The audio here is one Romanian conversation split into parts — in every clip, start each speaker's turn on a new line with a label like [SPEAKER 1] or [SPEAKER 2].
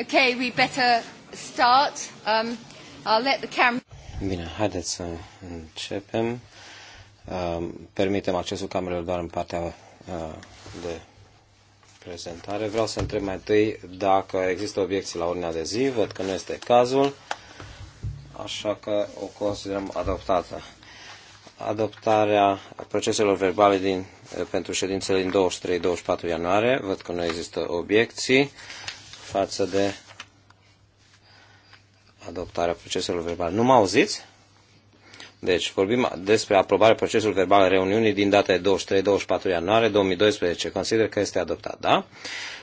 [SPEAKER 1] Okay, we better start. Um, I'll let the camera...
[SPEAKER 2] Bine, haideți să începem. Um, permitem accesul camerelor doar în partea uh, de prezentare. Vreau să întreb mai întâi dacă există obiecții la ordinea de zi. Văd că nu este cazul, așa că o considerăm adoptată. Adoptarea proceselor verbale din, uh, pentru ședințele din 23-24 ianuarie. Văd că nu există obiecții față de adoptarea procesului verbal. Nu mă auziți? Deci, vorbim despre aprobarea procesului verbal al reuniunii din data de 23-24 ianuarie 2012. Consider că este adoptat, da?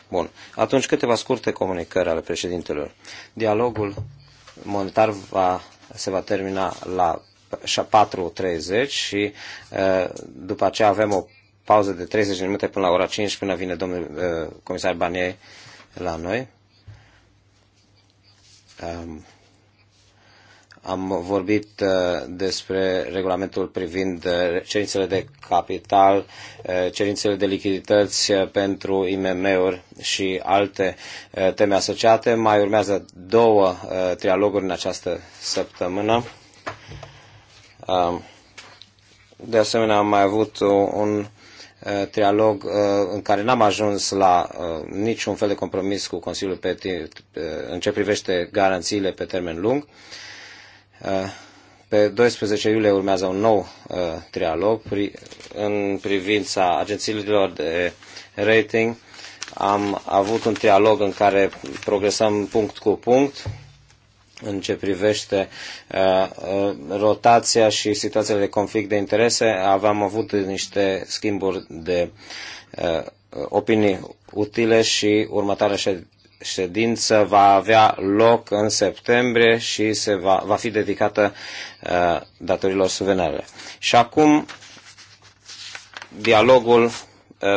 [SPEAKER 2] Bun. Atunci, câteva scurte comunicări ale președintelor. Dialogul monetar va, se va termina la 4.30 și uh, după aceea avem o pauză de 30 de minute până la ora 5 până vine domnul uh, comisar Banier la noi. Am vorbit uh, despre regulamentul privind uh, cerințele de capital, uh, cerințele de lichidități pentru IMM-uri și alte teme asociate. Mai urmează două trialoguri în această săptămână. Um, de asemenea, am mai avut un Uh, trialog uh, în care n-am ajuns la uh, niciun fel de compromis cu Consiliul pe în ce privește garanțiile pe termen lung. Pe 12 iulie urmează un nou trialog în privința agențiilor de rating. Am avut un trialog în care progresăm punct cu punct în ce privește uh, uh, rotația și situațiile de conflict de interese, aveam avut niște schimburi de uh, opinii utile și următoarea ședință va avea loc în septembrie și se va, va fi dedicată datorilor suvenale. Și acum dialogul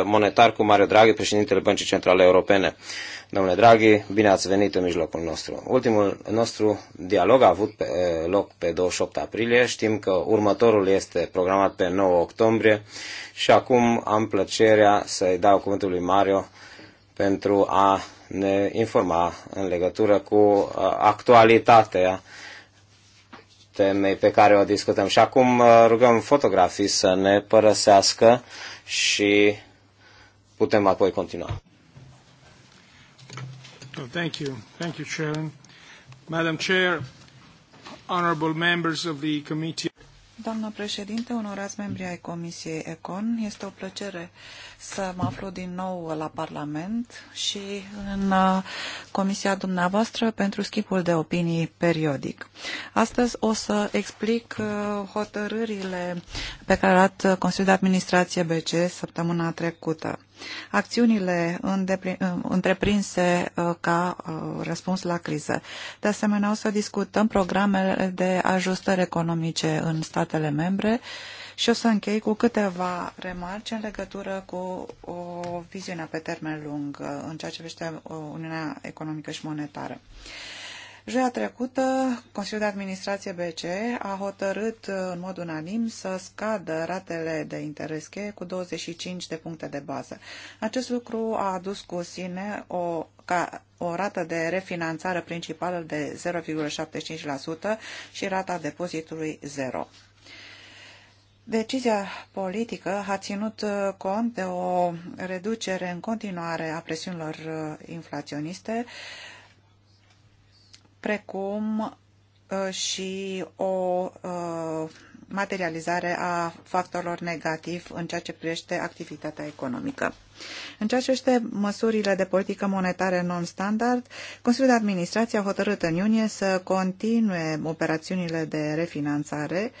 [SPEAKER 2] monetar cu Mario Draghi, președintele Băncii Centrale Europene. Uh, Domnule Draghi, bine ați venit în mijlocul nostru. Ultimul nostru dialog a avut pe, eh, loc pe 28 aprilie. Știm că următorul este programat pe 9 octombrie și acum am plăcerea să-i dau cuvântul lui Mario pentru a ne informa în legătură cu eh, actualitatea temei pe care o discutăm. Și acum eh, rugăm fotografii să ne părăsească și putem apoi continua. Well, thank you. Thank you, Chairman. Madam Chair, honorable members
[SPEAKER 1] of the committee. Doamnă președinte, onorați membri ai Comisiei ECON, este o plăcere să mă aflu din nou la Parlament și în uh, Comisia dumneavoastră pentru schimbul de opinii periodic. Astăzi o să explic uh, hotărârile pe care le-a luat Consiliul de Administrație BC săptămâna trecută acțiunile întreprinse uh, ca uh, răspuns la criză. De asemenea, o să discutăm programele de ajustări economice în statele membre și o să închei cu câteva remarci în legătură cu o viziune pe termen lung uh, în ceea ce privește Uniunea Economică și Monetară. Joia trecută, Consiliul de Administrație BC a hotărât uh, în mod unanim să scadă ratele de interes cheie cu 25 de puncte de bază. Acest lucru a adus cu sine o ca o rată de refinanțare principală de 0,75% și rata depozitului 0. Decizia politică a ținut uh, cont de o reducere în continuare a presiunilor uh, inflaționiste, precum uh, și o uh, materializare a factorilor negativ în ceea ce privește activitatea economică. În ceea ce este măsurile de politică monetară non-standard, Consiliul de Administrație a hotărât în iunie să continue operațiunile de refinanțare uh,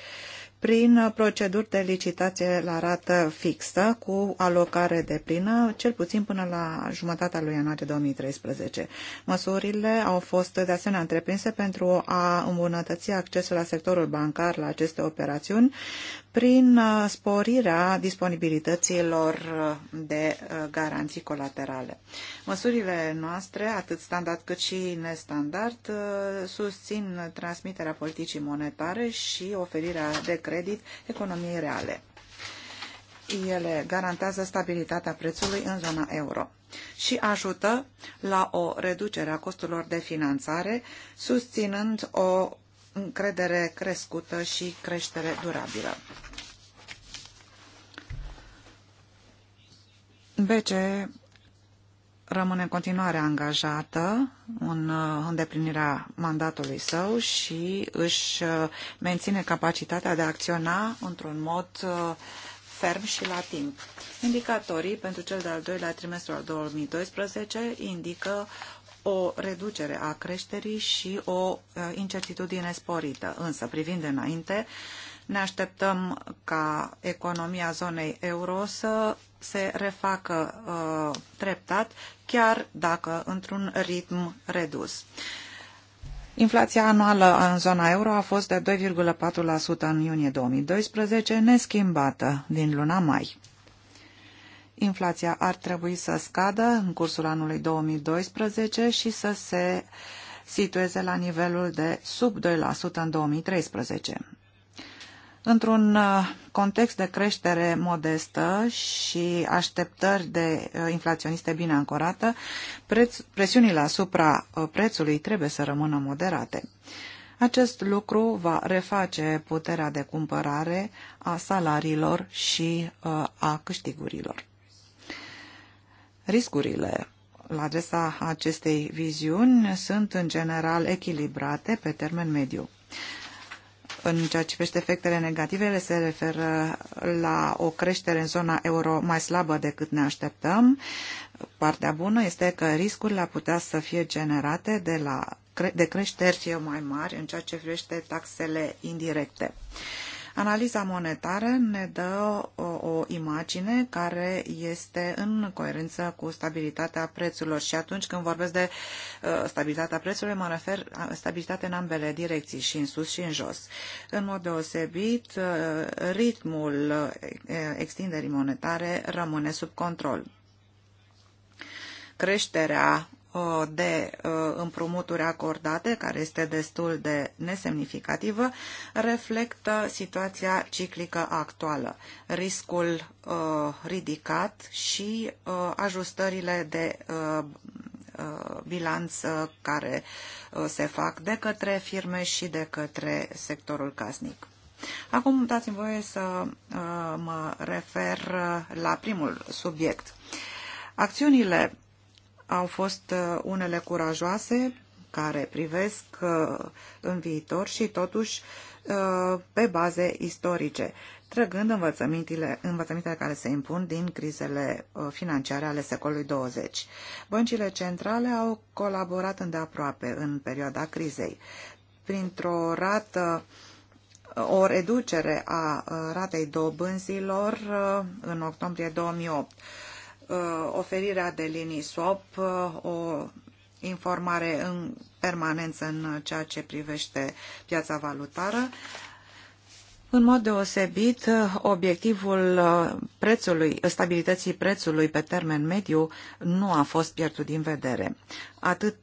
[SPEAKER 1] prin proceduri de licitație la rată fixă cu alocare de plină, cel puțin până la jumătatea lui ianuarie 2013. Măsurile au fost de asemenea întreprinse pentru a îmbunătăți accesul la sectorul bancar la aceste operațiuni prin uh, sporirea disponibilităților de uh, garanții colaterale. Măsurile noastre, atât standard cât și nestandard, uh, susțin transmiterea politicii monetare și oferirea de credit credit economiei reale. Ele garantează stabilitatea prețului în zona euro și ajută la o reducere a costurilor de finanțare, susținând o încredere crescută și creștere durabilă. BCE rămâne în continuare angajată în uh, îndeplinirea mandatului său și își uh, menține capacitatea de a acționa într-un mod uh, ferm și la timp. Indicatorii pentru cel de-al doilea trimestru al 2012 indică o reducere a creșterii și o incertitudine sporită. Însă, privind înainte, ne așteptăm ca economia zonei euro să se refacă uh, treptat, chiar dacă într-un ritm redus. Inflația anuală în zona euro a fost de 2,4% în iunie 2012, neschimbată din luna mai. Inflația ar trebui să scadă în cursul anului 2012 și să se situeze la nivelul de sub 2% în 2013. Într-un uh, context de creștere modestă și așteptări de uh, inflaționiste bine ancorată, preț, presiunile asupra uh, prețului trebuie să rămână moderate. Acest lucru va reface puterea de cumpărare a salariilor și a câștigurilor. Riscurile la adresa acestei viziuni sunt în general echilibrate pe termen mediu. În ceea ce privește efectele negative, ele se referă la o creștere în zona euro mai slabă decât ne așteptăm. Partea bună este că riscurile ar putea să fie generate de, la, de creșteri mai mari în ceea ce privește taxele indirecte. Analiza monetară ne dă o, o imagine care este în coerență cu stabilitatea prețurilor și atunci când vorbesc de uh, stabilitatea prețurilor, mă refer stabilitate în ambele direcții, și în sus și în jos. În mod deosebit, uh, ritmul uh, extinderii monetare rămâne sub control creșterea Uh, de uh, împrumuturi acordate, care este destul de nesemnificativă, reflectă situația ciclică actuală, riscul uh, ridicat și ajustările de bilanț care se fac de către firme și de către sectorul casnic. Acum dați-mi voie să mă refer la primul subiect. Acțiunile au fost uh, unele curajoase care privesc uh, în viitor și totuși uh, pe baze istorice, trăgând învățămintele, învățămintele care se impun din crizele financiare ale secolului 20. Băncile centrale au colaborat îndeaproape în perioada crizei. Printr-o rată o reducere a ratei dobânzilor în octombrie 2008 Uh, oferirea de linii SWAP, uh, o informare în permanență în ceea ce privește piața valutară. În mod deosebit, uh, obiectivul prețului, stabilității prețului pe termen mediu nu a fost pierdut din vedere. Atât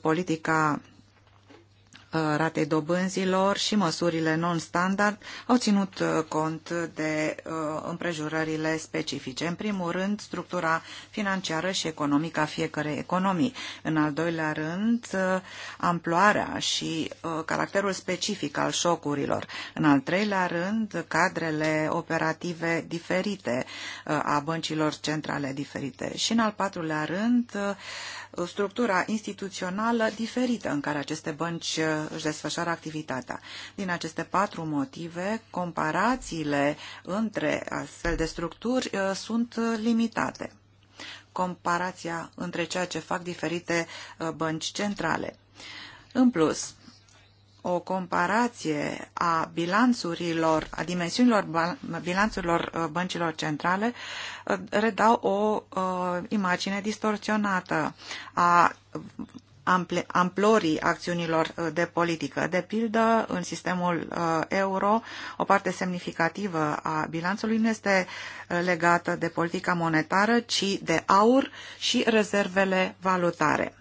[SPEAKER 1] politica Uh, ratei dobânzilor și măsurile non-standard au ținut uh, cont de uh, împrejurările specifice. În primul rând, structura financiară și economică a fiecărei economii. În al doilea rând, amploarea și caracterul specific al șocurilor. În al treilea rând, cadrele operative diferite a băncilor centrale diferite. Și în al patrulea rând, structura instituțională diferită în care aceste bănci uh, își desfășoară activitatea. Din aceste patru motive, comparațiile între astfel de structuri uh, sunt limitate. Comparația între ceea ce fac diferite uh, bănci centrale. În plus, o comparație a bilanțurilor, a dimensiunilor bilanțurilor uh, băncilor centrale, uh, redau o uh, imagine distorsionată a amplorii acțiunilor de politică. De pildă, în sistemul euro, o parte semnificativă a bilanțului nu este legată de politica monetară, ci de aur și rezervele valutare.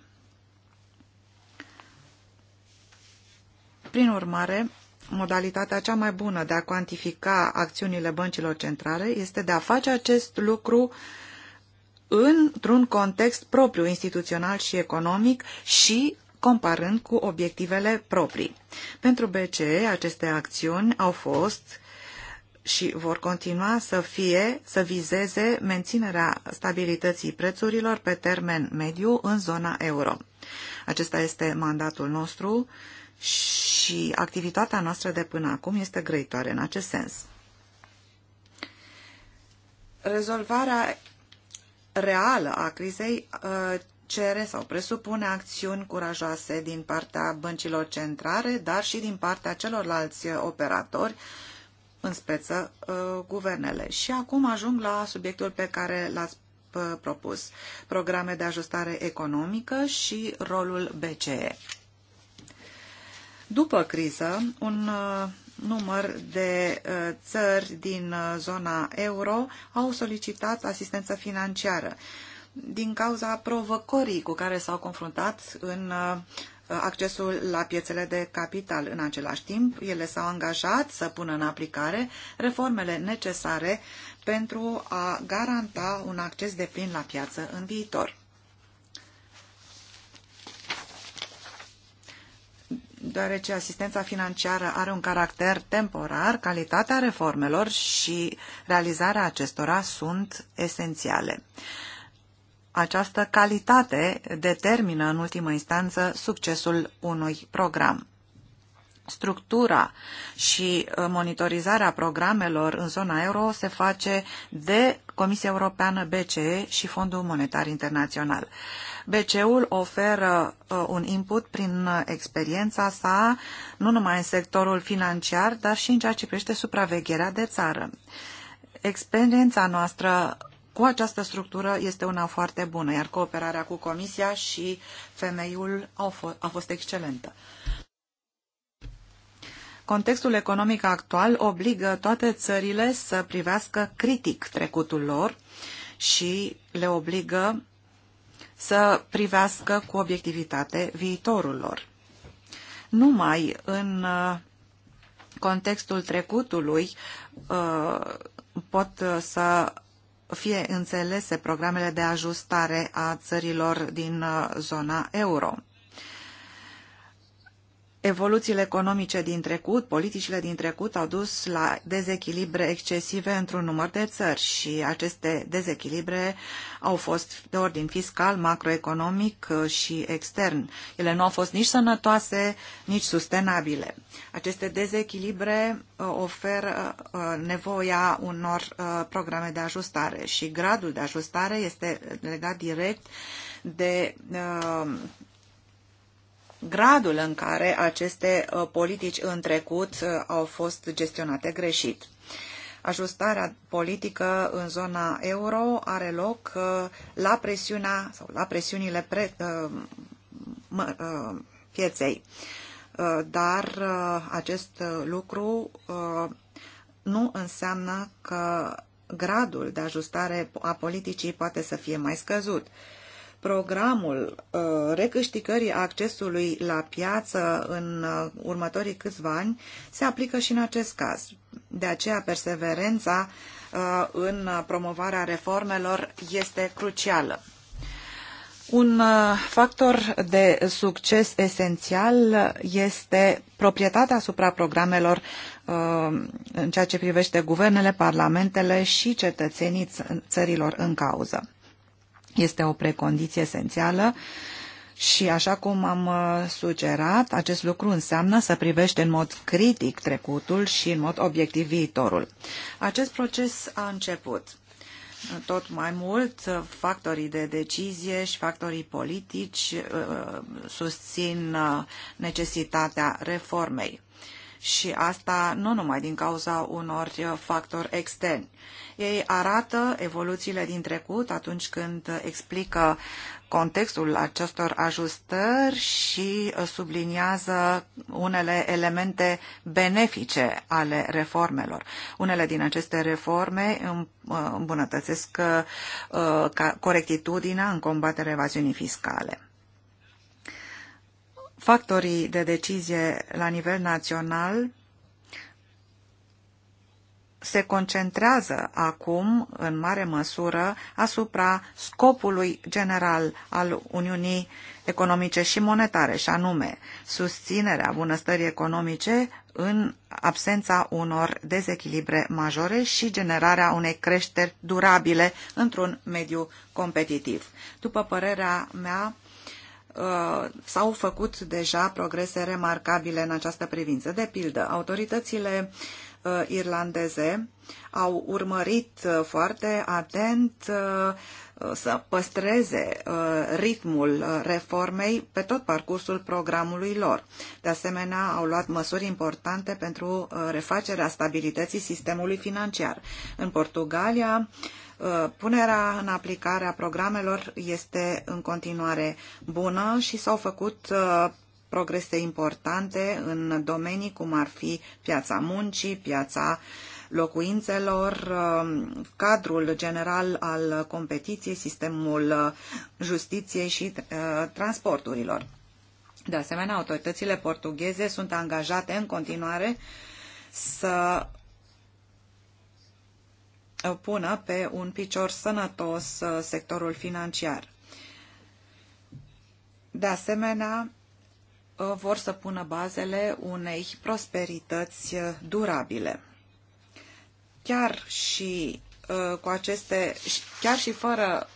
[SPEAKER 1] Prin urmare, modalitatea cea mai bună de a cuantifica acțiunile băncilor centrale este de a face acest lucru într-un context propriu instituțional și economic și comparând cu obiectivele proprii. Pentru BCE, aceste acțiuni au fost și vor continua să fie, să vizeze menținerea stabilității prețurilor pe termen mediu în zona euro. Acesta este mandatul nostru și activitatea noastră de până acum este grăitoare în acest sens. Rezolvarea reală a crizei uh, cere sau presupune acțiuni curajoase din partea băncilor centrale, dar și din partea celorlalți operatori, în speță uh, guvernele. Și acum ajung la subiectul pe care l-ați uh, propus, programe de ajustare economică și rolul BCE. După criză, un uh, număr de uh, țări din uh, zona euro au solicitat asistență financiară din cauza provocării cu care s-au confruntat în accesul la piețele de capital. În același timp, ele s-au angajat să pună în aplicare reformele necesare pentru a garanta un acces de plin la piață în viitor. deoarece asistența financiară are un caracter temporar, calitatea reformelor și realizarea acestora sunt esențiale. Această calitate determină în ultimă instanță succesul unui program structura și uh, monitorizarea programelor în zona euro se face de Comisia Europeană BCE și Fondul Monetar Internațional. BCE-ul oferă uh, un input prin uh, experiența sa, nu numai în sectorul financiar, dar și în ceea ce privește supravegherea de țară. Experiența noastră cu această structură este una foarte bună, iar cooperarea cu Comisia și femeiul a fost excelentă. Contextul economic actual obligă toate țările să privească critic trecutul lor și le obligă să privească cu obiectivitate viitorul lor. Numai în uh, contextul trecutului uh, pot uh, să fie înțelese programele de ajustare a țărilor din zona euro. Evoluțiile economice din trecut, politicile din trecut au dus la dezechilibre excesive într-un număr de țări și aceste dezechilibre au fost de ordin fiscal, macroeconomic uh, și extern. Ele nu au fost nici sănătoase, nici sustenabile. Aceste dezechilibre uh, oferă uh, nevoia unor programe de ajustare și gradul de ajustare este legat direct de gradul în care aceste uh, politici în trecut uh, au fost gestionate greșit. Ajustarea politică în zona euro are loc uh, la presiunea sau la presiunile pre, pieței. Dar acest lucru nu înseamnă că gradul de ajustare a politicii poate să fie mai scăzut programul uh, recâștigării accesului la piață în uh, următorii câțiva ani se aplică și în acest caz. De aceea, perseverența uh, în promovarea reformelor este crucială. Un factor de succes esențial este proprietatea asupra programelor în ceea ce privește guvernele, parlamentele și cetățenii țărilor în cauză. Este o precondiție esențială și așa cum am uh, sugerat, acest lucru înseamnă să privești în mod critic trecutul și în mod obiectiv viitorul. Acest proces a început. Tot mai mult, uh, factorii de decizie și factorii politici uh, susțin necesitatea reformei și asta nu numai din cauza unor uh, factori externi. Ei arată evoluțiile din trecut atunci când explică contextul acestor ajustări și uh, subliniază unele elemente benefice ale reformelor. Unele din aceste reforme uh, îmbunătățesc corectitudinea în combaterea evaziunii fiscale factorii de decizie la nivel național se concentrează acum, în mare măsură, asupra scopului general al Uniunii Economice și Monetare, și anume susținerea bunăstării economice în absența unor dezechilibre majore și generarea unei creșteri durabile într-un mediu competitiv. După părerea mea, Uh, s-au făcut deja progrese remarcabile în această privință. De pildă, autoritățile uh, irlandeze au urmărit uh, foarte atent să păstreze ritmul reformei pe tot parcursul programului lor. De asemenea, au luat măsuri importante pentru refacerea stabilității sistemului financiar. În Portugalia, Uh, punerea în aplicare a programelor este în continuare bună și s-au făcut uh, progrese importante în domenii cum ar fi piața muncii, piața locuințelor, uh, cadrul general al competiției, sistemul justiției și transporturilor. De asemenea, autoritățile portugheze sunt angajate în continuare să Uh, pună pe un picior sănătos uh, sectorul financiar. De asemenea, uh, vor să pună bazele unei prosperități durabile. Chiar și cu aceste, chiar și fără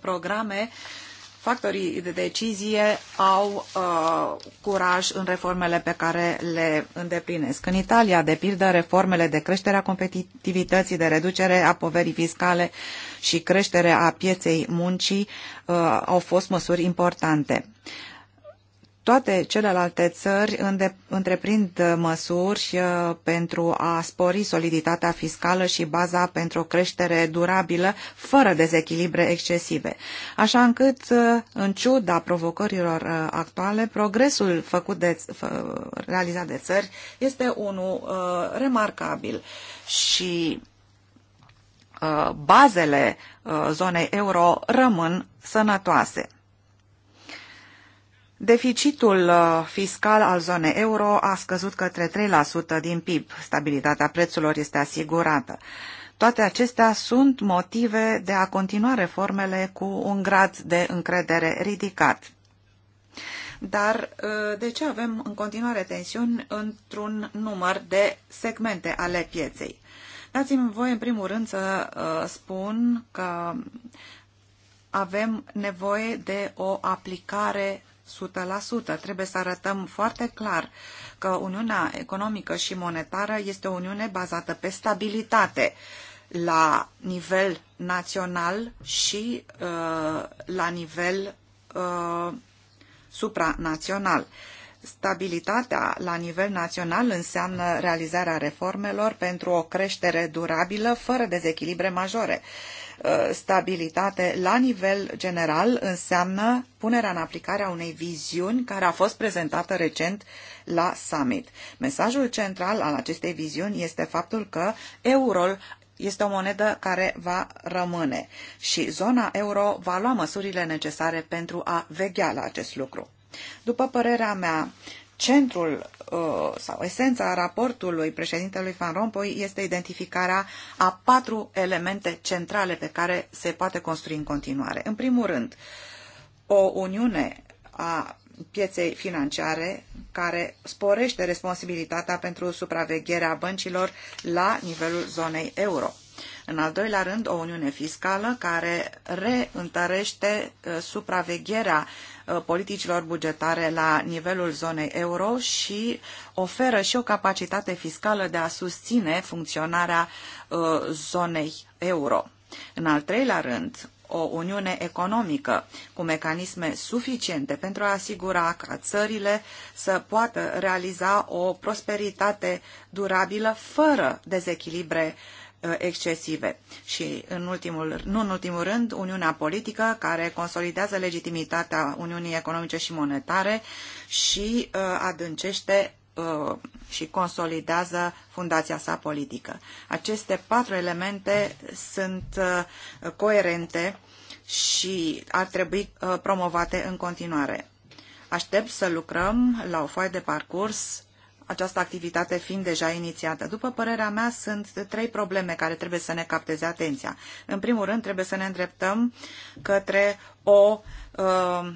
[SPEAKER 1] programe, factorii de decizie au uh, curaj în reformele pe care le îndeplinesc. În Italia, de pildă, reformele de creștere a competitivității, de reducere a poverii fiscale și creștere a pieței muncii uh, au fost măsuri importante. Uh, toate celelalte țări întreprind măsuri uh, pentru a spori soliditatea fiscală și baza pentru o creștere durabilă, fără dezechilibre excesive. Așa încât, uh, în ciuda provocărilor uh, actuale, progresul făcut de, realizat de țări este unul remarcabil și bazele zonei euro rămân sănătoase. Deficitul uh, fiscal al zonei euro a scăzut către 3% din PIB. Stabilitatea prețurilor este asigurată. Toate acestea sunt motive de a continua reformele cu un grad de încredere ridicat. Dar uh, de ce avem în continuare tensiuni într-un număr de segmente ale pieței? Dați-mi voi în primul rând să uh, spun că avem nevoie de o aplicare 100%. Trebuie să arătăm foarte clar că Uniunea Economică și Monetară este o Uniune bazată pe stabilitate la nivel național și uh, la nivel uh, supranațional. Stabilitatea la nivel național înseamnă realizarea reformelor pentru o creștere durabilă fără dezechilibre majore. Uh, Uh, stabilitate la nivel general înseamnă punerea în aplicare a unei viziuni care a fost prezentată recent la summit. Mesajul central al acestei viziuni este faptul că eurol este o monedă care va rămâne și zona euro va lua măsurile necesare pentru a veghea la acest lucru. După părerea mea, centrul Uh, sau esența raportului președintelui Van Rompuy este identificarea a patru elemente centrale pe care se poate construi în continuare. În primul rând, o uniune a pieței financiare care sporește responsabilitatea pentru supravegherea băncilor la nivelul zonei euro. În al doilea rând, o uniune fiscală care reîntărește uh, supravegherea uh, politicilor bugetare la nivelul zonei euro și oferă și o capacitate fiscală de a susține funcționarea uh, zonei euro. În al treilea rând, o uniune economică cu mecanisme suficiente pentru a asigura ca țările să poată realiza o prosperitate durabilă fără dezechilibre Uh, excesive. Și, în ultimul, nu în ultimul rând, Uniunea Politică, care consolidează legitimitatea Uniunii Economice și Monetare și uh, adâncește uh, și consolidează fundația sa politică. Aceste patru elemente sunt coerente și ar trebui promovate în continuare. Aștept să lucrăm la o foaie de parcurs această activitate fiind deja inițiată. După părerea mea, sunt trei probleme care trebuie să ne capteze atenția. În primul rând, trebuie să ne îndreptăm către o uh,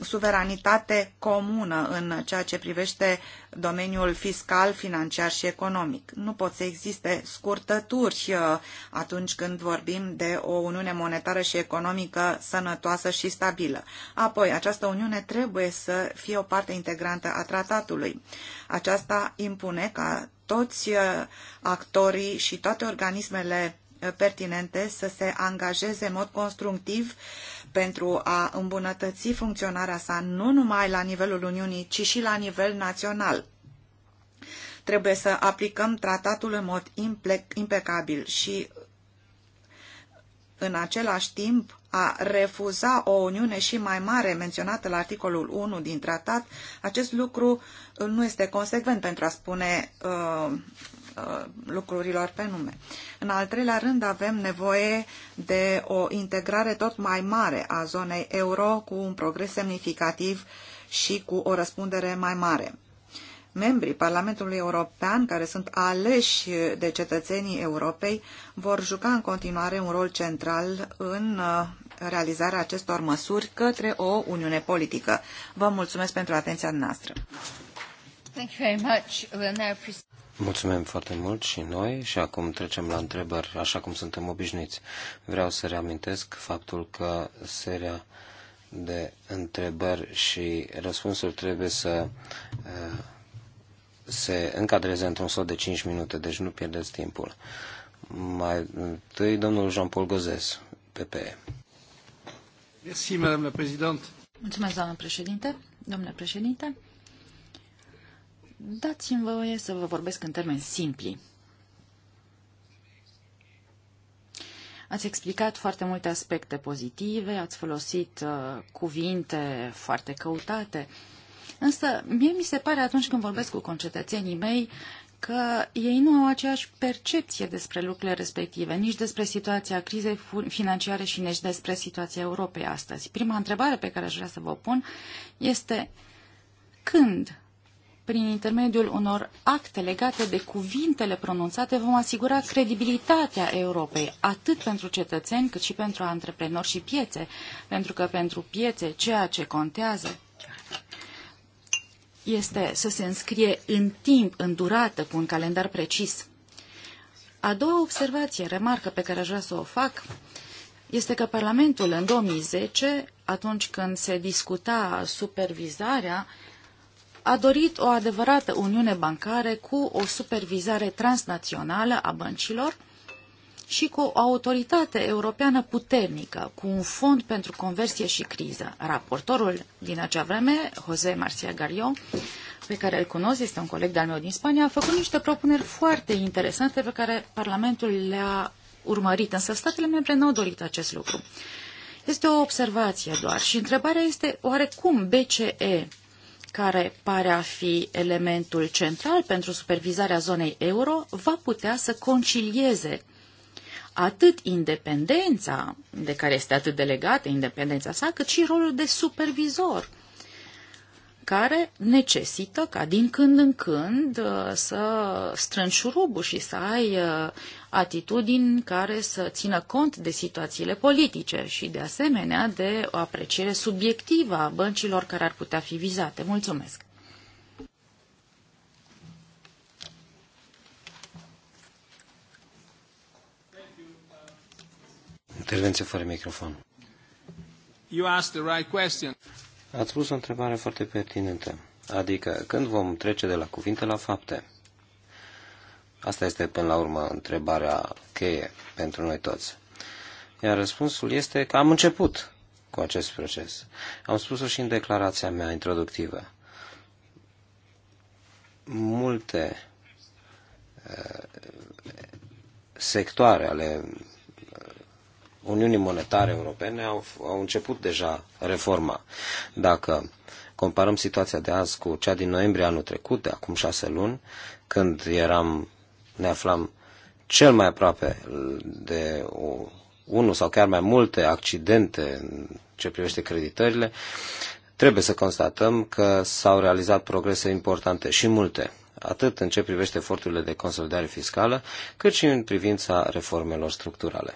[SPEAKER 1] suveranitate comună în ceea ce privește domeniul fiscal, financiar și economic. Nu pot să existe scurtături uh, atunci când vorbim de o uniune monetară și economică sănătoasă și stabilă. Apoi, această uniune trebuie să fie o parte integrantă a tratatului. Aceasta impune ca toți uh, actorii și toate organismele uh, pertinente să se angajeze în mod constructiv uh, pentru a îmbunătăți funcționarea sa nu numai la nivelul Uniunii, ci și la nivel național. Trebuie să aplicăm tratatul în mod impecabil și în același timp a refuza o uniune și mai mare menționată la articolul 1 din tratat, acest lucru nu este consecvent pentru a spune uh, Uh, lucrurilor pe nume. În al treilea rând, avem nevoie de o integrare tot mai mare a zonei euro cu un progres semnificativ și cu o răspundere mai mare. Membrii Parlamentului European, care sunt aleși de cetățenii Europei, vor juca în continuare un rol central în uh, realizarea acestor măsuri către o uniune politică. Vă mulțumesc pentru atenția noastră.
[SPEAKER 2] Mulțumim foarte mult și noi și acum trecem la întrebări, așa cum suntem obișnuiți. Vreau să reamintesc faptul că seria de întrebări și răspunsuri trebuie să uh, se încadreze într-un sol de 5 minute, deci nu pierdeți timpul. Mai întâi, domnul Jean-Paul Gozes, PPE.
[SPEAKER 3] Mulțumesc, doamnă președinte. Domnule președinte, Dați-mi voie să vă vorbesc în termeni simpli. Ați explicat foarte multe aspecte pozitive, ați folosit uh, cuvinte foarte căutate, însă mie mi se pare atunci când vorbesc cu concetățenii mei că ei nu au aceeași percepție despre lucrurile respective, nici despre situația crizei financiare și nici despre situația Europei astăzi. Prima întrebare pe care aș vrea să vă pun este când prin intermediul unor acte legate de cuvintele pronunțate, vom asigura credibilitatea Europei, atât pentru cetățeni, cât și pentru antreprenori și piețe, pentru că pentru piețe ceea ce contează este să se înscrie în timp, în durată, cu un calendar precis. A doua observație, remarcă pe care aș vrea să o fac, este că Parlamentul în 2010, atunci când se discuta supervizarea, a dorit o adevărată uniune bancare cu o supervizare transnațională a băncilor și cu o autoritate europeană puternică, cu un fond pentru conversie și criză. Raportorul din acea vreme, José Marcia Gario, pe care îl cunosc, este un coleg de-al meu din Spania, a făcut niște propuneri foarte interesante pe care Parlamentul le-a urmărit, însă statele membre nu au dorit acest lucru. Este o observație doar și întrebarea este oare cum BCE care pare a fi elementul central pentru supervizarea zonei euro, va putea să concilieze atât independența, de care este atât delegată independența sa, cât și rolul de supervizor care necesită ca din când în când uh, să strângi șurubul și să ai uh, atitudini care să țină cont de situațiile politice și de asemenea de o apreciere subiectivă a băncilor care ar putea fi vizate. Mulțumesc!
[SPEAKER 2] Intervenție fără microfon. You asked the right question. Ați pus o întrebare foarte pertinentă, adică când vom trece de la cuvinte la fapte? Asta este până la urmă întrebarea cheie pentru noi toți. Iar răspunsul este că am început cu acest proces. Am spus-o și în declarația mea introductivă. Multe eh, sectoare ale Uniunii Monetare Europene au, au început deja reforma. Dacă comparăm situația de azi cu cea din noiembrie anul trecut, de acum șase luni, când eram, ne aflam cel mai aproape de o, unul sau chiar mai multe accidente în ce privește creditările, trebuie să constatăm că s-au realizat progrese importante și multe, atât în ce privește eforturile de consolidare fiscală, cât și în privința reformelor structurale.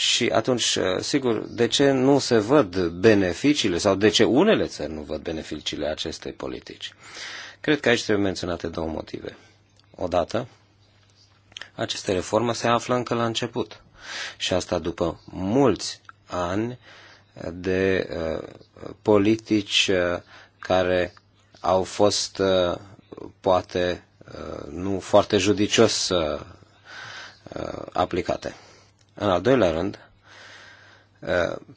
[SPEAKER 2] Și atunci, uh, sigur, de ce nu se văd beneficiile sau de ce unele țări nu văd beneficiile acestei politici? Cred că aici trebuie menționate două motive. Odată, aceste reforme se află încă la început. Și asta după mulți ani de uh, politici uh, care au fost uh, poate uh, nu foarte judicios uh, uh aplicate. În al doilea rând,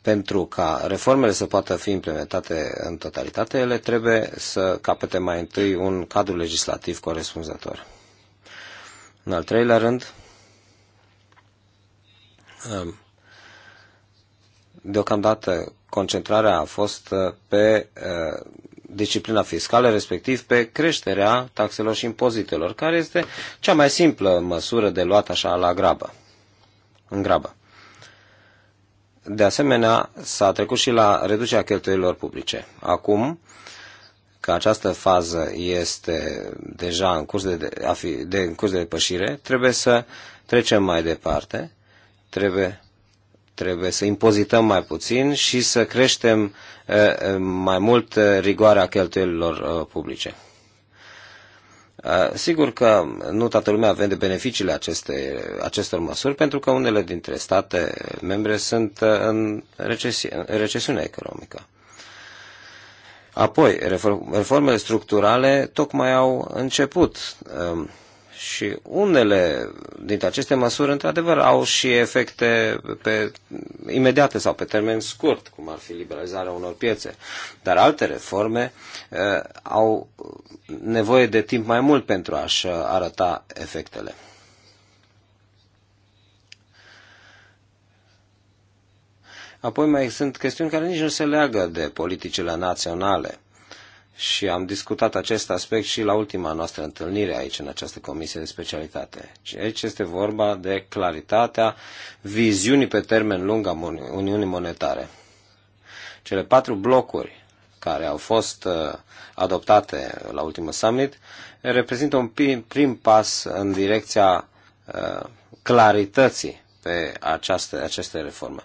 [SPEAKER 2] pentru ca reformele să poată fi implementate în totalitate, ele trebuie să capete mai întâi un cadru legislativ corespunzător. În al treilea rând, deocamdată concentrarea a fost pe disciplina fiscală, respectiv pe creșterea taxelor și impozitelor, care este cea mai simplă măsură de luat așa la grabă în grabă. De asemenea, s-a trecut și la reducerea cheltuielilor publice. Acum, că această fază este deja în curs de, de, a fi, de, în curs de depășire, trebuie să trecem mai departe, trebuie, trebuie să impozităm mai puțin și să creștem eh, eh, mai mult eh, rigoarea cheltuielilor publice. Uh, sigur că nu toată lumea vede beneficiile aceste, acestor măsuri, pentru că unele dintre state membre sunt uh, în recesi- recesiune economică. Apoi, reformele structurale tocmai au început. Um, și unele dintre aceste măsuri, într-adevăr, au și efecte pe imediate sau pe termen scurt, cum ar fi liberalizarea unor piețe. Dar alte reforme uh, au nevoie de timp mai mult pentru a-și arăta efectele. Apoi mai sunt chestiuni care nici nu se leagă de politicile naționale și am discutat acest aspect și la ultima noastră întâlnire aici, în această comisie de specialitate. Și aici este vorba de claritatea viziunii pe termen lung a Uniunii Monetare. Cele patru blocuri care au fost uh, adoptate la ultimul summit reprezintă un prim, prim pas în direcția uh, clarității pe această, aceste reforme.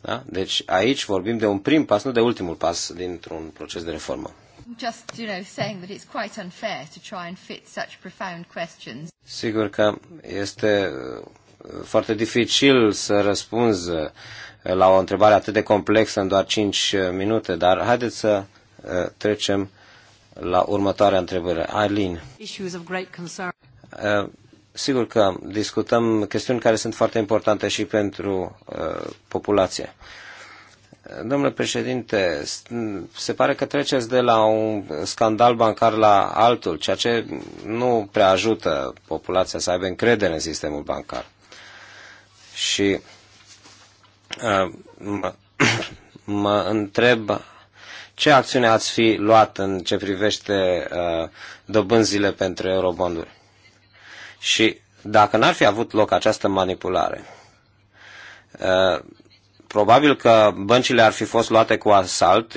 [SPEAKER 2] Da? Deci aici vorbim de un prim pas, nu de ultimul pas dintr-un proces de reformă
[SPEAKER 3] just, you know, saying that it's quite unfair to try and fit such
[SPEAKER 1] profound questions.
[SPEAKER 2] Sigur că este uh, foarte dificil să răspunzi uh, la o întrebare atât de complexă în doar 5 uh, minute, dar haideți să trecem la următoarea întrebare. Aileen. Sigur că discutăm chestiuni care sunt foarte importante și pentru populație. Uh, Domnule președinte, se pare că treceți de la un scandal bancar la altul, ceea ce nu prea ajută populația să aibă încredere în sistemul bancar. Și uh, mă, întreb ce acțiune ați fi luat în ce privește uh, dobânzile pentru eurobonduri? Și dacă n-ar fi avut loc această manipulare, uh, probabil că băncile ar fi fost luate cu asalt,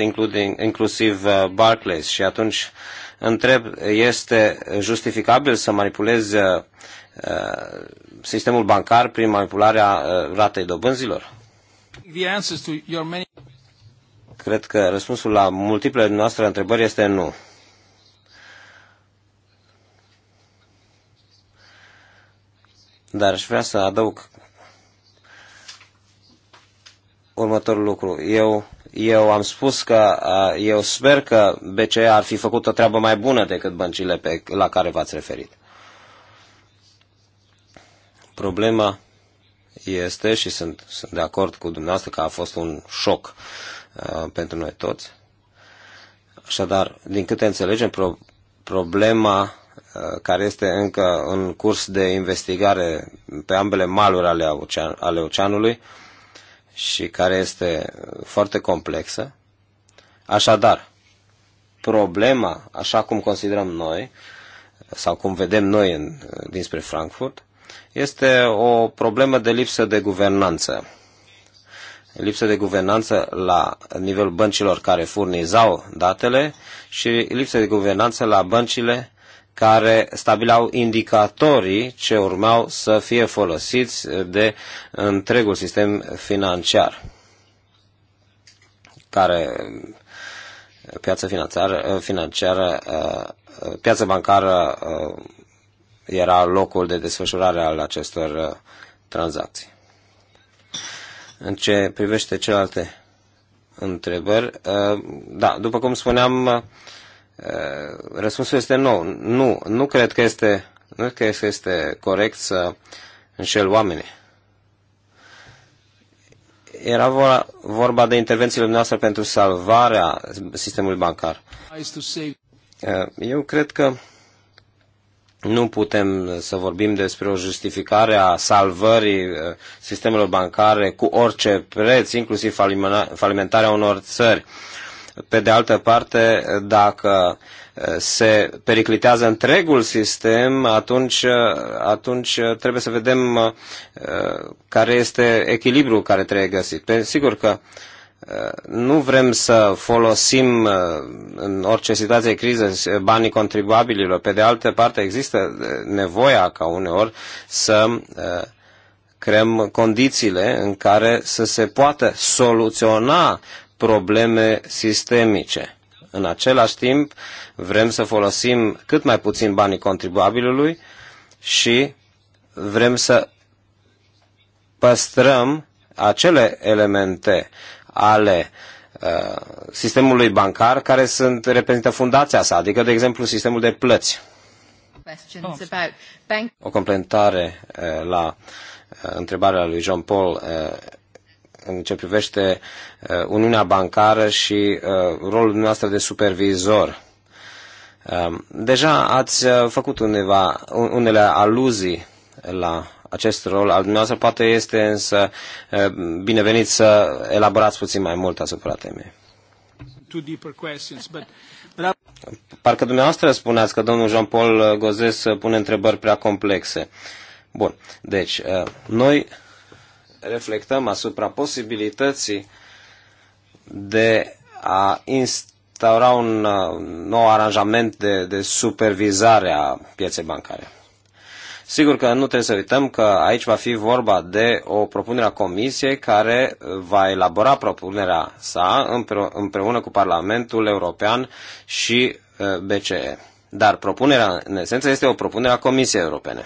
[SPEAKER 2] inclusiv uh, Barclays, și atunci întreb, este justificabil să manipulezi uh, uh, sistemul bancar prin manipularea ratei dobânzilor? Cred că răspunsul la multiple noastre întrebări este nu. Dar aș vrea să adaug următorul lucru. Eu, eu am spus că eu sper că BCE ar fi făcut o treabă mai bună decât băncile pe, la care v-ați referit. Problema este și sunt, sunt de acord cu dumneavoastră că a fost un șoc uh, pentru noi toți. Așadar, din câte înțelegem, pro- problema uh, care este încă în curs de investigare pe ambele maluri ale, ocean- ale oceanului uh, și care este uh, foarte complexă. Așadar, problema, așa cum considerăm noi, sau cum vedem noi în, uh, dinspre Frankfurt, este o problemă de lipsă de guvernanță. Lipsă de guvernanță la nivelul băncilor care furnizau datele și lipsă de guvernanță la băncile care stabilau indicatorii ce urmau să fie folosiți de întregul sistem financiar, care piața financiară, financiară uh, piața bancară uh, era locul de desfășurare al acestor uh, tranzacții. În ce privește celelalte întrebări, da, după cum spuneam, Răspunsul este nou. Nu, nu cred că este, nu cred că este corect să înșel oamenii. Era vorba de intervențiile noastre pentru salvarea sistemului bancar. Eh, eu cred că nu putem să vorbim despre o justificare a salvării eh, sistemelor bancare cu orice preț, inclusiv falimentarea unor țări. Pe de altă parte, dacă uh, se periclitează întregul sistem, atunci, uh, atunci uh, trebuie să vedem care este echilibrul care trebuie găsit. Pe, sigur că nu vrem să folosim în orice situație criză banii contribuabililor. Pe de altă parte, există nevoia ca uneori să creăm condițiile în care să se poată soluționa probleme sistemice. În același timp, vrem să folosim cât mai puțin banii contribuabilului și vrem să păstrăm acele elemente ale uh, sistemului bancar care sunt reprezintă fundația sa, adică, de exemplu, sistemul de plăți. O completare uh, la uh, întrebarea lui Jean-Paul uh, în ce privește uh, Uniunea Bancară și uh, rolul dumneavoastră de supervizor. Um, deja ați uh, făcut uneva, unele aluzii la acest rol al dumneavoastră, poate este însă binevenit să elaborați puțin mai mult asupra temei. Parcă dumneavoastră spuneați că domnul Jean-Paul Gozes pune întrebări prea complexe. Bun, deci noi reflectăm asupra posibilității de a instaura un uh, nou aranjament de, de supervizare a pieței bancare. Sigur că nu trebuie să uităm că aici va fi vorba de o propunere a Comisiei care va elabora propunerea sa împreună cu Parlamentul European și uh, BCE. Dar propunerea, în esență, este o propunere a Comisiei Europene.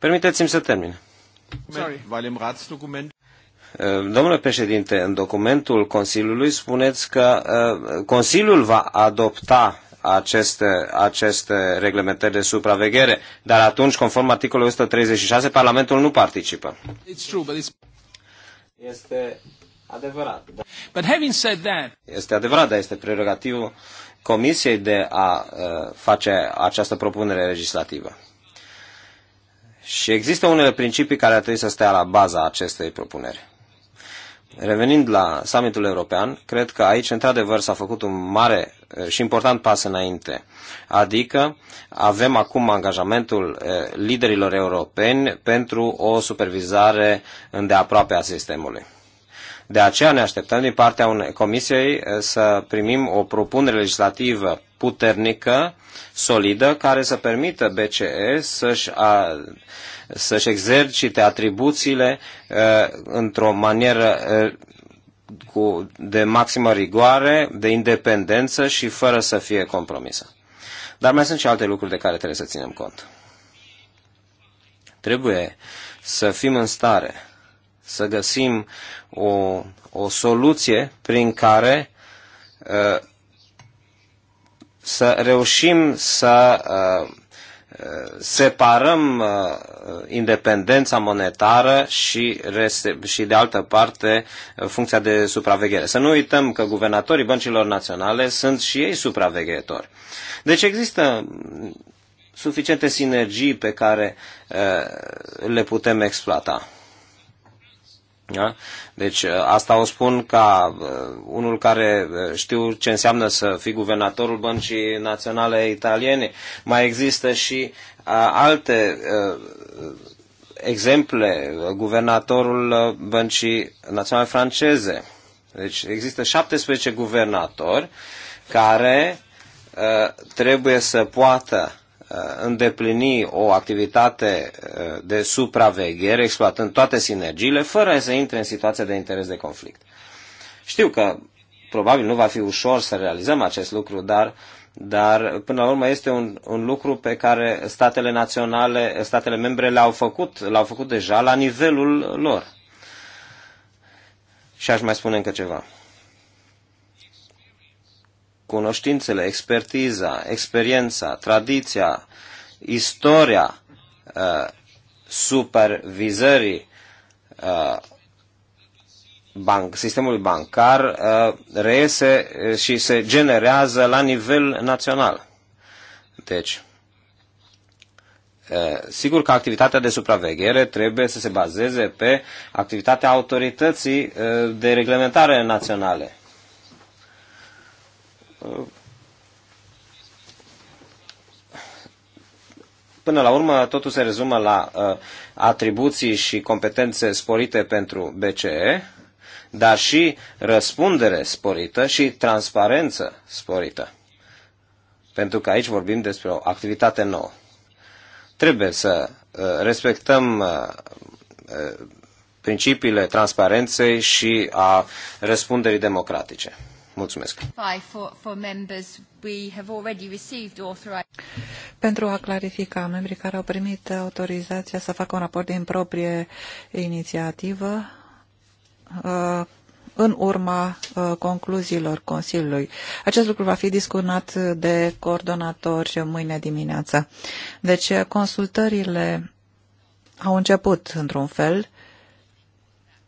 [SPEAKER 2] Permiteți-mi să termin. Eh, domnule președinte, în documentul Consiliului spuneți că eh, Consiliul va adopta aceste, aceste reglementări de supraveghere, dar atunci, conform articolului 136, Parlamentul nu participă. Este adevărat. Da.
[SPEAKER 1] But having said that...
[SPEAKER 2] Este adevărat, dar este prerogativul Comisiei de a uh, face această propunere legislativă. Și există unele principii care ar trebui să stea la baza acestei propuneri. Revenind la summitul european, cred că aici, într-adevăr, s-a făcut un mare eh, și important pas înainte. Adică avem acum angajamentul eh, liderilor europeni pentru o supervizare îndeaproape a sistemului. De aceea ne așteptăm din partea unei comisiei eh, să primim o propunere legislativă puternică, solidă, care să permită BCE să-și, a, să-și exercite atribuțiile uh, într-o manieră uh, cu, de maximă rigoare, de independență și fără să fie compromisă. Dar mai sunt și alte lucruri de care trebuie să ținem cont. Trebuie să fim în stare să găsim o, o soluție prin care uh, să reușim să uh, uh, separăm uh, independența monetară și, și de altă parte funcția de supraveghere. Să nu uităm că guvernatorii băncilor naționale sunt și ei supraveghetori. Deci există suficiente sinergii pe care le putem exploata. Da? Deci ă, asta o spun ca ă, unul care ă, știu ce înseamnă să fii guvernatorul Băncii Naționale Italiene. Mai există și alte exemple, guvernatorul Băncii Naționale Franceze. Deci există 17 guvernatori care trebuie să poată Uh, îndeplini o activitate uh, de supraveghere, exploatând toate sinergiile, fără să intre în situația de interes de conflict. Știu că probabil nu va fi ușor să realizăm acest lucru, dar, dar până la urmă este un, un lucru pe care statele naționale, statele membre l-au făcut, l-au făcut deja la nivelul lor. Și aș mai spune încă ceva cunoștințele, expertiza, experiența, tradiția, istoria uh, supervizării uh, banc, sistemului bancar uh, reiese și se generează la nivel național. Deci, uh, sigur că activitatea de supraveghere trebuie să se bazeze pe activitatea autorității de reglementare naționale. Uh, până la urmă, totul se rezumă la uh, atribuții și competențe sporite pentru BCE, dar și răspundere sporită și transparență sporită. Pentru că aici vorbim despre o activitate nouă. Trebuie să uh, respectăm uh, uh principiile transparenței și a răspunderii democratice. Mulțumesc.
[SPEAKER 1] Pentru a clarifica, membrii care au primit autorizația să facă un raport din proprie inițiativă, uh, în urma uh, concluziilor Consiliului. Acest lucru va fi discutat de coordonatori mâine dimineață. Deci consultările au început într-un fel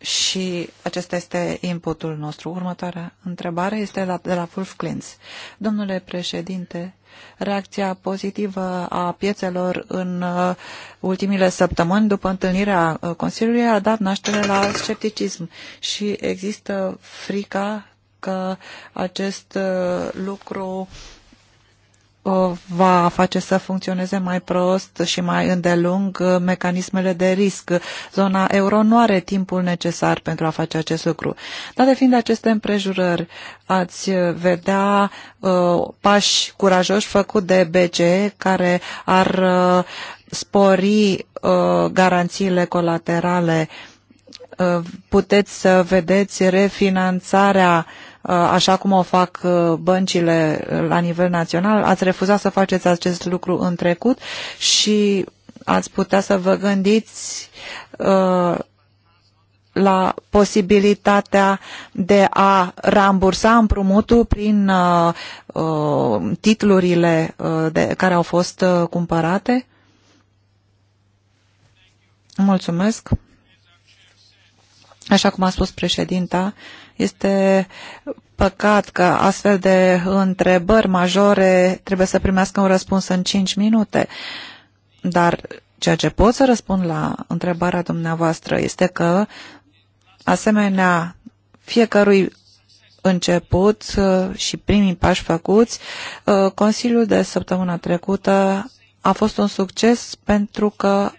[SPEAKER 1] și acesta este inputul nostru. Următoarea întrebare este la, de la Wolf Klintz. Domnule președinte, reacția pozitivă a piețelor în uh, ultimile săptămâni după întâlnirea uh, Consiliului a dat naștere la scepticism și există frica că acest uh, lucru uh, va face să funcționeze mai prost și mai îndelung uh, mecanismele de risc. Zona euro nu are timpul necesar pentru a face acest lucru. de fiind aceste împrejurări, ați vedea uh, pași curajoși făcut de BCE care ar uh, spori uh, garanțiile colaterale. Uh, puteți să vedeți refinanțarea uh, Uh, așa cum o fac uh, băncile uh, la nivel național. Ați refuzat să faceți acest lucru în trecut și ați putea să vă gândiți la posibilitatea de a rambursa împrumutul prin titlurile de, care au fost cumpărate? Mulțumesc. Așa cum a spus președinta, uh, este păcat că astfel de întrebări majore trebuie să primească un răspuns în 5 minute, dar ceea ce pot să răspund la întrebarea dumneavoastră este că asemenea fiecărui început uh, și primii pași făcuți, uh, Consiliul de săptămâna trecută a fost un succes pentru că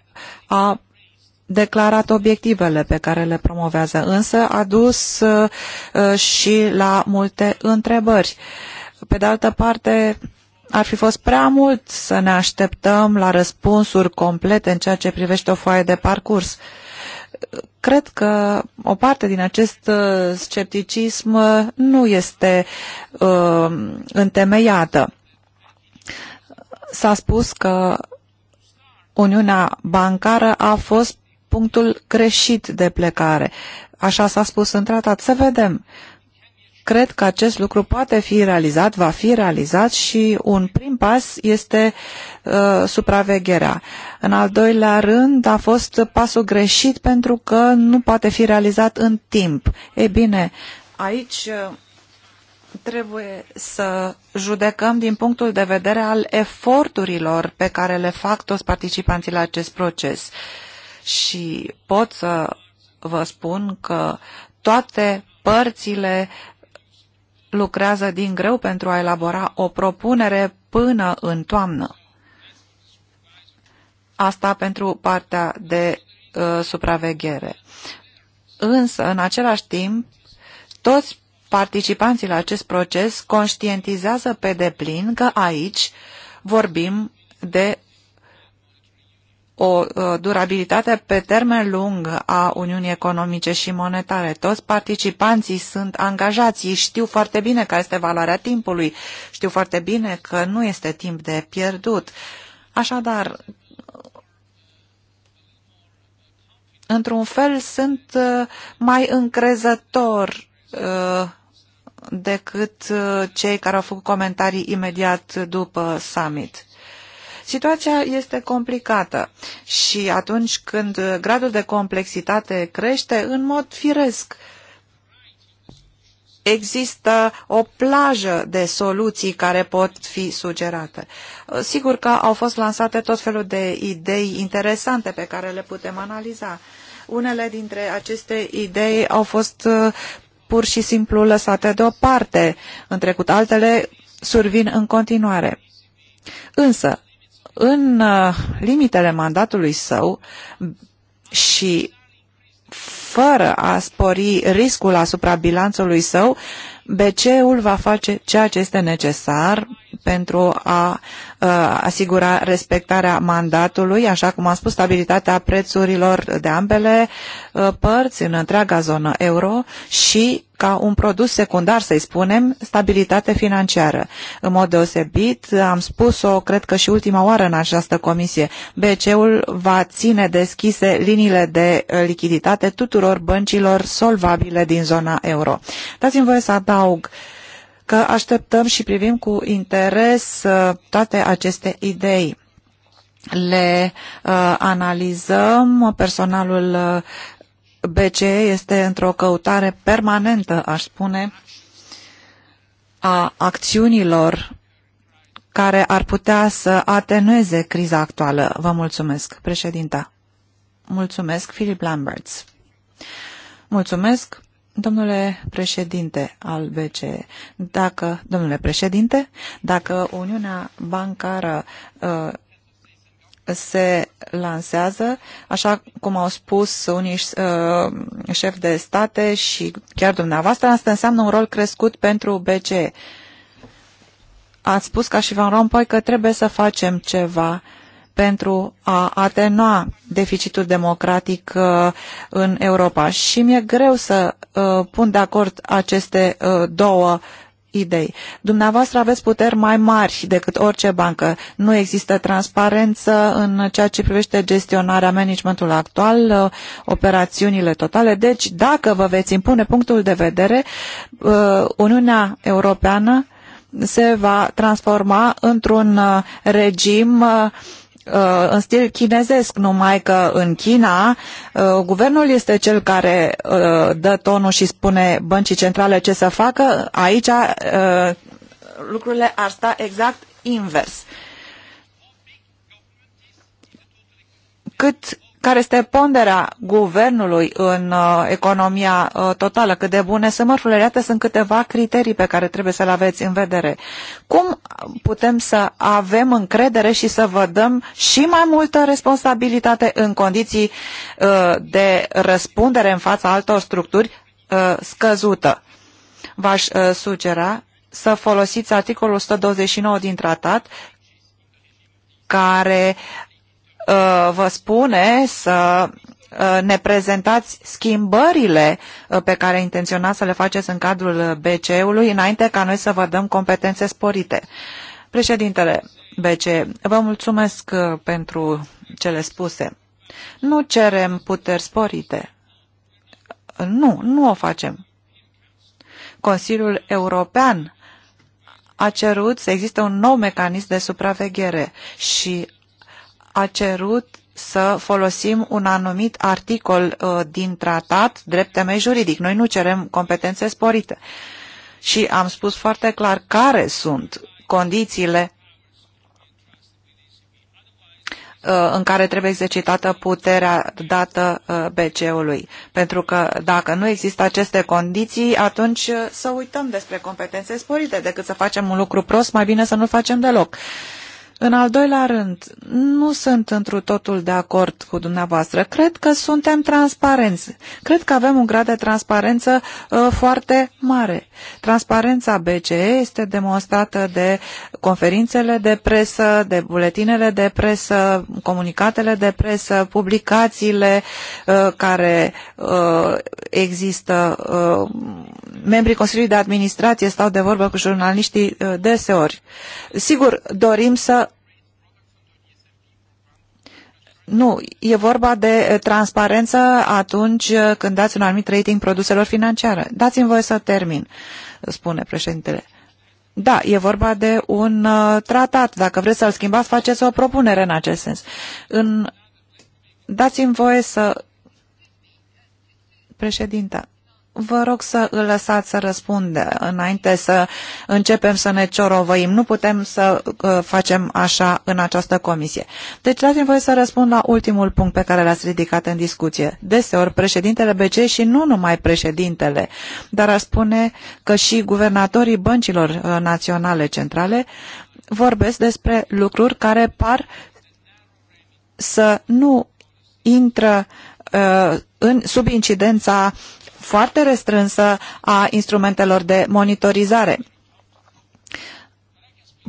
[SPEAKER 1] a declarat obiectivele pe care le promovează, însă a dus uh, și la multe întrebări. Pe de altă parte, ar fi fost prea mult să ne așteptăm la răspunsuri complete în ceea ce privește o foaie de parcurs. Cred că o parte din acest uh, scepticism uh, nu este uh, întemeiată. S-a spus că Uniunea Bancară a fost punctul greșit de plecare. Așa s-a spus în tratat. Să vedem. Cred că acest lucru poate fi realizat, va fi realizat și un prim pas este uh, supravegherea. În al doilea rând a fost pasul greșit pentru că nu poate fi realizat în timp. Ei bine, aici uh, trebuie să judecăm din punctul de vedere al eforturilor pe care le fac toți participanții la acest proces. Uh, și pot să vă spun că toate părțile lucrează din greu pentru a elabora o propunere până în toamnă. Asta pentru partea de uh, supraveghere. Însă, în același timp, toți participanții la acest proces conștientizează pe deplin că aici vorbim de o durabilitate pe termen lung a Uniunii Economice și Monetare. Toți participanții sunt angajați, ei știu foarte bine care este valoarea timpului, știu foarte bine că nu este timp de pierdut. Așadar, într-un fel, sunt uh, mai încrezător uh, decât uh, cei care au făcut comentarii imediat după summit. Situația este complicată și atunci când gradul de complexitate crește, în mod firesc, există o plajă de soluții care pot fi sugerate. Sigur că au fost lansate tot felul de idei interesante pe care le putem analiza. Unele dintre aceste idei au fost uh, pur și simplu lăsate deoparte, în trecut altele survin în continuare. Însă, în uh, limitele mandatului său și fără a spori riscul asupra bilanțului său, BCE-ul va face ceea ce este necesar pentru a uh, asigura respectarea mandatului, așa cum am spus, stabilitatea prețurilor de ambele uh, părți în întreaga zonă euro și ca un produs secundar, să-i spunem, stabilitate financiară. În mod deosebit, am spus-o, cred că și ultima oară în această comisie, BCE-ul va ține deschise liniile de uh, lichiditate tuturor băncilor solvabile din zona euro. Dați-mi voie să adaug că așteptăm și privim cu interes uh, toate aceste idei le uh, analizăm, personalul uh, BCE este într-o căutare permanentă, aș spune, a acțiunilor care ar putea să atenueze criza actuală. Vă mulțumesc, președinta. Mulțumesc, Philip Lamberts. Mulțumesc, domnule președinte al BCE. Dacă, domnule președinte, dacă Uniunea Bancară uh, se lansează, așa cum au spus unii uh, șefi de state și chiar dumneavoastră, asta înseamnă un rol crescut pentru BCE. Ați spus ca și Van Rompuy că trebuie să facem ceva pentru a atenua deficitul democratic uh, în Europa. Și mi-e greu să uh, pun de acord aceste uh, două idei. Dumneavoastră aveți puteri mai mari decât orice bancă. Nu există transparență în ceea ce privește gestionarea managementul actual, uh, operațiunile totale. Deci, dacă vă veți impune punctul de vedere, uh, Uniunea Europeană se va transforma într-un uh, regim uh, Uh, în stil chinezesc, numai că în China uh, guvernul este cel care uh, dă tonul și spune băncii centrale ce să facă. Aici lucrurile ar sta exact invers. Cât care este ponderea guvernului în uh, economia uh, totală, cât de bune sunt mărfurile. Iată sunt câteva criterii pe care trebuie să le aveți în vedere. Cum putem să avem încredere și să vă dăm și mai multă responsabilitate în condiții uh, de răspundere în fața altor structuri uh, scăzută? V-aș uh, sugera să folosiți articolul 129 din tratat care Uh, vă spune să uh, ne prezentați schimbările uh, pe care intenționați să le faceți în cadrul BCE-ului înainte ca noi să vă dăm competențe sporite. Președintele BCE, vă mulțumesc pentru cele spuse. Nu cerem puteri sporite. Nu, nu o facem. Consiliul European a cerut să existe un nou mecanism de supraveghere și a cerut să folosim un anumit articol uh, din tratat drept temei juridic. Noi nu cerem competențe sporite. Și am spus foarte clar care sunt condițiile uh, în care trebuie exercitată puterea dată bce uh, BC-ului. Pentru că dacă nu există aceste condiții, atunci uh, să uităm despre competențe sporite. Decât să facem un lucru prost, mai bine să nu facem deloc. Uh, în al doilea rând, nu sunt întru totul de acord cu dumneavoastră. Cred că suntem transparenți. Cred că avem un grad de transparență uh, foarte mare. Transparența BCE este demonstrată de conferințele de presă, de buletinele de presă, comunicatele de presă, publicațiile uh, care uh, există. Uh, membrii Consiliului de Administrație stau de vorbă cu jurnaliștii uh, deseori. Sigur, dorim să nu, e vorba de eh, transparență atunci eh, când dați un anumit rating produselor financiare. Dați-mi voie să termin, spune președintele. Da, e vorba de un uh, tratat. Dacă vreți să-l schimbați, faceți o propunere în acest sens. În... Dați-mi voie să... Președinta, Vă rog să îl lăsați să răspunde înainte să începem să ne ciorovăim. Nu putem să uh, facem așa în această comisie. Deci dați-mi voie să răspund la ultimul punct pe care l-ați ridicat în discuție. Deseori președintele BCE și nu numai președintele, dar a spune că și guvernatorii băncilor uh, naționale centrale vorbesc despre lucruri care par să nu intră uh, în, sub incidența foarte restrânsă a instrumentelor de monitorizare.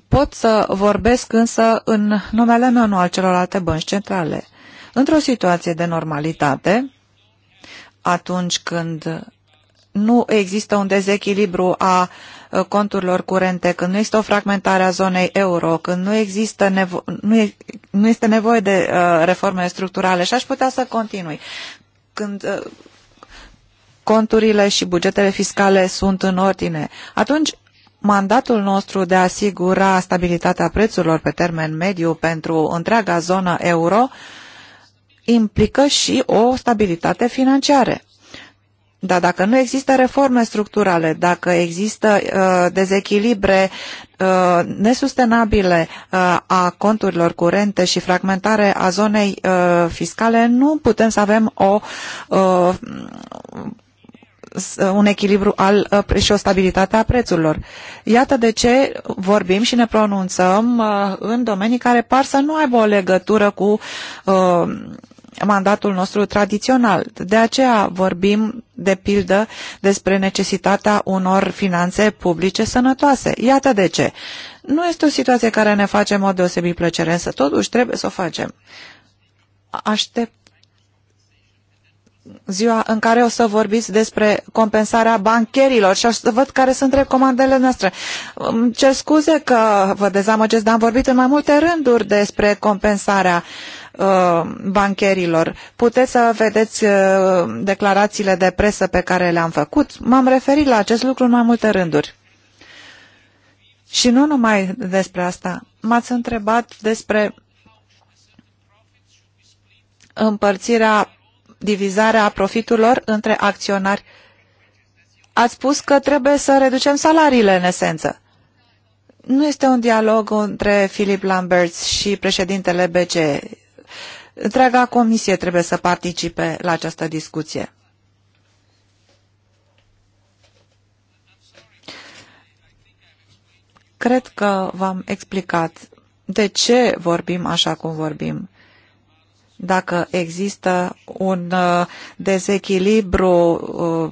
[SPEAKER 1] Pot să vorbesc însă în numele meu, nu al celorlalte bănci centrale. Într-o situație de normalitate, atunci când nu există un dezechilibru a conturilor curente, când nu este o fragmentare a zonei euro, când nu, există nevo- nu, e, nu este nevoie de uh, reforme structurale și aș putea să continui. Când uh, conturile și bugetele fiscale sunt în ordine, atunci mandatul nostru de a asigura stabilitatea prețurilor pe termen mediu pentru întreaga zonă euro implică și o stabilitate financiară. Dar dacă nu există reforme structurale, dacă există uh, dezechilibre uh, nesustenabile uh, a conturilor curente și fragmentare a zonei uh, fiscale, nu putem să avem o uh, Uh, un echilibru al, uh, și o stabilitate a prețurilor. Iată de ce vorbim și ne pronunțăm uh, în domenii care par să nu aibă o legătură cu mandatul nostru tradițional. De aceea vorbim, de pildă, despre necesitatea unor finanțe publice sănătoase. Iată de ce. Nu este o situație care ne face în mod deosebit plăcere, însă totuși trebuie să o facem. Aștept ziua în care o să vorbiți despre compensarea bancherilor și aș să văd care sunt recomandele noastre. Îmi cer scuze că vă dezamăgesc, dar am vorbit în mai multe rânduri despre compensarea uh, bancherilor. Puteți să vedeți uh, declarațiile de presă pe care le-am făcut. M-am referit la acest lucru în mai multe rânduri. Și nu numai despre asta. M-ați întrebat despre împărțirea divizarea profiturilor între acționari. Ați spus că trebuie să reducem salariile, în esență. Nu este un dialog între Philip Lamberts și președintele BCE. Întreaga comisie trebuie să participe la această discuție. Cred că v-am explicat de ce vorbim așa cum vorbim dacă există un uh, dezechilibru uh,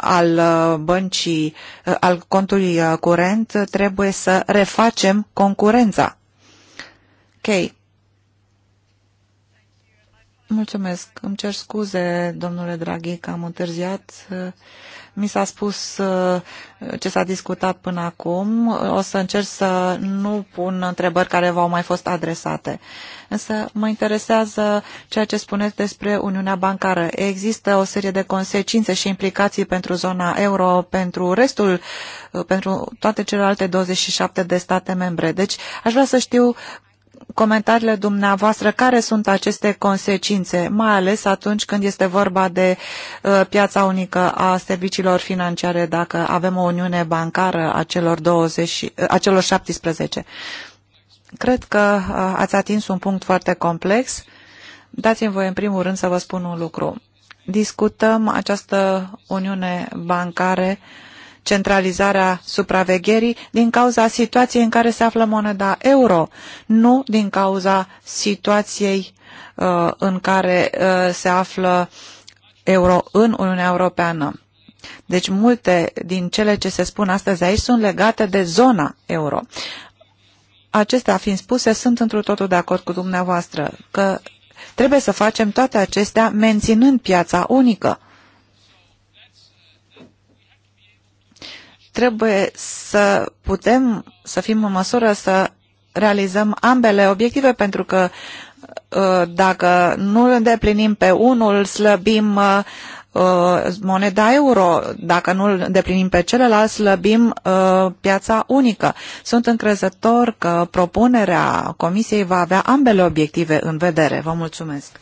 [SPEAKER 1] al uh, băncii, al contului curent, trebuie să refacem concurența. Ok. Mulțumesc. Îmi cer scuze, domnule Draghi, că am întârziat. Mi s-a spus uh, ce s-a discutat până acum. O să încerc să nu pun întrebări care v-au mai fost adresate. Însă mă interesează ceea ce spuneți despre Uniunea Bancară. Există o serie de consecințe și implicații pentru zona euro, pentru restul, uh, pentru toate celelalte 27 de state membre. Deci aș vrea să știu comentariile dumneavoastră care sunt aceste consecințe, mai ales atunci când este vorba de uh, piața unică a serviciilor financiare, dacă avem o uniune bancară a celor, 20, uh, a celor 17. Cred că uh, ați atins un punct foarte complex. Dați-mi voi în primul rând să vă spun un lucru. Discutăm această uniune bancară. uh, centralizarea supravegherii din cauza situației în care se află moneda euro, nu din cauza situației uh, în care uh, se află euro în Uniunea Europeană. Deci multe din cele ce se spun astăzi aici sunt legate de zona euro. Acestea fiind spuse, sunt într totul de acord cu dumneavoastră că trebuie să facem toate acestea menținând piața unică. Trebuie să putem să fim în măsură să realizăm ambele obiective, pentru că uh, dacă nu îl îndeplinim pe unul, slăbim uh, uh, moneda euro, dacă nu îl îndeplinim pe celălalt, slăbim piața unică. Sunt încrezător că propunerea Comisiei va avea ambele obiective în vedere. Vă mulțumesc.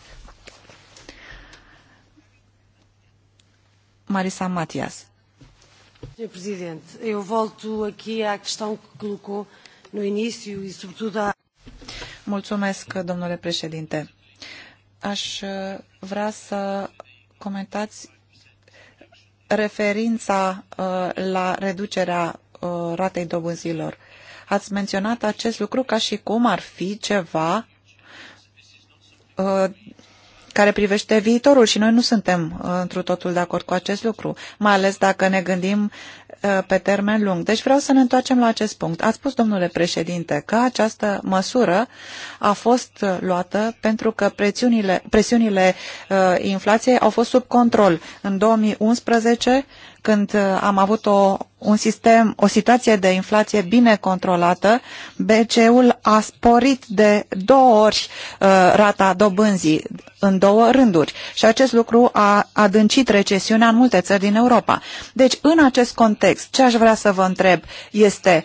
[SPEAKER 1] Marisa Matias. Sr. Presidente, eu volto aqui à questão que colocou no início e sobretudo à... Mulțumesc, domnule președinte. Aș uh, vrea să comentați referința uh, la reducerea uh, ratei dobânzilor. Ați menționat acest lucru ca și cum ar fi ceva care privește viitorul și noi nu suntem uh, întru totul de acord cu acest lucru, mai ales dacă ne gândim uh, pe termen lung. Deci vreau să ne întoarcem la acest punct. Ați spus, domnule președinte, că această măsură a fost uh, luată pentru că presiunile, presiunile inflației au fost sub control. În 2011 când uh, am avut o, un sistem, o situație de inflație bine controlată, BCE-ul a sporit de două ori uh, rata dobânzii în două rânduri și acest lucru a adâncit recesiunea în multe țări din Europa. Deci, în acest context, ce aș vrea să vă întreb este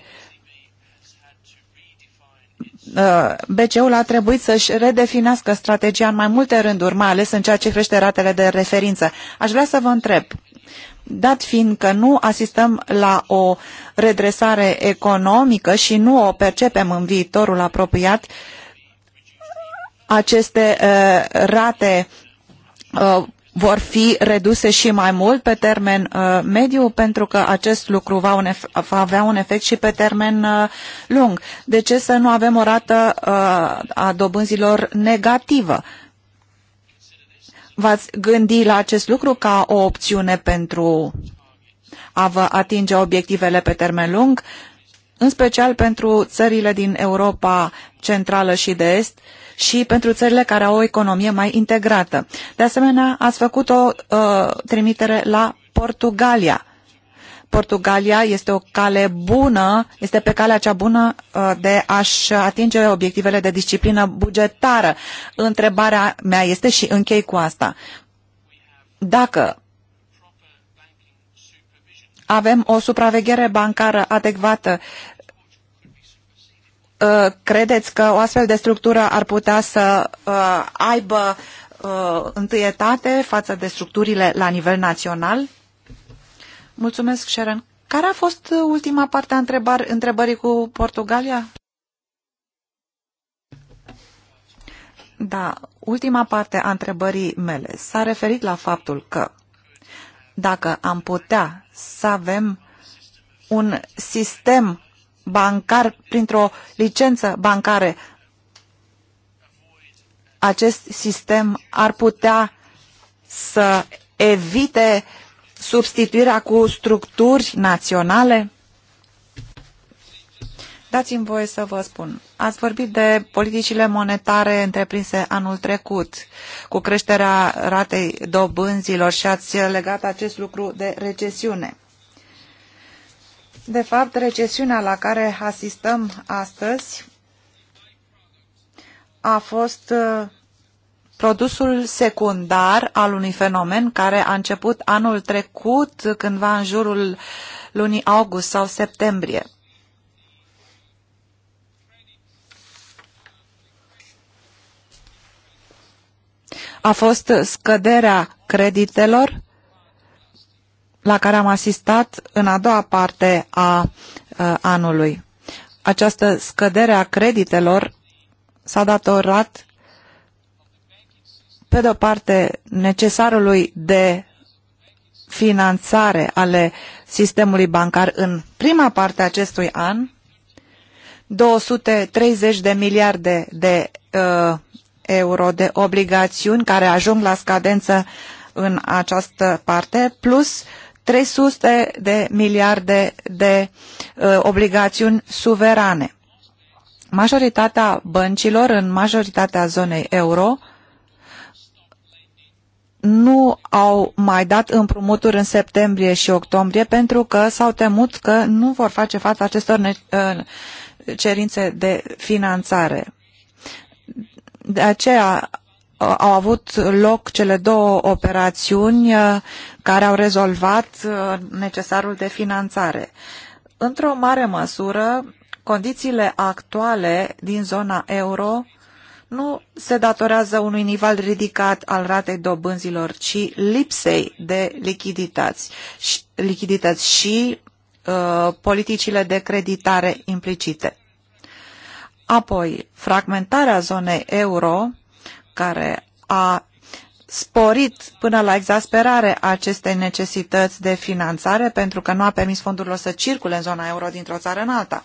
[SPEAKER 1] uh, BCE-ul a trebuit să-și redefinească strategia în mai multe rânduri, mai ales în ceea ce crește ratele de referință. Aș vrea să vă întreb, dat fiind că nu asistăm la o redresare economică și nu o percepem în viitorul apropiat, aceste uh, rate uh, vor fi reduse și mai mult pe termen uh, mediu, pentru că acest lucru va, un va avea un efect și pe termen uh, lung. De ce să nu avem o rată uh, a dobânzilor negativă? Uh, V-ați gândi la acest lucru ca o opțiune pentru a vă atinge obiectivele pe termen lung, în special pentru țările din Europa Centrală și de Est și pentru țările care au o economie mai integrată. De asemenea, ați făcut o uh, trimitere la Portugalia. Portugalia este o cale bună, este pe calea cea bună uh, de a-și atinge obiectivele de disciplină bugetară. Întrebarea mea este și închei cu asta. Dacă avem o supraveghere bancară adecvată, uh, credeți că o astfel de structură ar putea să uh, aibă întâietate față de structurile la nivel național? Mulțumesc, Sharon. Care a fost uh, ultima parte a întrebar, întrebării cu Portugalia? Da, ultima parte a întrebării mele s-a referit la faptul că dacă am putea să avem un sistem bancar printr-o licență bancare, acest sistem ar putea să evite uh, substituirea cu structuri naționale? Dați-mi voie să vă spun. Ați vorbit de politicile monetare întreprinse anul trecut, cu creșterea ratei dobânzilor și ați legat acest lucru de recesiune. De fapt, recesiunea la care asistăm astăzi a fost uh, produsul secundar al unui fenomen care a început anul trecut, cândva în jurul lunii august sau septembrie. A fost scăderea creditelor la care am asistat în a doua parte a, a anului. Această scădere a creditelor s-a datorat pe de o parte, necesarului de finanțare ale sistemului bancar în prima parte a acestui an, 230 de miliarde de uh, euro de obligațiuni care ajung la scadență în această parte, plus 300 de miliarde de uh, obligațiuni suverane. Majoritatea băncilor în majoritatea zonei euro uh, nu au mai dat împrumuturi în septembrie și octombrie pentru că s-au temut că nu vor face față acestor ă, cerințe de finanțare. De aceea ă, au avut loc cele două operațiuni ă, care au rezolvat necesarul de finanțare. Într-o mare măsură, condițiile actuale din zona euro nu se datorează unui nivel ridicat al ratei dobânzilor, ci lipsei de lichidități, lichidități și uh, politicile de creditare implicite. Apoi, fragmentarea zonei euro, care a sporit până la exasperare aceste necesități de finanțare pentru că nu a permis fondurilor să circule în zona euro dintr-o țară în alta.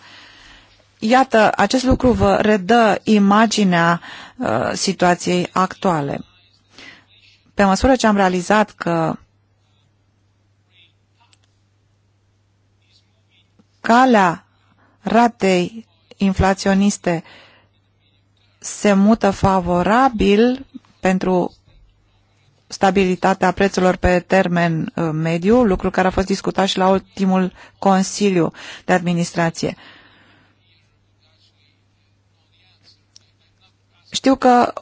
[SPEAKER 1] Iată, acest lucru vă redă imaginea uh, situației actuale. Pe măsură ce am realizat că calea ratei inflaționiste se mută favorabil pentru stabilitatea prețurilor pe termen uh, mediu, lucru care a fost discutat și la ultimul Consiliu de Administrație. Uh, Știu că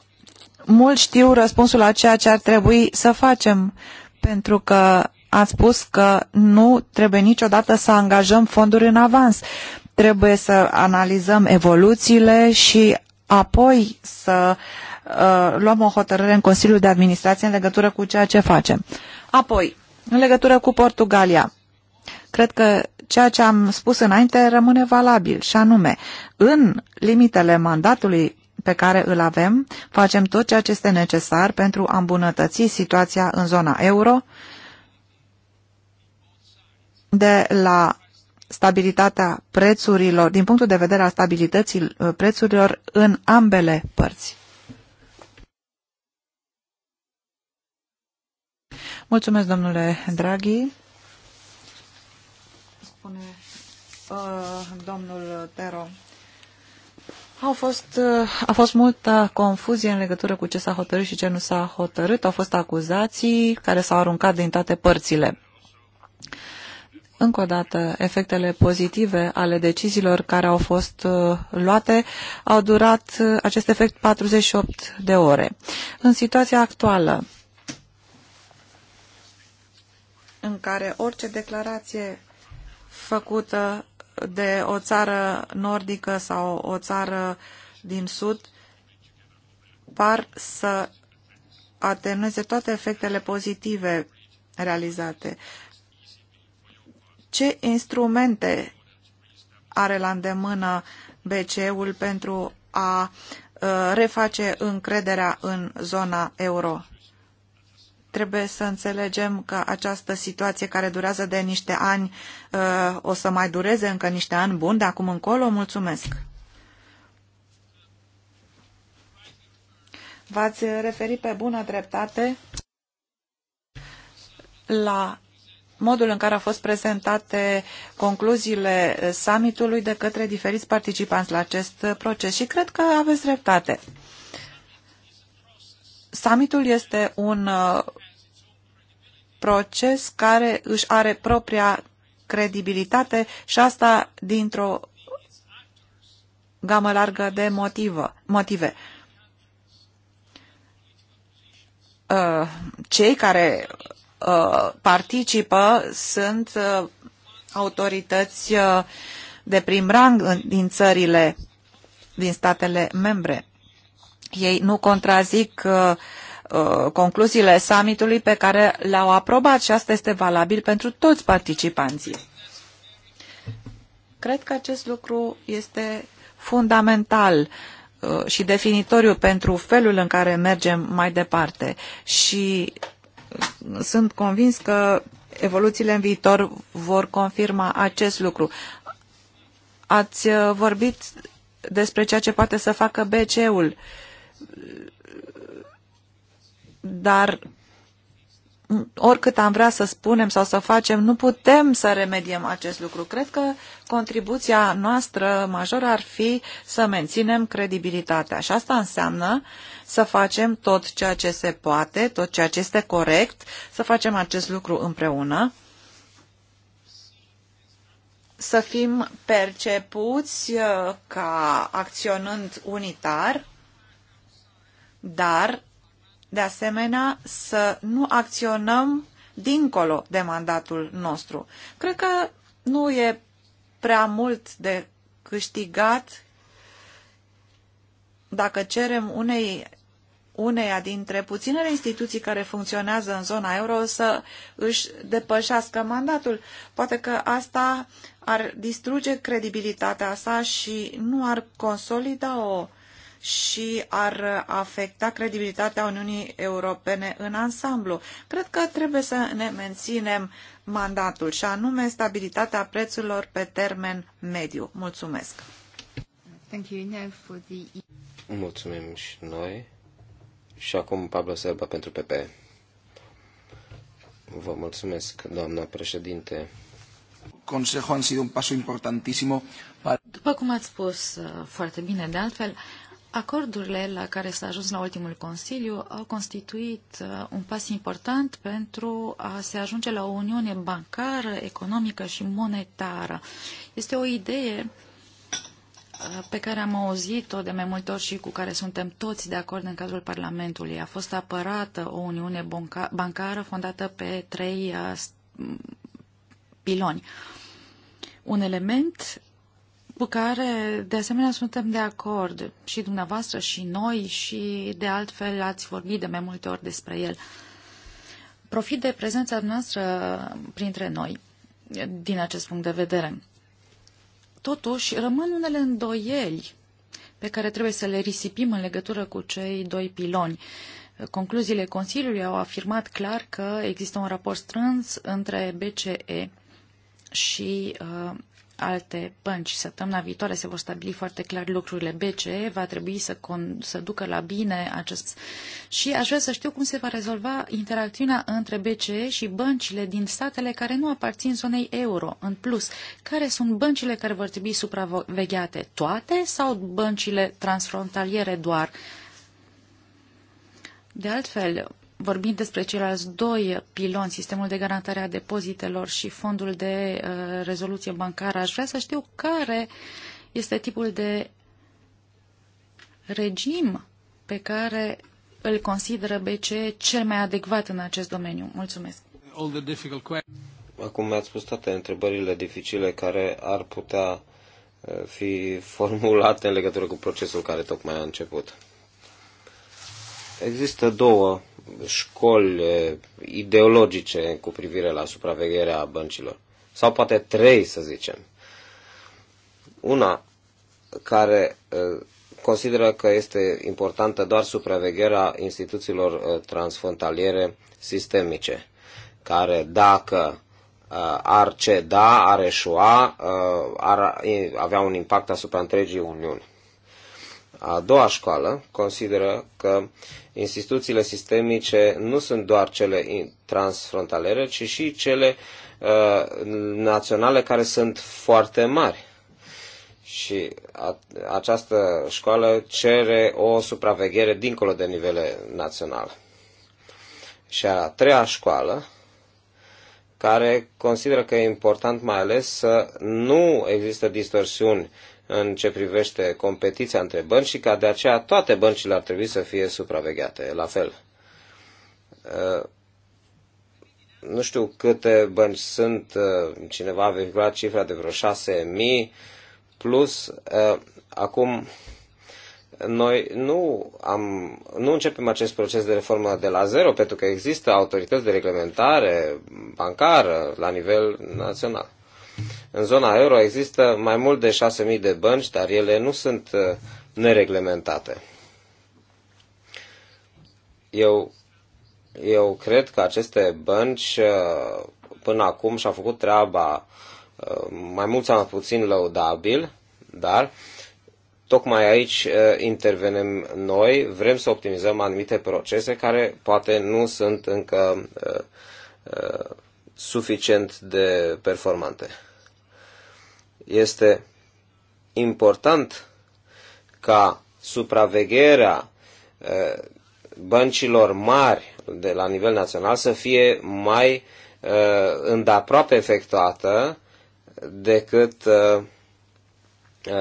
[SPEAKER 1] mulți știu răspunsul la ceea ce ar trebui să facem, pentru că a spus că nu trebuie niciodată să angajăm fonduri în avans. Trebuie să analizăm evoluțiile și apoi să uh, luăm o hotărâre în Consiliul de Administrație în legătură cu ceea ce facem. Apoi, în legătură cu Portugalia, cred că ceea ce am spus înainte rămâne valabil și anume, în limitele mandatului pe care îl avem, facem tot ceea ce este necesar pentru a îmbunătăți situația în zona euro, de la stabilitatea prețurilor, din punctul de vedere al stabilității uh, prețurilor în ambele părți. Mulțumesc, domnule Draghi. Spune uh, domnul Tero. Au fost, uh, a fost multă confuzie în legătură cu ce s-a hotărât și ce nu s-a hotărât. Au fost acuzații care s-au aruncat din toate părțile. Încă o dată, efectele pozitive ale deciziilor care au fost uh, luate au durat uh, acest efect 48 de ore. În situația actuală, în care orice declarație făcută de o țară nordică sau o țară din sud par să atenueze toate efectele pozitive realizate. Ce instrumente are la îndemână BCE-ul pentru a uh, reface încrederea în zona euro? Trebuie să înțelegem că această situație care durează de niște ani uh, o să mai dureze încă niște ani buni, de acum încolo. Mulțumesc! V-ați referit pe bună dreptate la modul în care au fost prezentate concluziile summitului de către diferiți participanți la acest proces și cred că aveți dreptate. Summitul este un uh, proces care își are propria credibilitate și asta dintr-o gamă largă de motivă, motive. Uh, cei care uh, participă sunt uh, autorități de prim rang din țările, din statele membre. Ei nu contrazic Uh, concluziile summitului pe care le-au aprobat și asta este valabil pentru toți participanții. Cred că acest lucru este fundamental uh, și definitoriu pentru felul în care mergem mai departe și uh, sunt convins că evoluțiile în viitor vor confirma acest lucru. Ați vorbit despre ceea ce poate să facă BCE-ul. Dar oricât am vrea să spunem sau să facem, nu putem să remediem acest lucru. Cred că contribuția noastră majoră ar fi să menținem credibilitatea și asta înseamnă să facem tot ceea ce se poate, tot ceea ce este corect, să facem acest lucru împreună, să fim percepuți uh, ca acționând unitar, dar de asemenea, să nu acționăm dincolo de mandatul nostru. Cred că nu e prea mult de câștigat dacă cerem unei uneia dintre puținele instituții care funcționează în zona euro să își depășească mandatul. Poate că asta ar distruge credibilitatea sa și nu ar consolida-o și ar afecta credibilitatea Uniunii Europene în ansamblu. Cred că trebuie să ne menținem mandatul și anume stabilitatea prețurilor pe termen mediu. Mulțumesc! Thank you. Now for the...
[SPEAKER 2] Mulțumim și noi. Și acum Pablo Serba pentru PP. Vă mulțumesc, doamna președinte. Consejo a sido
[SPEAKER 3] un paso importantísimo. După cum ați spus uh, foarte bine, de altfel, Acordurile la care s-a ajuns la ultimul Consiliu au constituit uh, un pas important pentru a se ajunge la o uniune bancară, economică și monetară. Este o idee uh, pe care am auzit-o de mai multe ori și cu care suntem toți de acord în cadrul Parlamentului. A fost apărată o uniune bancară fondată pe trei uh, piloni. Un element cu care, de asemenea, suntem de acord și dumneavoastră și noi și, de altfel, ați vorbit de mai multe ori despre el. Profit de prezența noastră printre noi, din acest punct de vedere. Totuși, rămân unele îndoieli pe care trebuie să le risipim în legătură cu cei doi piloni. Concluziile Consiliului au afirmat clar că există un raport strâns între BCE și uh, alte bănci. Săptămâna viitoare se vor stabili foarte clar lucrurile. BCE va trebui să, con- să ducă la bine acest... Și aș vrea să știu cum se va rezolva interacțiunea între BCE și băncile din statele care nu aparțin zonei euro. În plus, care sunt băncile care vor trebui supravegheate? Toate sau băncile transfrontaliere doar? De altfel, Vorbind despre ceilalți doi piloni, sistemul de garantare a depozitelor și fondul de uh, rezoluție bancară, aș vrea să știu care este tipul de regim pe care îl consideră BCE cel mai adecvat în acest domeniu. Mulțumesc!
[SPEAKER 2] Acum mi-ați spus toate întrebările dificile care ar putea uh, fi formulate în legătură cu procesul care tocmai a început. Există două școli eh, ideologice cu privire la supravegherea băncilor. Sau poate trei, să zicem. Una care eh, consideră că este importantă doar supravegherea instituțiilor eh, transfrontaliere sistemice, care dacă ar ceda, ar eșua, ar avea un impact asupra întregii Uniuni. A doua școală consideră că instituțiile sistemice nu sunt doar cele transfrontaliere, ci și cele uh, naționale care sunt foarte mari. Și a, această școală cere o supraveghere dincolo de nivele naționale. Și a treia școală, care consideră că e important mai ales să nu există distorsiuni în ce privește competiția între bănci și ca de aceea toate băncile ar trebui să fie supravegheate la fel. Uh, nu știu câte bănci sunt, uh, cineva a vehiculat cifra de vreo 6.000 plus. Uh, acum, noi nu, am, nu începem acest proces de reformă de la zero, pentru că există autorități de reglementare bancară la nivel național. În zona euro există mai mult de 6.000 de bănci, dar ele nu sunt uh, nereglementate. Eu, eu cred că aceste bănci uh, până acum și-au făcut treaba uh, mai mult sau mai puțin lăudabil, dar tocmai aici intervenim noi, vrem să optimizăm anumite procese care poate nu sunt încă suficient de performante. Este important ca supravegherea băncilor mari de la nivel național să fie mai îndeaproape efectuată decât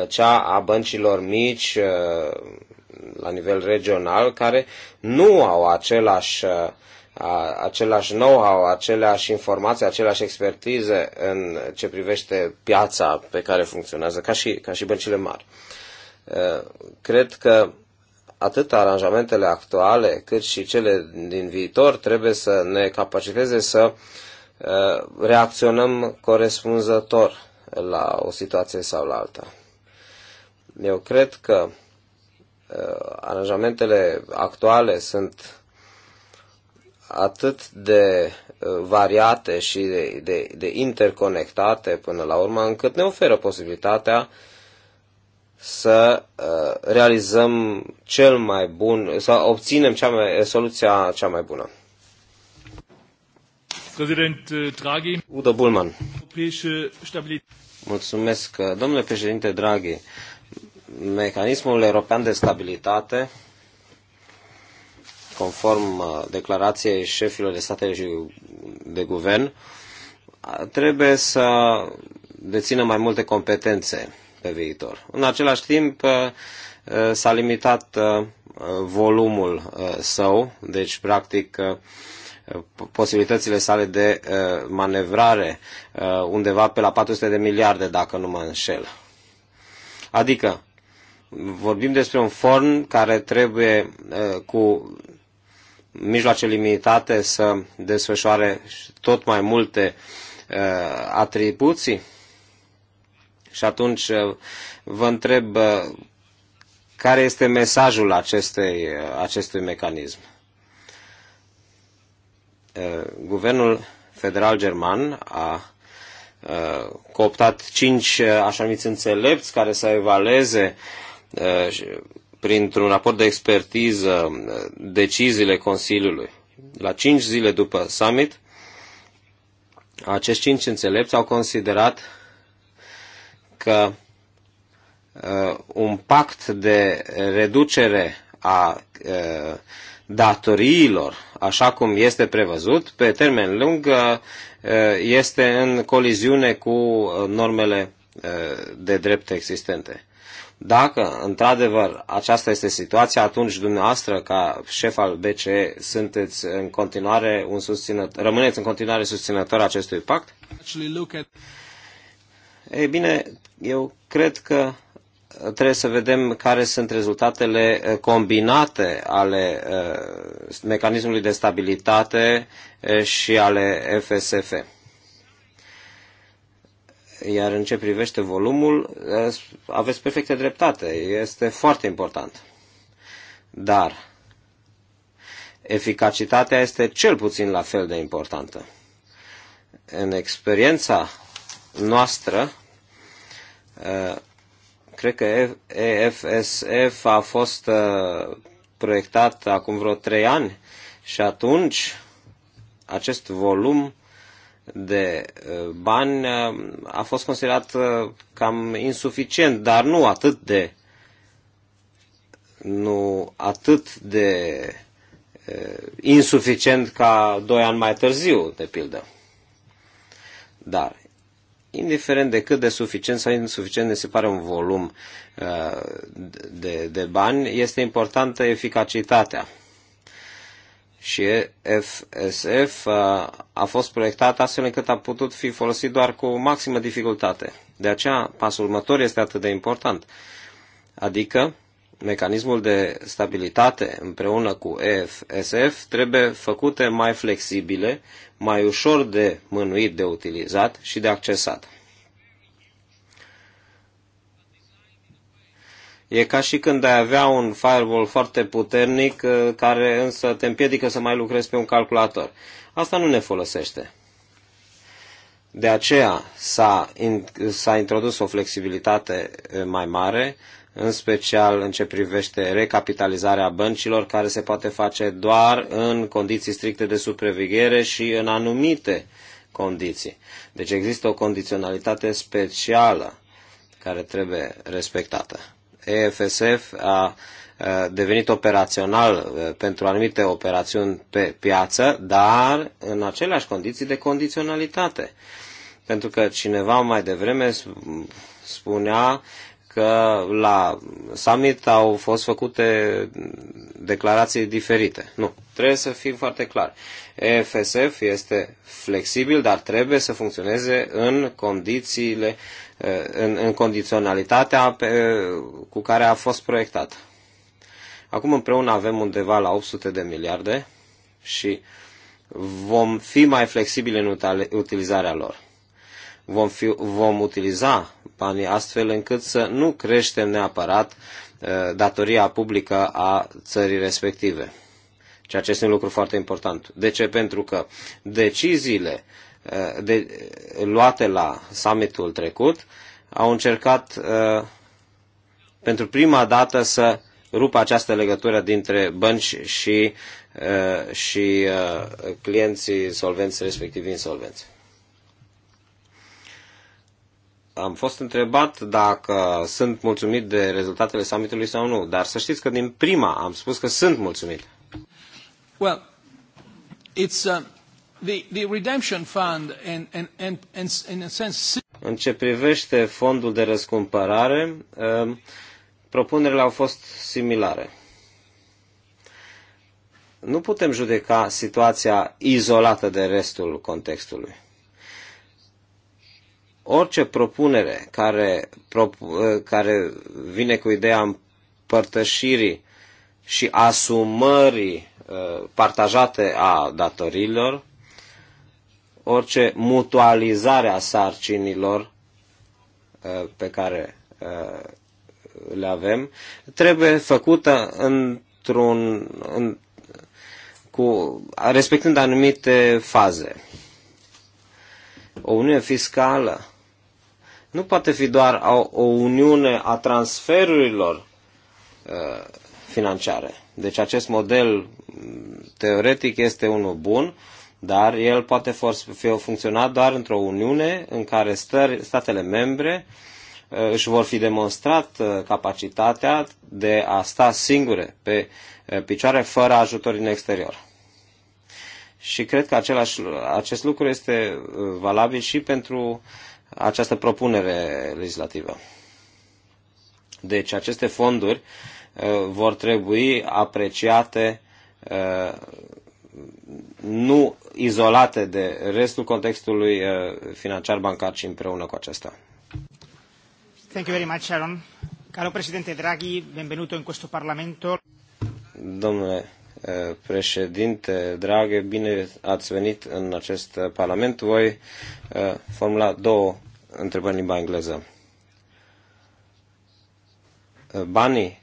[SPEAKER 2] cea a băncilor mici la nivel regional, care nu au același același know-how, aceleași informații, aceleași expertize în ce privește piața pe care funcționează, ca și, ca și băncile mari. Cred că atât aranjamentele actuale cât și cele din viitor trebuie să ne capaciteze să reacționăm corespunzător la o situație sau la alta. Eu cred că aranjamentele actuale sunt atât de uh, variate și de, de, de interconectate până la urmă, încât ne oferă posibilitatea să uh, realizăm cel mai bun, să obținem cea mai, soluția cea mai bună.
[SPEAKER 1] President uh, Draghi. Udo Bulman.
[SPEAKER 2] Mulțumesc, domnule președinte Draghi. Mecanismul european de stabilitate conform uh, declarației șefilor de state și de guvern, trebuie să dețină mai multe competențe pe viitor. În același timp, uh, s-a limitat uh, volumul său, deci, practic, posibilitățile sale de manevrare undeva pe la 400 de miliarde, dacă nu mă înșel. Adică, vorbim despre un forn care trebuie cu mijloace limitate să desfășoare tot mai multe uh, atribuții? Și atunci uh, vă întreb uh, care este mesajul acestei, uh, acestui mecanism. Guvernul federal german a cooptat cinci așa numiți înțelepți care să evaleze printr-un raport de expertiză deciziile Consiliului. La cinci zile după summit, acești cinci înțelepți au considerat că uh, un pact de reducere a uh, datoriilor, așa cum este prevăzut, pe termen lung uh, este în coliziune cu uh, normele uh, de drept existente. Dacă, într-adevăr, aceasta este situația, atunci dumneavoastră, ca șef al BCE, sunteți în continuare un susținător, rămâneți în continuare susținător acestui pact? Ei bine, eu cred că trebuie să vedem care sunt rezultatele eh, combinate ale eh, mecanismului de stabilitate eh, și ale FSF. Iar în ce privește volumul, eh, aveți perfectă dreptate, este foarte important. Dar eficacitatea este cel puțin la fel de importantă. În experiența noastră, eh, cred că EFSF a fost eh, proiectat acum vreo trei ani și atunci acest volum de uh, bani uh, a fost considerat uh, cam insuficient, dar nu atât de nu atât de insuficient ca doi ani mai târziu, de pildă. Dar, indiferent de cât de suficient sau insuficient ne se pare un volum de, de bani, este importantă eficacitatea și FSF a fost proiectat astfel încât a putut fi folosit doar cu maximă dificultate. De aceea, pasul următor este atât de important. Adică, mecanismul de stabilitate împreună cu EFSF trebuie făcute mai flexibile, mai ușor de mânuit, de utilizat și de accesat. E ca și când ai avea un firewall foarte puternic uh, care însă te împiedică să mai lucrezi pe un calculator. Asta nu ne folosește. De aceea s-a, in, introdus o flexibilitate uh, mai mare, în special în ce privește recapitalizarea băncilor, care se poate face doar în condiții stricte de supraveghere și în anumite condiții. Deci există o condiționalitate specială care trebuie respectată. EFSF a devenit operațional pentru anumite operațiuni pe piață, dar în aceleași condiții de condiționalitate. Pentru că cineva mai devreme spunea că la summit au fost făcute declarații diferite. Nu, trebuie să fim foarte clari. EFSF este flexibil, dar trebuie să funcționeze în condițiile Uh, în, în condiționalitatea pe, uh, cu care a fost proiectat. Acum împreună avem undeva la 800 de miliarde și vom fi mai flexibili în utilizarea lor. Vom, fi, vom utiliza banii astfel încât să nu creștem neapărat uh, datoria publică a țării respective. Ceea ce este un lucru foarte important. De ce? Pentru că deciziile uh, Uh, de, uh, luate la summitul trecut au încercat uh, pentru prima dată să rupă această legătură dintre bănci și, și clienții solvenți, respectiv insolvenți. Am fost întrebat dacă sunt mulțumit de rezultatele summitului sau nu, dar să știți că din prima am spus că sunt mulțumit.
[SPEAKER 3] Well, it's, uh...
[SPEAKER 2] În ce privește fondul de răscumpărare, um, propunerile au fost similare. Nu putem judeca situația izolată de restul contextului. Orice propunere care, uh, care vine cu ideea împărtășirii și asumării uh, partajate a datorilor orice mutualizare a sarcinilor uh, pe care uh, le avem, trebuie făcută într-un, în, cu, respectând anumite faze. O uniune fiscală nu poate fi doar o, o uniune a transferurilor uh, financiare. Deci acest model mm, teoretic este unul bun, dar el poate fi funcționat doar într-o Uniune în care stări, statele membre uh, își vor fi demonstrat uh, capacitatea de a sta singure pe uh, picioare fără ajutor din exterior. Și cred că același, acest lucru este valabil și pentru această propunere legislativă. Deci aceste fonduri vor trebui apreciate nu izolate de restul contextului uh, financiar, bancar, ci împreună cu acesta. Thank you very much, Sharon. Caro președinte Draghi, benvenuto in questo Parlamento. Domnule uh, președinte Draghi, bine ați venit în acest Parlament. Voi uh, formula două întrebări în limba engleză. Banii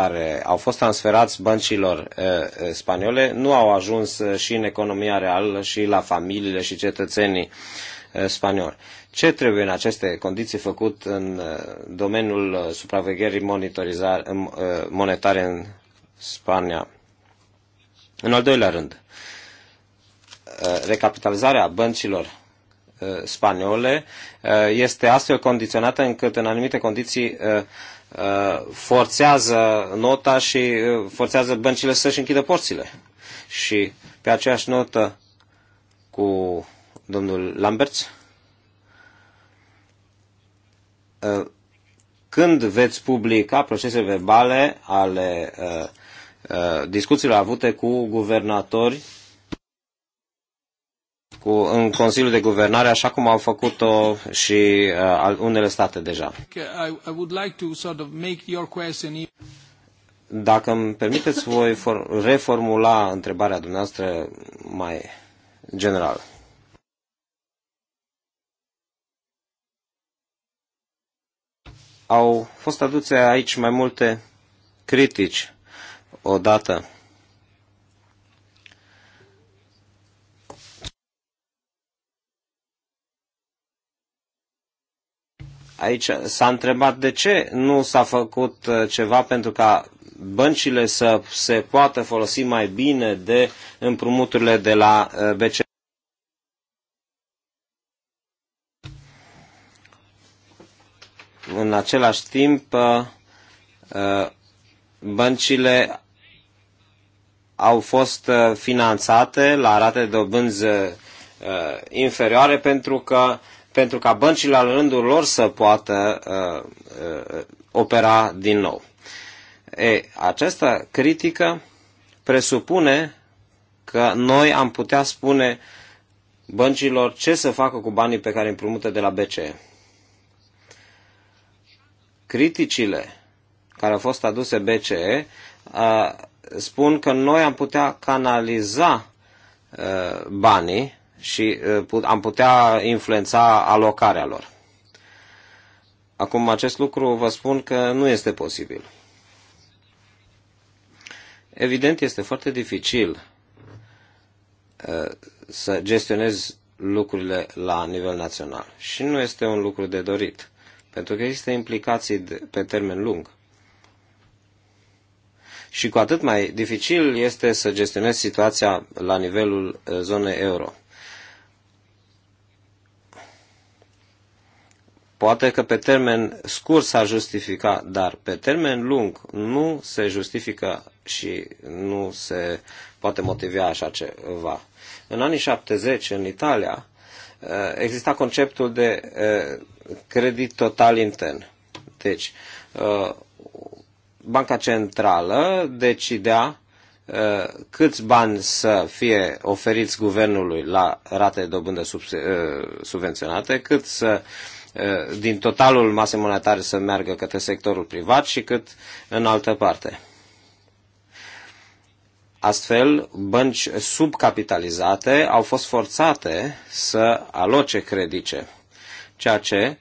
[SPEAKER 2] care au fost transferați băncilor eh, eh, spaniole nu au ajuns eh, și în economia reală și la familiile și cetățenii spanioli. Ce trebuie în aceste condiții făcut în domeniul supravegherii monetare în Spania? În al doilea rând, recapitalizarea băncilor spaniole este astfel condiționată încât în anumite condiții forțează nota și uh, forțează băncile să-și închidă porțile. Și pe aceeași notă cu domnul Lamberts, uh, când veți publica procese verbale ale uh, discuțiilor avute cu guvernatori cu, în Consiliul de Guvernare, așa cum au făcut-o și uh, unele state deja. Dacă îmi permiteți, voi reformula întrebarea dumneavoastră mai general. Au fost aduse aici mai multe critici odată Aici s-a întrebat de ce nu s-a făcut uh, ceva pentru ca băncile să se poată folosi mai bine de împrumuturile de la uh, BCE. În același timp, uh, băncile au fost finanțate la rate de dobânzi inferioare pentru că pentru ca băncile la rândul lor să poată uh, uh, opera din nou. E, această critică presupune că noi am putea spune băncilor ce să facă cu banii pe care îi împrumută de la BCE. Criticile care au fost aduse BCE uh, spun că noi am putea canaliza uh, banii și am putea influența alocarea lor. Acum, acest lucru vă spun că nu este posibil. Evident, este foarte dificil să gestionezi lucrurile la nivel național și nu este un lucru de dorit, pentru că există implicații pe termen lung. Și cu atât mai dificil este să gestionezi situația la nivelul zonei euro. Poate că pe termen scurt s a justifica, dar pe termen lung nu se justifică și nu se poate motiva așa ceva. În anii 70, în Italia, eh, exista conceptul de eh, credit total intern. Deci, eh, Banca Centrală decidea câți bani să fie oferiți guvernului la rate de dobândă subvenționate, cât să Eh, din totalul masei monetare să meargă către sectorul privat și cât în altă parte. Astfel, bănci subcapitalizate au fost forțate să aloce credice, ceea ce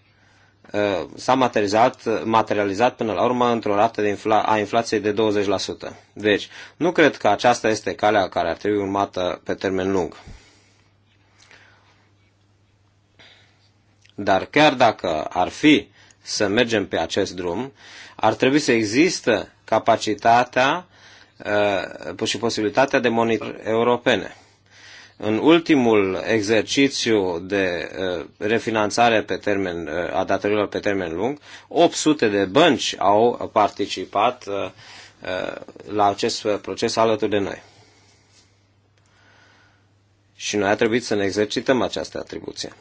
[SPEAKER 2] eh, s-a materializat, materializat până la urmă într-o rată de infla, a inflației de 20%. Deci, nu cred că aceasta este calea care ar trebui urmată pe termen lung. Dar chiar dacă ar fi să mergem pe acest drum, ar trebui să există capacitatea uh, și posibilitatea de monitor europene. În ultimul exercițiu de uh, refinanțare pe termen, uh, a datorilor pe termen lung, 800 de bănci au participat uh, uh, la acest proces alături de noi. Și noi a trebuit să ne exercităm această atribuție.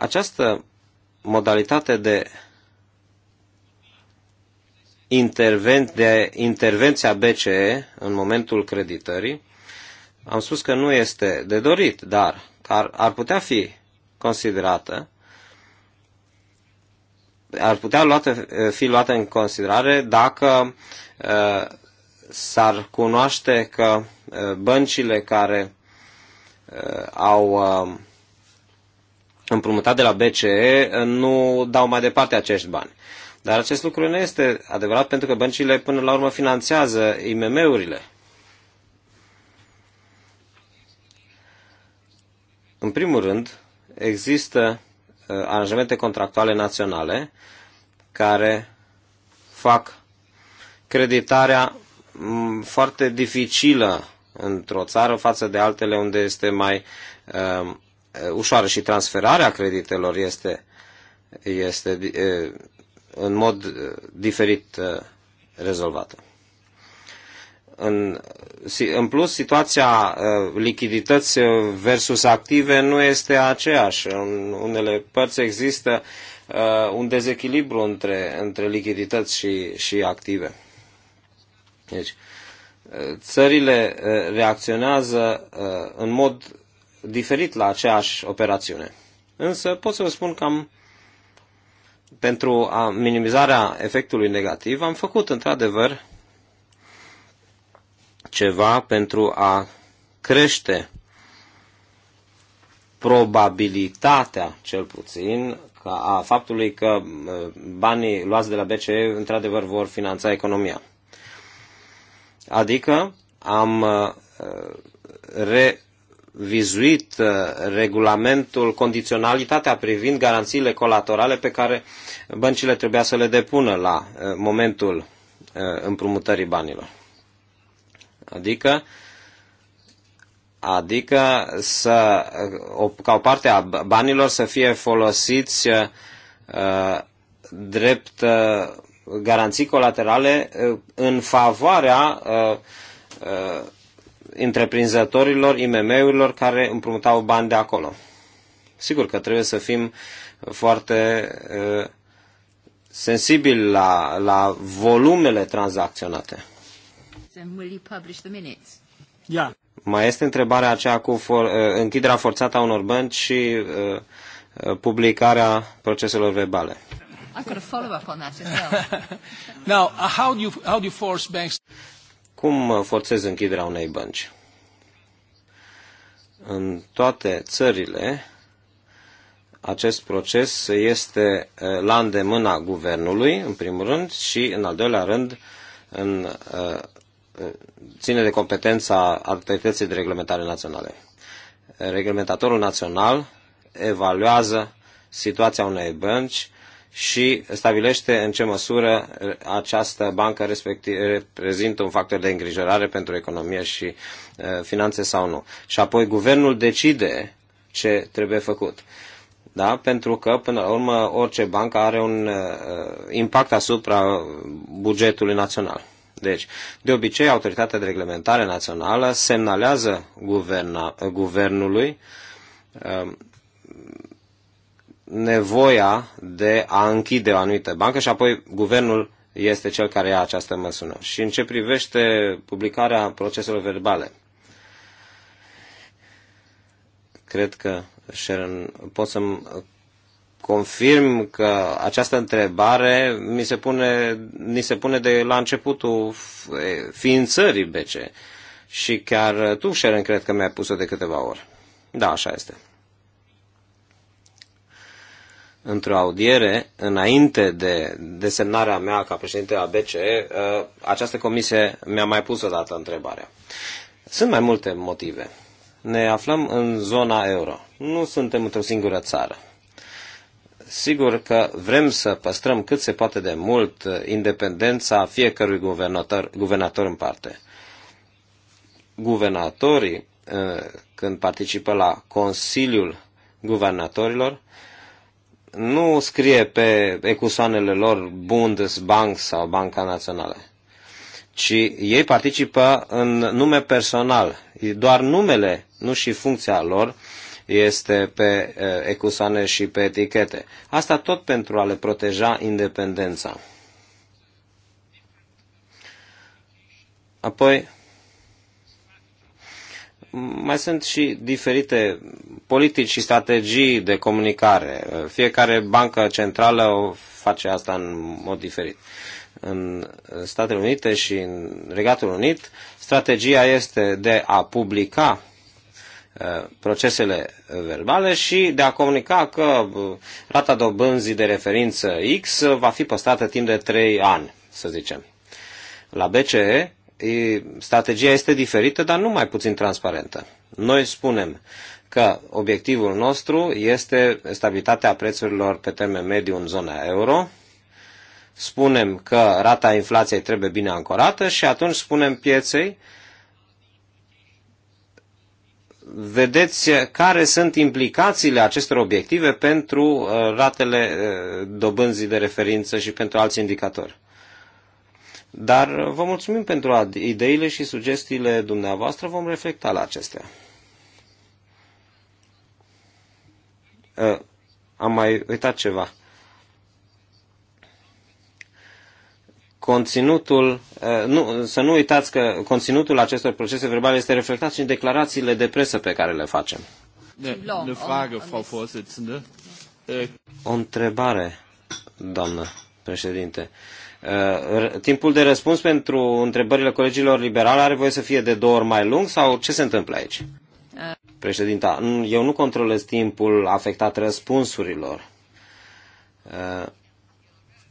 [SPEAKER 2] Această modalitate de interven, de intervenția BCE în momentul creditării, am spus că nu este de dorit, dar ar, ar putea fi considerată, ar putea luată, fi luată în considerare dacă uh, s-ar cunoaște că uh, băncile care uh, au uh, împrumutat de la BCE nu dau mai departe acești bani. Dar acest lucru nu este adevărat pentru că băncile până la urmă finanțează IMM-urile. În primul rând, există uh, aranjamente contractuale naționale care fac creditarea mm, foarte dificilă într-o țară față de altele unde este mai uh, ușoară și transferarea creditelor este, este în mod diferit rezolvată. În, în plus, situația lichidități versus active nu este aceeași. În unele părți există un dezechilibru între, între lichidități și, și active. Deci, țările reacționează în mod diferit la aceeași operațiune. Însă pot să vă spun că am, pentru a minimizarea efectului negativ, am făcut într-adevăr ceva pentru a crește probabilitatea, cel puțin, a faptului că uh, banii luați de la BCE într-adevăr vor finanța economia. Adică am uh, re, vizuit uh, regulamentul, condiționalitatea privind garanțiile colaterale pe care băncile trebuia să le depună la uh, momentul uh, împrumutării banilor. Adică, adică să, ca o parte a banilor să fie folosiți drept garanții colaterale în favoarea întreprinzătorilor, IMM-urilor care împrumutau bani de acolo. Sigur că trebuie să fim foarte uh, sensibili la, la volumele tranzacționate. Yeah. Mai este întrebarea aceea cu for, uh, închiderea forțată a unor bănci și uh, publicarea proceselor verbale.
[SPEAKER 1] I've got a follow-up on that as well.
[SPEAKER 2] Now, how do you, how do you force banks... Cum forțez închiderea unei bănci? În toate țările, acest proces este eh, la îndemâna guvernului, în primul rând, și, în al doilea rând, în, eh, eh, ține de competența autorității de reglementare naționale. Reglementatorul național evaluează situația unei bănci și stabilește în ce măsură această bancă respectiv, reprezintă un factor de îngrijorare pentru economie și uh, finanțe sau nu. Și apoi guvernul decide ce trebuie făcut. Da? Pentru că, până la urmă, orice bancă are un uh, impact asupra bugetului național. Deci, de obicei, Autoritatea de Reglementare Națională semnalează guverna, guvernului uh, nevoia de a închide o anumită bancă și apoi guvernul este cel care ia această măsură. Și în ce privește publicarea proceselor verbale, cred că, Sharon, pot să-mi confirm că această întrebare mi se pune, ni se pune de la începutul ființării BC. Și chiar tu, Sharon, cred că mi-ai pus-o de câteva ori. Da, așa este într-o audiere, înainte de desemnarea mea ca președinte a BCE, uh, această comisie mi-a mai pus o dată întrebarea. Sunt mai multe motive. Ne aflăm în zona euro. Nu suntem într-o singură țară. Sigur că vrem să păstrăm cât se poate de mult uh, independența fiecărui guvernator, guvernator în parte. Guvernatorii, uh, când participă la Consiliul Guvernatorilor, nu scrie pe ecusoanele lor Bundesbank sau Banca Națională, ci ei participă în nume personal. Doar numele, nu și funcția lor, este pe ecusoane și pe etichete. Asta tot pentru a le proteja independența. Apoi, mai sunt și diferite politici și strategii de comunicare. Fiecare bancă centrală o face asta în mod diferit. În Statele Unite și în Regatul Unit, strategia este de a publica uh, procesele verbale și de a comunica că uh, rata dobânzii de referință X va fi păstrată timp de 3 ani, să zicem. La BCE, strategia este diferită, dar nu mai puțin transparentă. Noi spunem că obiectivul nostru este stabilitatea prețurilor pe termen mediu în zona euro, spunem că rata inflației trebuie bine ancorată și atunci spunem pieței vedeți care sunt implicațiile acestor obiective pentru uh, ratele uh, dobânzii de referință și pentru alți indicatori. Dar vă mulțumim pentru ideile și sugestiile dumneavoastră, vom reflecta la acestea. Ă, am mai uitat ceva. conținutul, ă, nu, să nu uitați că conținutul acestor procese verbale este reflectat și în declarațiile de presă pe care le facem. O întrebare, doamnă președinte. Uh, timpul de răspuns pentru întrebările colegilor liberale are voie să fie de două ori mai lung sau ce se întâmplă aici? Uh. Președinta, eu nu controlez timpul afectat răspunsurilor. Uh,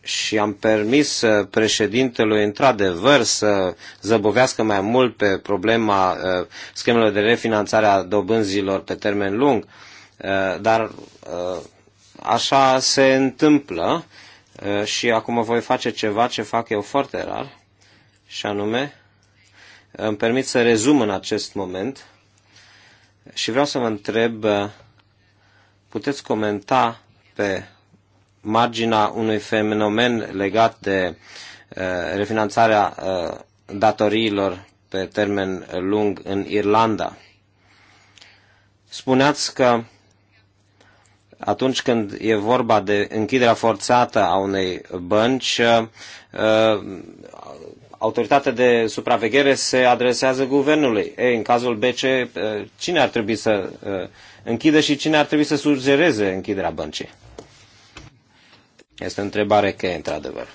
[SPEAKER 2] și am permis președintelui, într-adevăr, să zăbovească mai mult pe problema schemelor de refinanțare a dobânzilor pe termen lung, dar așa se întâmplă Uh, și acum voi face ceva ce fac eu foarte rar, și anume, îmi permit să rezum în acest moment și vreau să vă întreb, uh, puteți comenta pe marginea unui fenomen legat de uh, refinanțarea datoriilor pe termen lung în Irlanda. Spuneați că atunci când e vorba de închiderea forțată a unei bănci, uh, autoritatea de supraveghere se adresează guvernului. Ei, în cazul BC, uh, cine ar trebui să uh, închidă și cine ar trebui să sugereze închiderea băncii? Este o întrebare cheie, într-adevăr.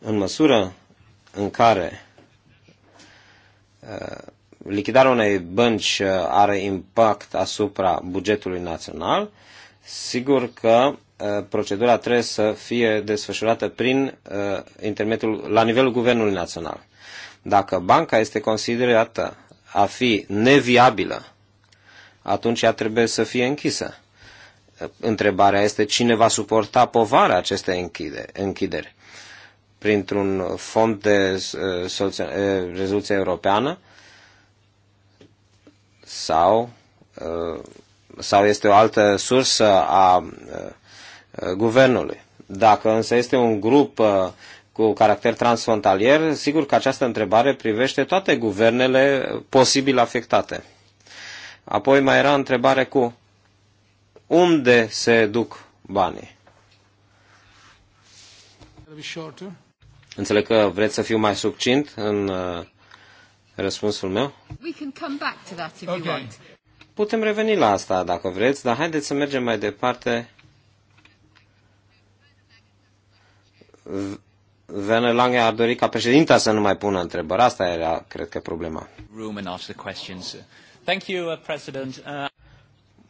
[SPEAKER 2] În măsură în care lichidarea unei bănci uh, are impact asupra bugetului național, sigur că uh, procedura trebuie să fie desfășurată prin uh, intermediul la nivelul guvernului național. Dacă banca este considerată a fi neviabilă, atunci ea trebuie să fie închisă. Întrebarea este cine va suporta povara acestei închideri printr-un fond de rezoluție europeană sau, uh, sau este o altă sursă a uh, guvernului. Dacă însă este un grup uh, cu caracter transfrontalier, sigur că această întrebare privește toate guvernele posibil afectate. Apoi mai era întrebare cu unde se duc banii? Înțeleg că vreți să fiu mai succint în răspunsul meu? Putem reveni la asta dacă vreți, dar haideți să mergem mai departe. Werner Lange ar dori ca președinta să nu mai pună întrebări. Asta era, cred că, problema.
[SPEAKER 1] Thank you, uh, President.
[SPEAKER 2] Uh,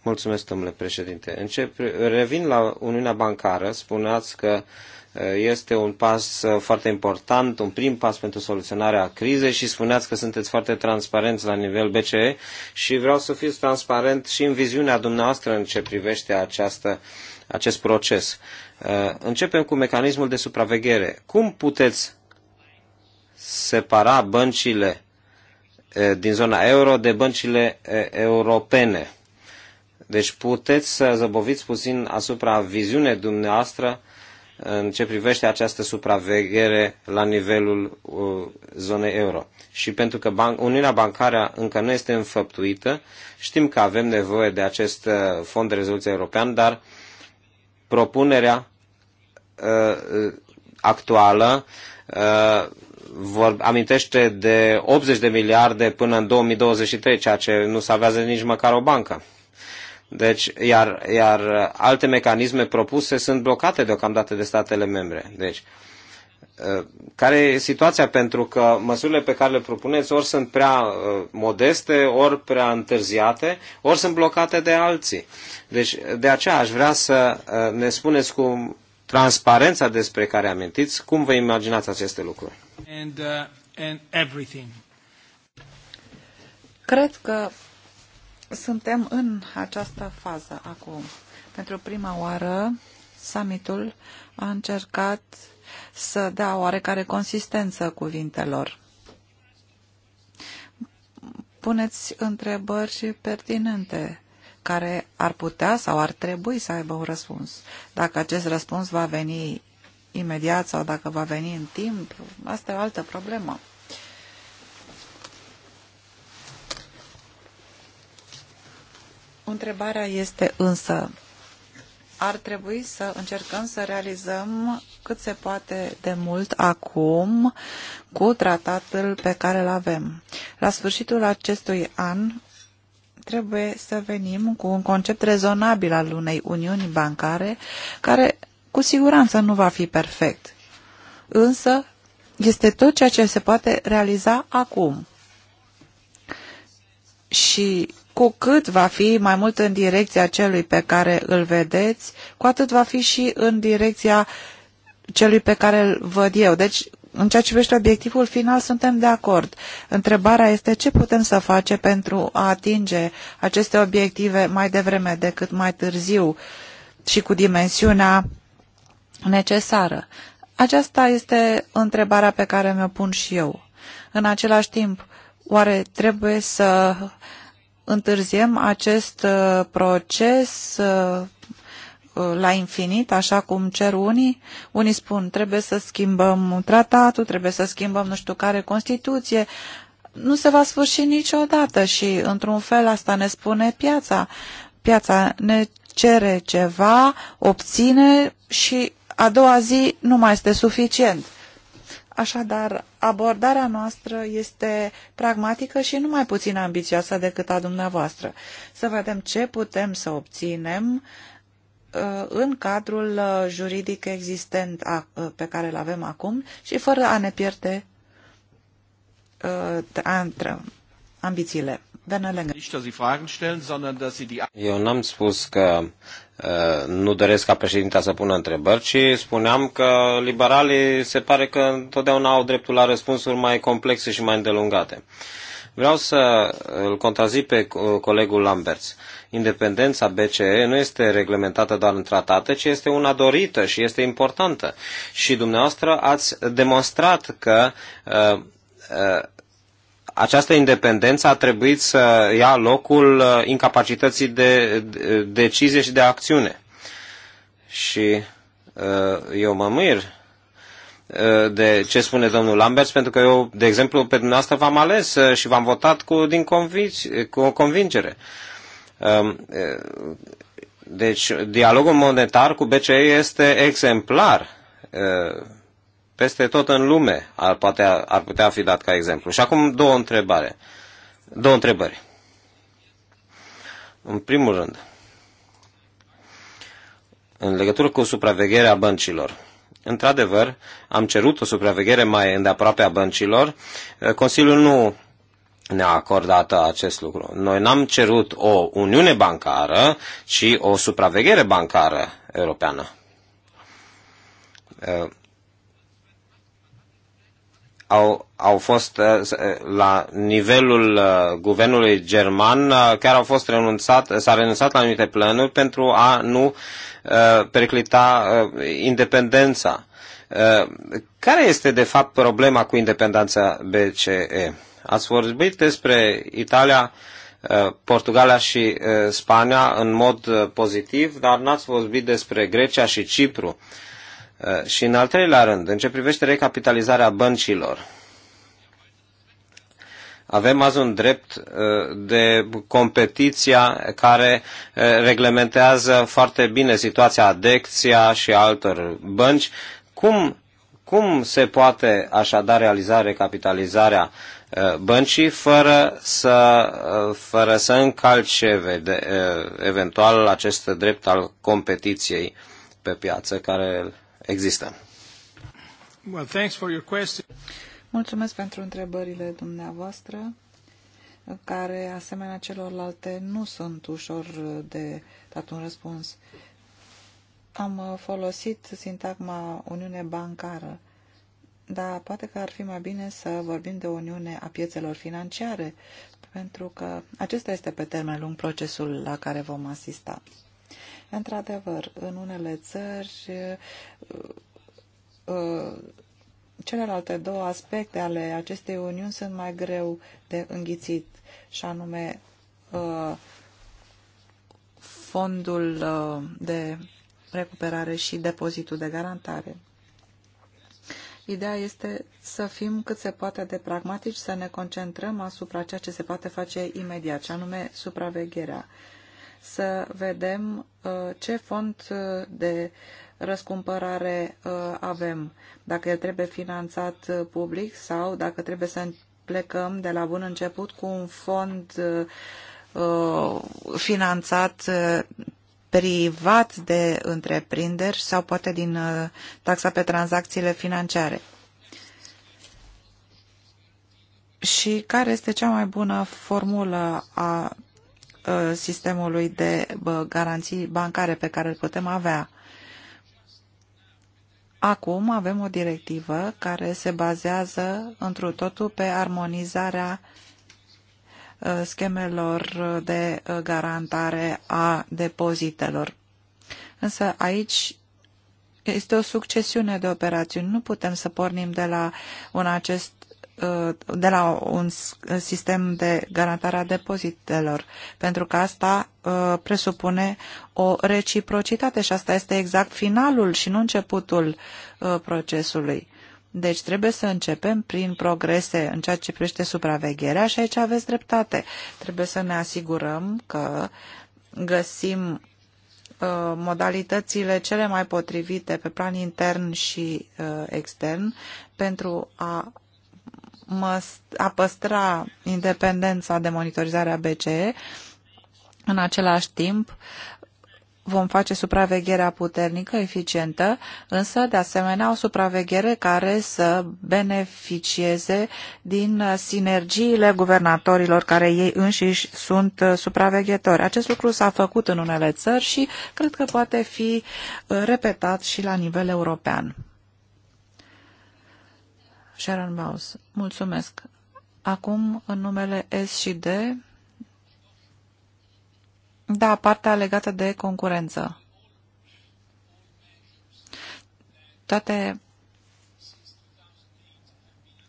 [SPEAKER 2] Mulțumesc, domnule președinte. Încep, revin la Uniunea Bancară. Spuneați că uh, este un pas uh, foarte important, un prim pas pentru soluționarea crizei și spuneați că sunteți foarte transparenți la nivel BCE și vreau să fiți transparent și în viziunea dumneavoastră în ce privește această, acest proces. Uh, începem cu mecanismul de supraveghere. Cum puteți separa băncile uh, din zona euro de băncile europene? Deci puteți să zăboviți puțin asupra viziunii dumneavoastră în ce privește această supraveghere la nivelul uh, zonei euro. Și pentru că ban- Uniunea Bancară încă nu este înfăptuită, știm că avem nevoie de acest uh, fond de rezoluție european, dar propunerea uh, actuală uh, vor, amintește de 80 de miliarde până în 2023, ceea ce nu salvează nici măcar o bancă. Deci, iar, iar uh, alte mecanisme propuse sunt blocate deocamdată de statele membre. Deci, uh, care e situația? Pentru că măsurile pe care le propuneți ori sunt prea uh, modeste, ori prea întârziate, ori sunt blocate de alții. Deci, de aceea aș vrea să ne spuneți cu transparența despre care amintiți, cum vă imaginați aceste lucruri?
[SPEAKER 1] And, uh, and Cred că suntem în această fază acum. Pentru prima oară, summitul a încercat să dea oarecare consistență cuvintelor. Puneți întrebări pertinente care ar putea sau ar trebui să aibă un răspuns. Dacă acest răspuns va veni imediat sau dacă va veni în timp, asta e o altă problemă. Întrebarea este însă, ar trebui să încercăm să realizăm cât se poate de mult acum cu tratatul pe care îl avem. La sfârșitul acestui an trebuie să venim cu un concept rezonabil al unei uniuni bancare care cu siguranță nu va fi perfect. Însă este tot ceea ce se poate realiza acum. Și cu cât va fi mai mult în direcția celui pe care îl vedeți, cu atât va fi și în direcția celui pe care îl văd eu. Deci, în ceea ce privește obiectivul final, suntem de acord. Întrebarea este ce putem să facem pentru a atinge aceste obiective mai devreme decât mai târziu și cu dimensiunea necesară. Aceasta este întrebarea pe care mi-o pun și eu. În același timp, oare trebuie să întârziem acest uh, proces uh, uh, la infinit, așa cum cer unii. Unii spun trebuie să schimbăm tratatul, trebuie să schimbăm nu știu care Constituție. Nu se va sfârși niciodată și, într-un fel, asta ne spune piața. Piața ne cere ceva, obține și a doua zi nu mai este suficient. Așadar, abordarea noastră este pragmatică și nu mai puțin ambițioasă decât a dumneavoastră. Să vedem ce putem să obținem uh, în cadrul uh, juridic existent uh, pe care îl avem acum și fără a ne pierde ambițiile.
[SPEAKER 2] Eu n-am spus că uh, nu doresc ca președinta să pună întrebări, ci spuneam că liberalii se pare că întotdeauna au dreptul la răspunsuri mai complexe și mai îndelungate. Vreau să îl contrazic pe colegul Lamberts. Independența BCE nu este reglementată doar în tratate, ci este una dorită și este importantă. Și dumneavoastră ați demonstrat că uh, uh această independență a trebuit să ia locul uh, incapacității de decizie și de acțiune. Și uh, eu mă mir uh, de ce spune domnul Lambert, pentru că eu, de exemplu, pe dumneavoastră v-am ales și v-am votat cu, din convic- cu o convingere. Um, deci, dialogul monetar cu BCE este exemplar peste tot în lume ar, poate, ar putea fi dat ca exemplu. Și acum două, întrebare, două întrebări. În primul rând, în legătură cu supravegherea băncilor. Într-adevăr, am cerut o supraveghere mai îndeaproape a băncilor. Consiliul nu ne-a acordat acest lucru. Noi n-am cerut o uniune bancară, ci o supraveghere bancară europeană au, au fost uh, uh, la nivelul uh, guvernului german, chiar au fost renunțat, s-a renunțat la anumite planuri pentru a nu periclita independența. Care este de fapt problema cu independența BCE? Ați vorbit despre Italia, Portugalia și Spania în mod pozitiv, dar n-ați vorbit despre Grecia și Cipru. Uh, Uh, și în al treilea rând, în ce privește recapitalizarea băncilor, avem azi un drept uh, de competiția care uh, reglementează foarte bine situația Adecția și altor bănci. Cum, cum se poate așadar realiza recapitalizarea băncii fără să, fără să încalce eventual acest drept al competiției pe piață care există.
[SPEAKER 1] Mulțumesc pentru întrebările dumneavoastră, care, asemenea celorlalte, nu sunt ușor de dat un răspuns. Am folosit sintagma Uniune Bancară, dar poate că ar fi mai bine să vorbim de Uniune a piețelor financiare, pentru că acesta este pe termen lung procesul la care vom asista. Într-adevăr, în unele țări, uh, uh, celelalte două aspecte ale acestei uniuni sunt mai greu de înghițit, și anume uh, fondul de recuperare și depozitul de garantare. Ideea este să fim cât se poate de pragmatici, să ne concentrăm asupra ceea ce se poate face imediat, și anume supravegherea. Uh, să vedem uh, ce fond de răscumpărare uh, avem, dacă el trebuie finanțat uh, public sau dacă trebuie să plecăm de la bun început cu un fond finanțat privat de întreprinderi sau poate din taxa pe tranzacțiile financiare. Și care este cea mai bună formulă a Uh, sistemului de uh, garanții bancare pe care îl putem avea. Acum avem o directivă care se bazează întru totul pe armonizarea uh, schemelor de garantare a depozitelor. Însă aici este o succesiune de operațiuni. Nu putem să pornim de la un acest de la un sistem de garantare a depozitelor, pentru că asta uh, presupune o reciprocitate și asta este exact finalul și nu începutul uh, procesului. Deci trebuie să începem prin progrese în ceea ce privește supravegherea și aici aveți dreptate. Trebuie să ne asigurăm că găsim uh, modalitățile cele mai potrivite pe plan intern și extern pentru a a păstra independența de monitorizare a BCE, în același timp vom face supravegherea puternică, eficientă, însă de asemenea o supraveghere care să beneficieze din sinergiile guvernatorilor care ei înșiși sunt supraveghetori. Acest lucru s-a făcut în unele țări și cred că poate fi repetat și la nivel european. Sharon Mulțumesc. Acum, în numele S și D, da, partea legată de concurență. Toate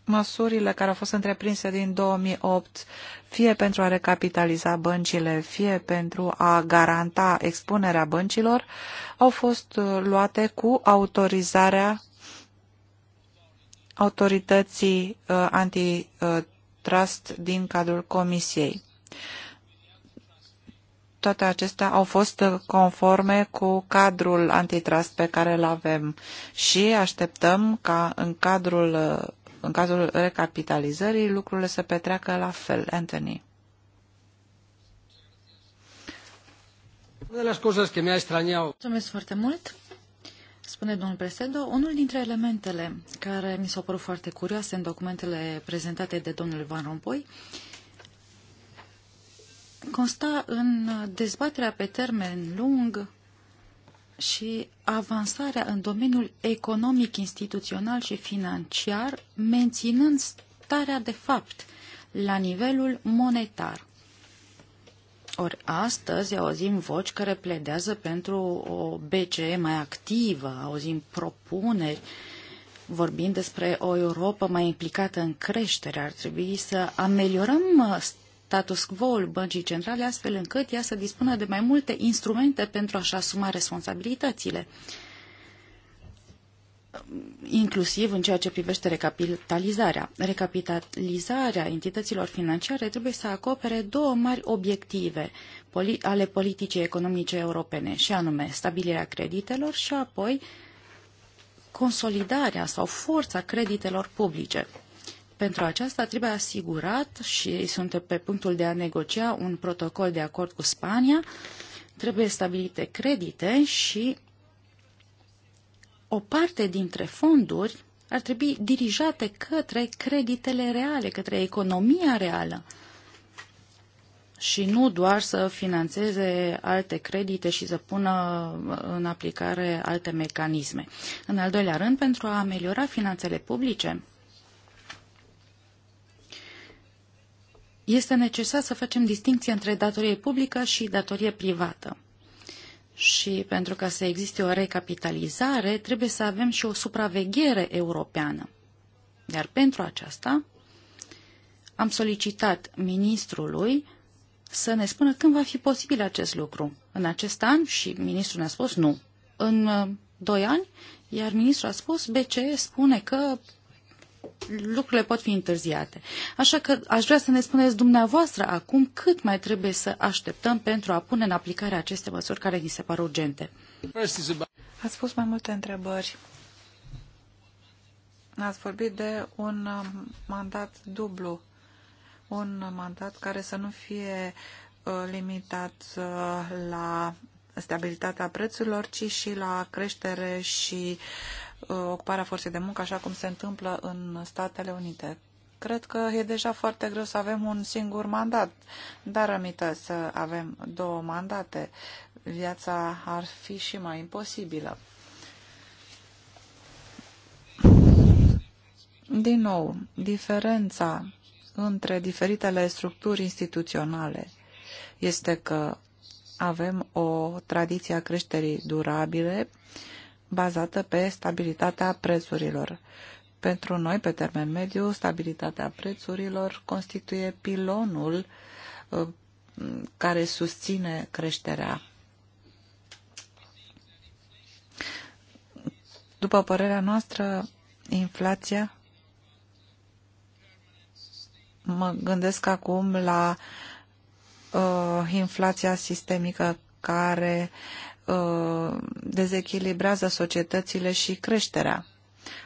[SPEAKER 1] măsurile care au fost întreprinse din 2008, fie pentru a recapitaliza băncile, fie pentru a garanta expunerea băncilor, au fost luate cu autorizarea autorității uh, antitrust din cadrul Comisiei. Toate acestea au fost uh, conforme cu cadrul antitrust pe care îl avem și așteptăm ca în cadrul uh, în cazul recapitalizării lucrurile să petreacă la fel. Anthony.
[SPEAKER 3] Mulțumesc foarte mult spune domnul Presedo, unul dintre elementele care mi s-au părut foarte curioase în documentele prezentate de domnul Van Rompuy consta în dezbaterea pe termen lung și avansarea în domeniul economic, instituțional și financiar, menținând starea de fapt la nivelul monetar. Ori astăzi auzim voci care pledează pentru o BCE mai activă, auzim propuneri vorbind despre o Europa mai implicată în creștere. Ar trebui să ameliorăm uh, status quo-ul băncii centrale astfel încât ea să dispună de mai multe instrumente pentru a-și asuma responsabilitățile. Uh, inclusiv în ceea ce privește recapitalizarea. Recapitalizarea entităților financiare trebuie să acopere două mari obiective ale politicii economice europene, și anume stabilirea creditelor și apoi consolidarea sau forța creditelor publice. Pentru aceasta trebuie asigurat și suntem sunt pe punctul de a negocia un protocol de acord cu Spania, trebuie stabilite credite și o parte dintre fonduri ar trebui dirijate către creditele reale, către economia reală și nu doar să financeze alte credite și să pună în aplicare alte mecanisme. În al doilea rând, pentru a ameliora finanțele publice, este necesar să facem distinție între datorie publică și datorie privată și pentru ca să existe o recapitalizare, trebuie să avem și o supraveghere europeană. Iar pentru aceasta am solicitat ministrului să ne spună când va fi posibil acest lucru. În acest an și ministrul ne-a spus nu. În uh, doi ani, iar ministrul a spus BCE spune că lucrurile pot fi întârziate. Așa că aș vrea să ne spuneți dumneavoastră acum cât mai trebuie să așteptăm pentru a pune în aplicare aceste măsuri care ni se par urgente.
[SPEAKER 1] Ați spus mai multe întrebări. Ați vorbit de un um, mandat dublu, un mandat care să nu fie uh, limitat uh, la stabilitatea prețurilor, ci și la creștere și uh, Uh, ocuparea forței de muncă, așa cum se întâmplă în Statele Unite. Cred că e deja foarte greu să avem un singur mandat, dar rămită să avem două mandate. Viața ar fi și mai imposibilă. Din nou, diferența între diferitele structuri instituționale este că avem o tradiție a creșterii durabile bazată pe stabilitatea prețurilor. Pentru noi, pe termen mediu, stabilitatea prețurilor constituie pilonul uh, care susține creșterea. După părerea noastră, inflația, mă gândesc acum la uh, inflația sistemică care uh, dezechilibrează societățile și creșterea.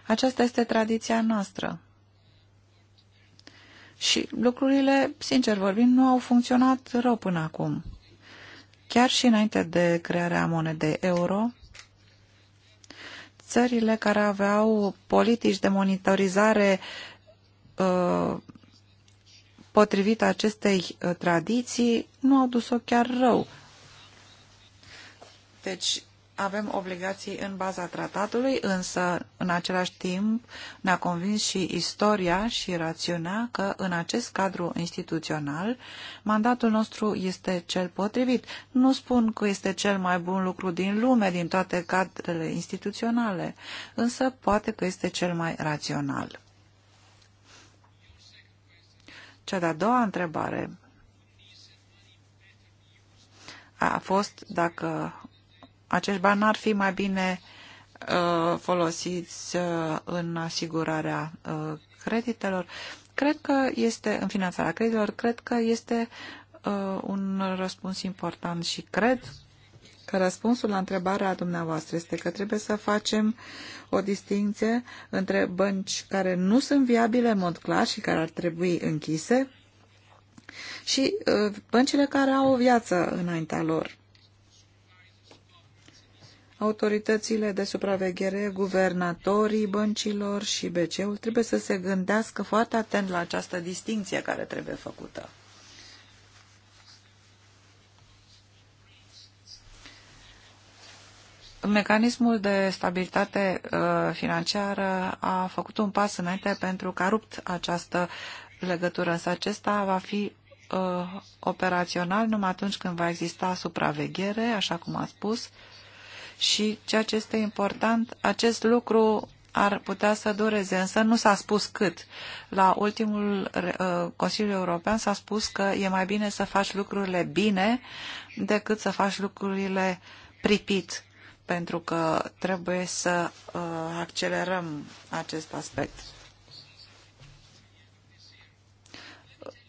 [SPEAKER 1] Aceasta este tradiția noastră. Și lucrurile, sincer vorbind, nu au funcționat rău până acum. Chiar și înainte de crearea monedei euro, țările care aveau politici de monitorizare uh, potrivit acestei uh, tradiții nu au dus-o chiar rău. Deci avem obligații în baza tratatului, însă în același timp ne-a convins și istoria și rațiunea că în acest cadru instituțional mandatul nostru este cel potrivit. Nu spun că este cel mai bun lucru din lume, din toate cadrele instituționale, însă poate că este cel mai rațional. Cea de-a doua întrebare a fost dacă acești bani ar fi mai bine uh, folosiți uh, în asigurarea uh, creditelor. Cred că este, în finanțarea creditelor, cred că este uh, un răspuns important și cred că răspunsul la întrebarea dumneavoastră este că trebuie să facem o distinție între bănci care nu sunt viabile în mod clar și care ar trebui închise și uh, băncile care au o viață înaintea lor autoritățile de supraveghere, guvernatorii băncilor și bce ul trebuie să se gândească foarte atent la această distinție care trebuie făcută. Mecanismul de stabilitate uh, financiară a făcut un pas înainte pentru că a rupt această legătură, însă acesta va fi uh, operațional numai atunci când va exista supraveghere, așa cum a spus, și ceea ce este important, acest lucru ar putea să dureze, însă nu s-a spus cât. La ultimul uh, Consiliu European s-a spus că e mai bine să faci lucrurile bine decât să faci lucrurile pripit, pentru că trebuie să uh, accelerăm acest aspect.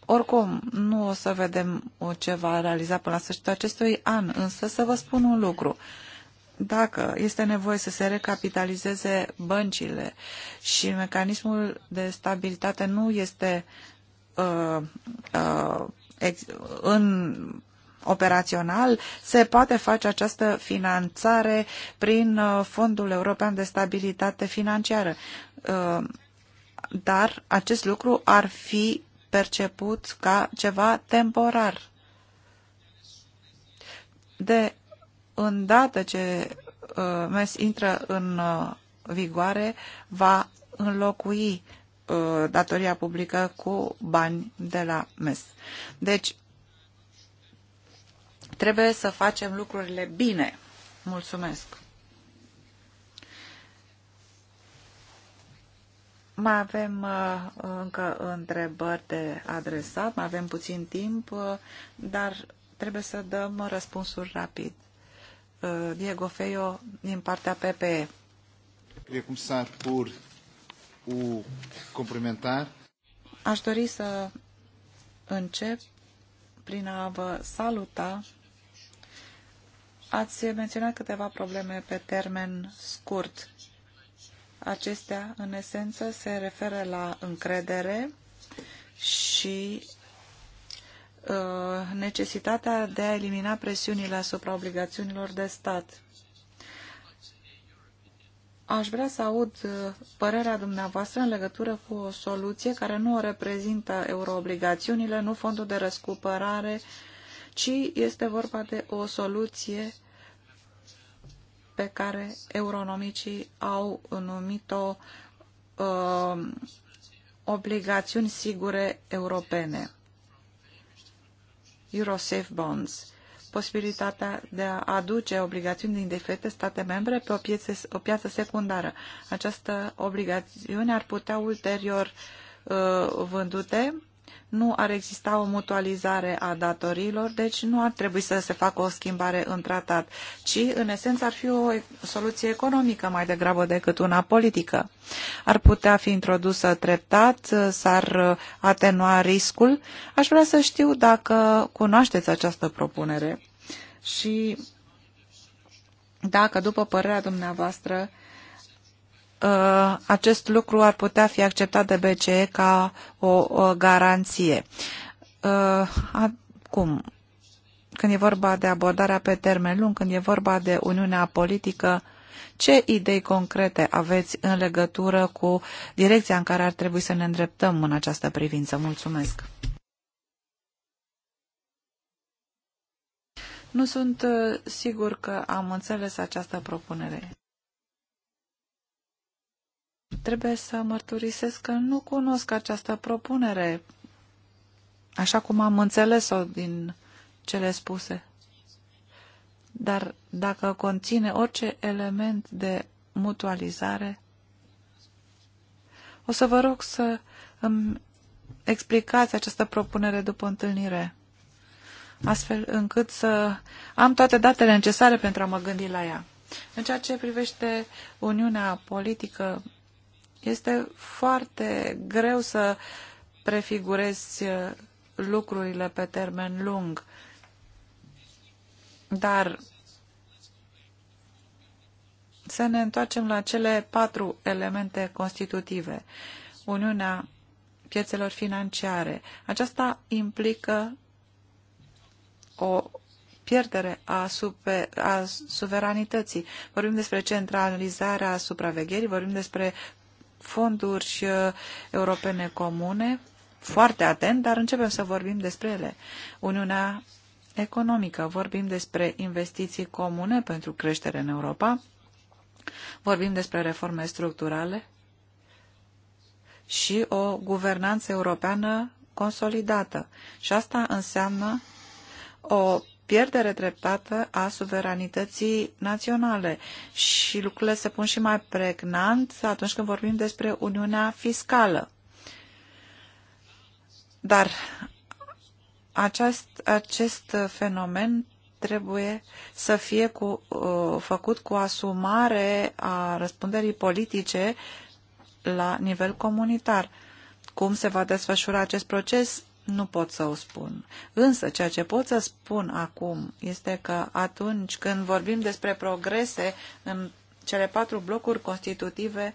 [SPEAKER 1] Oricum, nu o să vedem uh, ceva realizat până la sfârșitul acestui an, însă să vă spun un lucru. Uh, dacă este nevoie să se recapitalizeze băncile și mecanismul de stabilitate nu este uh, uh, ex, în operațional, se poate face această finanțare prin uh, Fondul European de Stabilitate Financiară. Uh, dar acest lucru ar fi perceput ca ceva temporar. De îndată ce uh, MES intră în uh, vigoare, va înlocui uh, datoria publică cu bani de la MES. Deci, trebuie să facem lucrurile bine. Mulțumesc! Mai avem uh, încă întrebări de adresat, mai avem puțin timp, uh, dar trebuie să dăm răspunsuri rapid. Uh, Diego Feio din partea PPE. Aș dori să încep prin a vă saluta. Ați menționat câteva probleme pe termen scurt. Acestea, în esență, se referă la încredere și Uh, necesitatea de a elimina presiunile asupra obligațiunilor de stat. Aș vrea să aud uh, părerea dumneavoastră în legătură cu o soluție care nu o reprezintă euroobligațiunile, nu fondul de răscumpărare, ci este vorba de o soluție pe care euronomicii au numit-o uh, obligațiuni sigure europene. Eurosafe Bonds, posibilitatea de a aduce obligațiuni din diferite state membre pe o, piețe, o piață secundară. Această obligațiune ar putea ulterior uh, vândute nu ar exista o mutualizare a datoriilor, deci nu ar trebui să se facă o schimbare în tratat, ci în esență ar fi o soluție economică mai degrabă decât una politică. Ar putea fi introdusă treptat, s-ar atenua riscul. Aș vrea să știu dacă cunoașteți această propunere și dacă, după părerea dumneavoastră, Uh, acest lucru ar putea fi acceptat de BCE ca o, o garanție. Uh, acum, când e vorba de abordarea pe termen lung, când e vorba de Uniunea Politică, ce idei concrete aveți în legătură cu direcția în care ar trebui să ne îndreptăm în această privință? Mulțumesc! Nu sunt uh, sigur că am înțeles această propunere. Trebuie să mărturisesc că nu cunosc această propunere, așa cum am înțeles-o din cele spuse. Dar dacă conține orice element de mutualizare, o să vă rog să îmi explicați această propunere după întâlnire, astfel încât să am toate datele necesare pentru a mă gândi la ea. În ceea ce privește Uniunea Politică este foarte greu să prefigurezi uh, lucrurile pe termen lung. Dar să ne întoarcem la cele patru elemente constitutive. Uniunea piețelor financiare. Aceasta implică o pierdere a, super, a suveranității. Vorbim despre centralizarea supravegherii, vorbim despre fonduri uh, europene comune, foarte atent, dar începem să vorbim despre ele. Uniunea economică, vorbim despre investiții comune pentru creștere în Europa, vorbim despre reforme structurale și o guvernanță europeană consolidată. Și asta înseamnă o pierdere treptată a suveranității naționale și lucrurile se pun și mai pregnant atunci când vorbim despre Uniunea Fiscală. Dar acest, acest fenomen trebuie să fie cu, uh, făcut cu asumare a răspunderii politice la nivel comunitar. Cum se va desfășura acest proces nu pot să o spun. Însă, ceea ce pot să spun acum este că atunci când vorbim despre progrese în cele patru blocuri constitutive,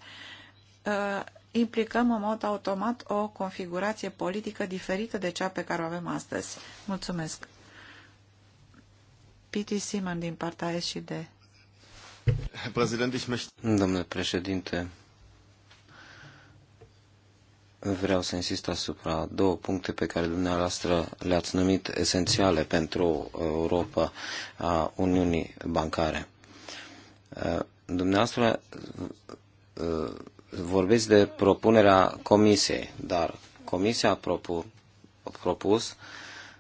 [SPEAKER 1] uh, implicăm în mod automat o configurație politică diferită de cea pe care o avem astăzi. Mulțumesc. P.T. Simon din partea S și D.
[SPEAKER 2] Domnule președinte, vreau să insist asupra două puncte pe care dumneavoastră le-ați numit esențiale pentru uh, Europa a Uniunii Bancare. Uh, dumneavoastră uh, vorbiți de propunerea Comisiei, dar Comisia a propus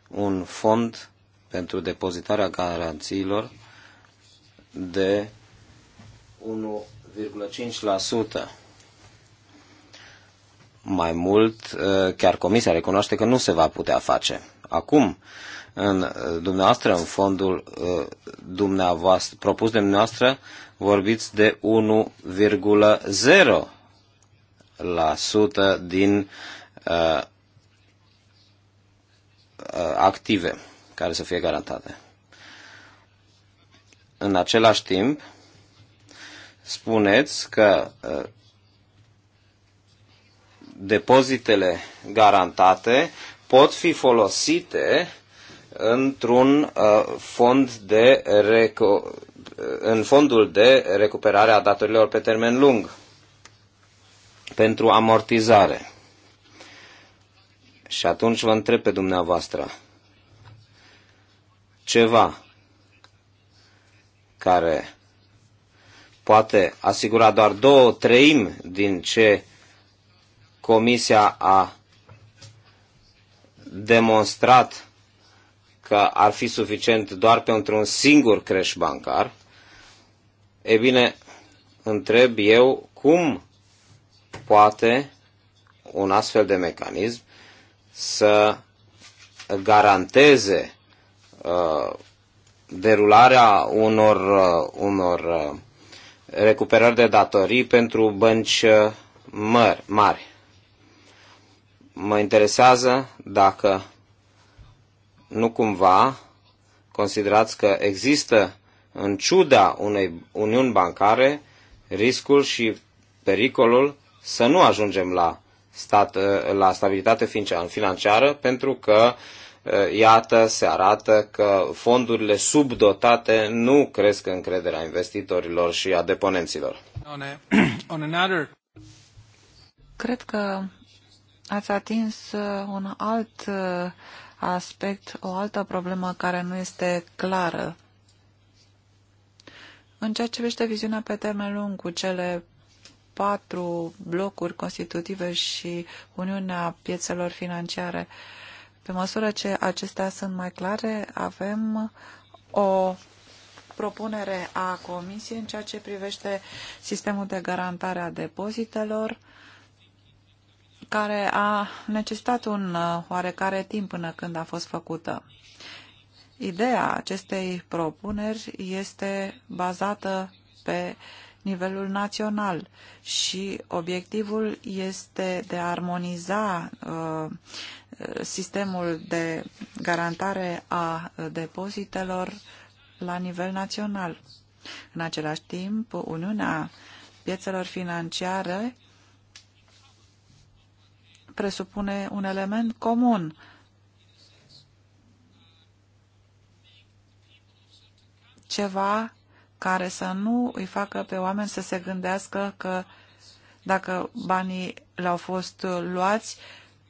[SPEAKER 2] un fond pentru depozitarea garanțiilor de 1,5% mai mult, uh, chiar Comisia recunoaște că nu se va putea face. Acum, în uh, dumneavoastră, în fondul uh, dumneavoastră, propus de dumneavoastră, vorbiți de 1,0% din uh, active care să fie garantate. În același timp, spuneți că depozitele garantate pot fi folosite într-un uh, fond de reco- uh, în fondul de recuperare a datorilor pe termen lung pentru amortizare. Și atunci vă întreb pe dumneavoastră ceva care poate asigura doar două treimi din ce Comisia a demonstrat că ar fi suficient doar pentru un singur creș bancar, e bine, întreb eu cum poate un astfel de mecanism să garanteze uh, derularea unor, uh, unor uh, recuperări de datorii pentru bănci uh, mari mă interesează dacă nu cumva considerați că există, în ciuda unei uniuni bancare, riscul și pericolul să nu ajungem la, stat, la stabilitate financiară, pentru că, eh, iată, se arată că fondurile subdotate nu cresc încrederea investitorilor și a deponenților.
[SPEAKER 1] Cred că ați atins uh, un alt uh, aspect, o altă problemă care nu este clară. În ceea ce privește viziunea pe termen lung cu cele patru blocuri constitutive și Uniunea Piețelor Financiare, pe măsură ce acestea sunt mai clare, avem o propunere a Comisiei în ceea ce privește sistemul de garantare a depozitelor, care a necesitat un uh, oarecare timp până când a fost făcută. Ideea acestei propuneri este bazată pe nivelul național și obiectivul este de a armoniza uh, sistemul de garantare a depozitelor la nivel național. În același timp, Uniunea Piețelor Financiare presupune un element comun. Ceva care să nu îi facă pe oameni să se gândească că dacă banii le-au fost luați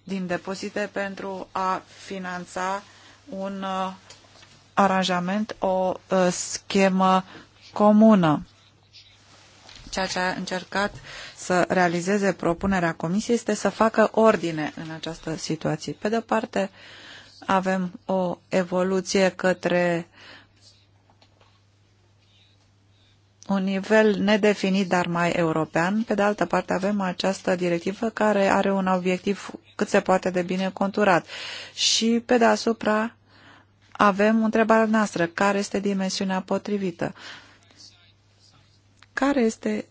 [SPEAKER 1] din depozite pentru a finanța un uh, aranjament, o uh, schemă comună ceea ce a încercat să realizeze propunerea comisiei este să facă ordine în această situație. Pe de parte, avem o evoluție către un nivel nedefinit, dar mai european. Pe de altă parte, avem această directivă care are un obiectiv cât se poate de bine conturat. Și pe deasupra avem întrebarea noastră, care este dimensiunea potrivită? Care este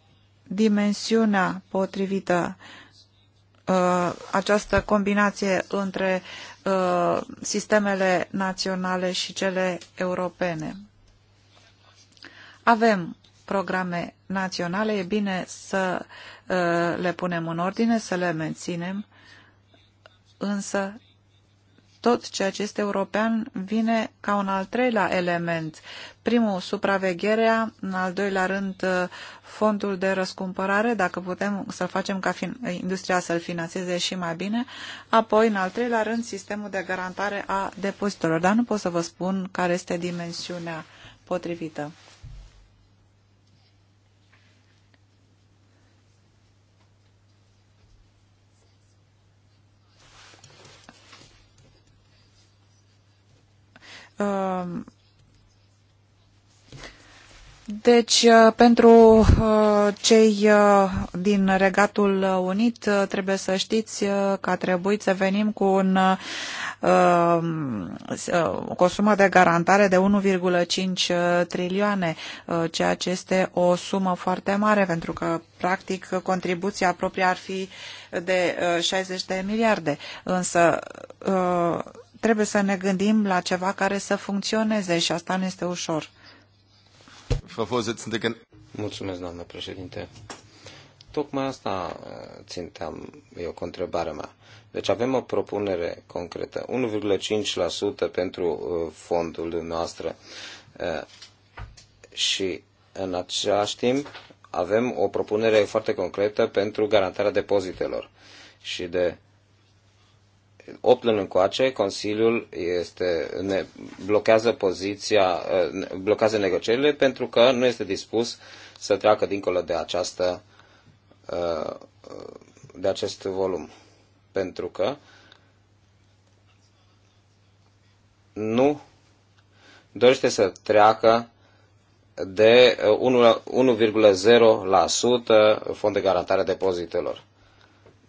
[SPEAKER 1] dimensiunea potrivită uh, această combinație între uh, sistemele naționale și cele europene? Avem programe naționale, e bine să uh, le punem în ordine, să le menținem, însă tot ceea ce este european vine ca un al treilea element. Primul, supravegherea, în al doilea rând, uh, fondul de răscumpărare, dacă putem să-l facem ca uh, industria să-l finanțeze și mai bine, apoi, în al treilea rând, sistemul de garantare a depozitelor. Dar nu pot să vă spun care este dimensiunea potrivită. Ehm, deci, eh, pentru eh, cei eh, din Regatul Unit, trebuie să știți că a trebuit să venim cu un, ehm, o sumă de garantare de 1,5 trilioane, ceea ce este o sumă foarte mare, pentru că, practic, contribuția proprie ar fi de 60 de miliarde. Însă, trebuie să ne gândim la ceva care să funcționeze și asta nu este ușor.
[SPEAKER 2] Mulțumesc, doamnă președinte. Tocmai asta uh, ținteam e o întrebare mea. Deci avem o propunere concretă, 1,5% pentru uh, fondul noastră uh, și în același timp avem o propunere foarte concretă pentru garantarea depozitelor și de 8 luni încoace, Consiliul este, ne blochează poziția, blochează negocierile pentru că nu este dispus să treacă dincolo de această de acest volum. Pentru că nu dorește să treacă de 1,0% fond de garantare depozitelor.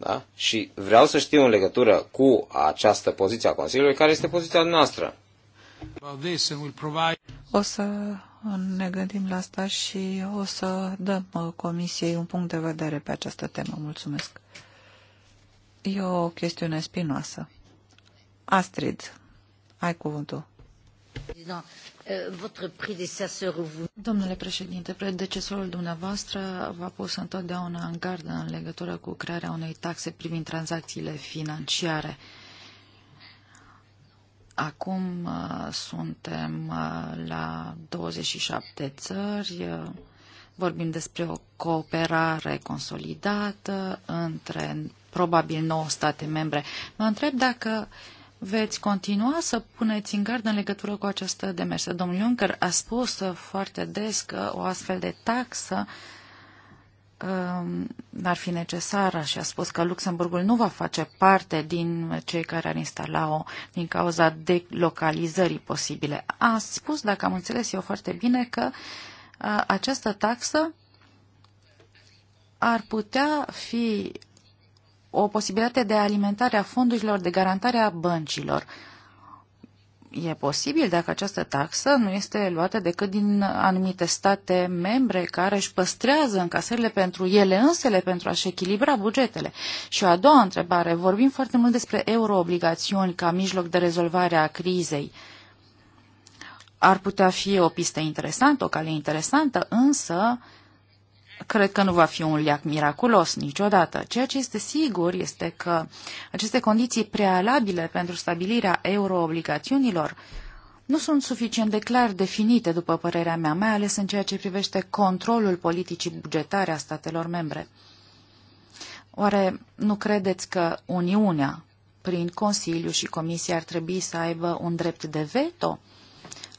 [SPEAKER 2] Da? Și vreau să știu în legătură cu această poziție a Consiliului, care este poziția noastră.
[SPEAKER 1] O să ne gândim la asta și o să dăm uh, Comisiei un punct de vedere pe această temă. Mulțumesc. E o chestiune spinoasă. Astrid, ai cuvântul.
[SPEAKER 3] Euh, Domnule președinte, predecesorul dumneavoastră v-a pus întotdeauna în gardă în legătură cu crearea unei taxe privind tranzacțiile financiare. Acum uh, suntem uh, la 27 țări, uh, vorbim despre o cooperare consolidată între probabil 9 state membre. Mă întreb dacă uh, veți continua să puneți în gard în legătură cu această demersă. Domnul Juncker a spus foarte des că o astfel de taxă um, ar fi necesară și a spus că Luxemburgul nu va face parte din cei care ar instala-o din cauza delocalizării posibile. A spus, dacă am înțeles eu foarte bine, că uh, această taxă ar putea fi o posibilitate de alimentare a fondurilor de garantare a băncilor. E posibil dacă această taxă nu este luată decât din anumite state membre care își păstrează încasările pentru ele însele pentru a-și echilibra bugetele. Și o a doua întrebare, vorbim foarte mult despre euroobligațiuni ca mijloc de rezolvare a crizei. Ar putea fi o pistă interesantă, o cale interesantă, însă uh, cred că nu va fi un leac miraculos niciodată. Ceea ce este sigur este că aceste condiții prealabile pentru stabilirea euroobligațiunilor nu sunt suficient de clar definite, după părerea mea, mai ales în ceea ce privește controlul politicii bugetare a statelor membre. Oare nu credeți că Uniunea, prin Consiliu și Comisia, ar trebui să aibă un drept de veto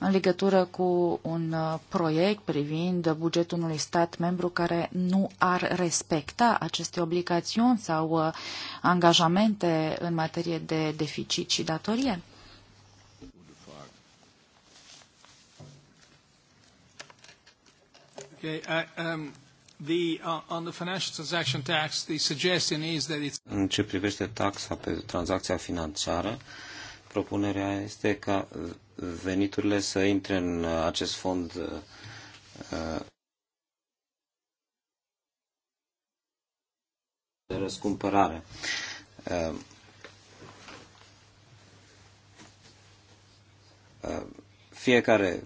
[SPEAKER 3] în legătură cu un uh, proiect privind bugetul unui stat membru care nu ar respecta aceste obligațiuni sau uh, angajamente în materie de deficit și datorie?
[SPEAKER 2] În ce privește taxa pe tranzacția financiară, propunerea este ca veniturile să intre în uh, acest fond uh, uh, de răscumpărare. Fiecare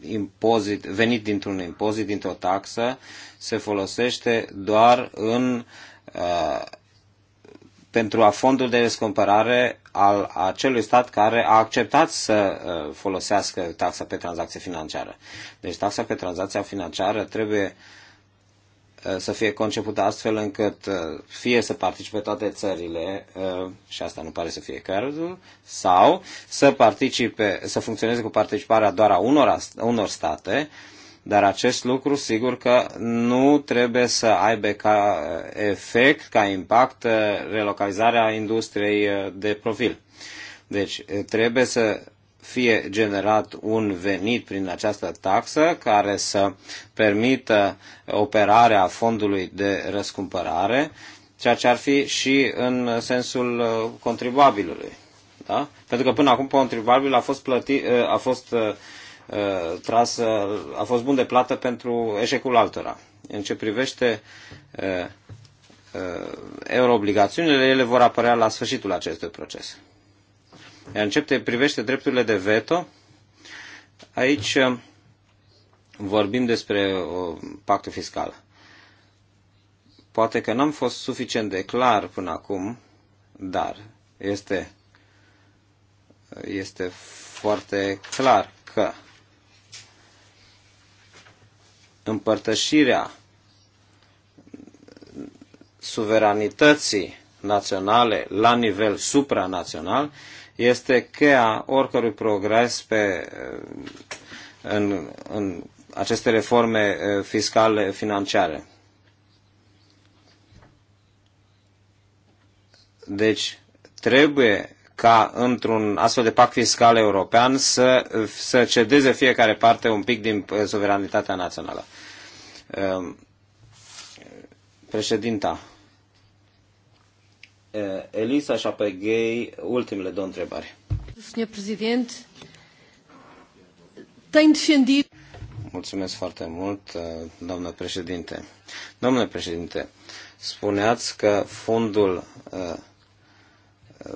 [SPEAKER 2] impozit, venit dintr-un impozit, dintr-o taxă, se folosește doar în pentru a fondul de descumpărare al acelui stat care a acceptat să uh, folosească taxa pe tranzacție financiară. Deci taxa pe tranzacția financiară trebuie uh, să fie concepută astfel încât uh, fie să participe toate țările, și asta nu pare să fie cazul, sau să, participe, să funcționeze cu participarea doar a unor, unor state, dar acest lucru, sigur că nu trebuie să aibă ca eh, efect, ca impact, eh, relocalizarea industriei eh, de profil. Deci trebuie să fie generat un venit prin această taxă care să permită operarea fondului de răscumpărare, ceea ce ar fi și în sensul contribuabilului. Da? Pentru că până acum contribuabilul a fost, plăti, a fost Uh, tras, uh, a fost bun de plată pentru eșecul altora. În ce privește uh, euroobligațiunile, ele vor apărea la sfârșitul acestui proces. Iar în ce privește drepturile de veto, aici vorbim despre pactul fiscal. Poate că n-am fost suficient de clar până acum, dar este, este foarte clar că împărtășirea suveranității naționale la nivel supranațional este cheia oricărui progres pe, eh, în, în aceste reforme eh, fiscale financiare. Deci trebuie ca într-un astfel de pact fiscal european să, să cedeze fiecare parte un pic din uh, suveranitatea națională. Um, președinta, uh, Elisa Chapeghei, ultimele două întrebări.
[SPEAKER 3] Domnule președinte, tem defendido.
[SPEAKER 2] Mulțumesc foarte mult, uh, doamnă președinte. Domnule președinte, spuneați că fondul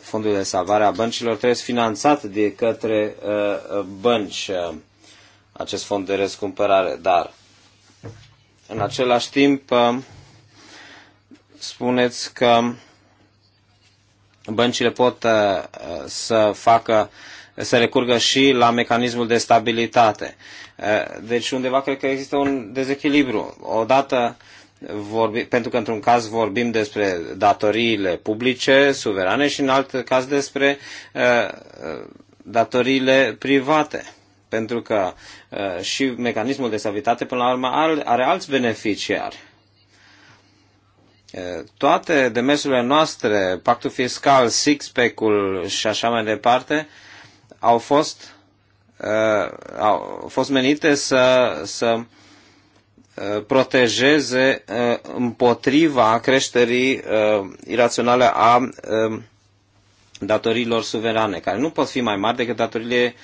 [SPEAKER 2] fondul de salvare a băncilor trebuie finanțat de către uh, uh, bănci uh, acest fond de răscumpărare, dar în același timp spuneți că băncile pot să facă să recurgă și la mecanismul de stabilitate. Deci undeva cred că există un dezechilibru. Odată vorbi, pentru că într-un caz vorbim despre datoriile publice, suverane și în alt caz despre uh, uh, datoriile private. Pentru că uh, și mecanismul de stabilitate, până la urmă, are, alți beneficiari. toate demersurile noastre, pactul fiscal, six-pack-ul și așa mai departe, au fost, uh, au fost menite să, să uh, Uh, protejeze uh, împotriva creșterii uh, iraționale a um, datoriilor suverane, care nu pot fi mai mari decât datoriile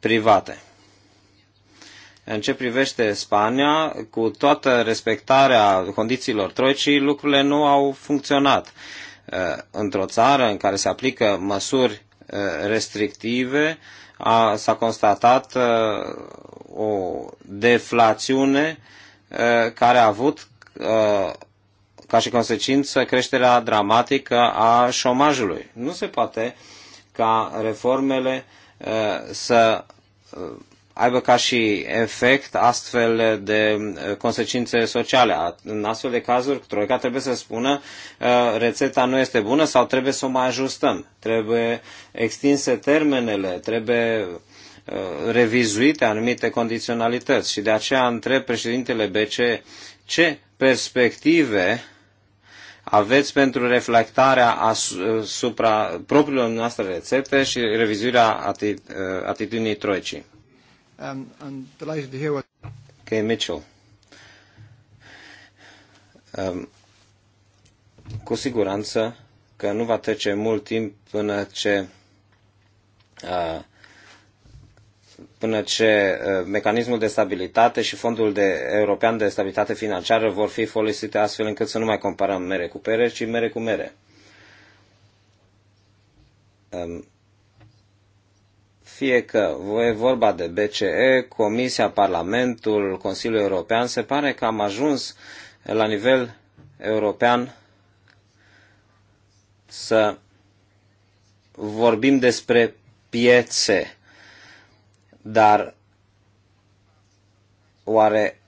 [SPEAKER 2] private. În ce privește Spania, cu toată respectarea condițiilor troicii, lucrurile nu au funcționat. Într-o țară în care se aplică măsuri restrictive, s-a constatat o deflațiune uh, care a avut uh, ca și consecință creșterea dramatică a șomajului. Nu se poate ca reformele uh, să aibă ca și efect astfel de consecințe sociale. În astfel de cazuri, Troica trebuie să spună rețeta nu este bună sau trebuie să o mai ajustăm. Trebuie extinse termenele, trebuie Uh, revizuite anumite condiționalități și de aceea întreb președintele BCE ce perspective aveți pentru reflectarea asupra propriilor noastre rețete și revizuirea uh, atitudinii troicii.
[SPEAKER 3] Um, what...
[SPEAKER 2] Mitchell. Um, cu siguranță că nu va trece mult timp până ce uh, până ce uh, mecanismul de stabilitate și fondul de european de stabilitate financiară vor fi folosite astfel încât să nu mai comparăm mere cu pere, ci mere cu mere. Um, fie că e vorba de BCE, Comisia, Parlamentul, Consiliul European, se pare că am ajuns la nivel european să vorbim despre piețe dar oare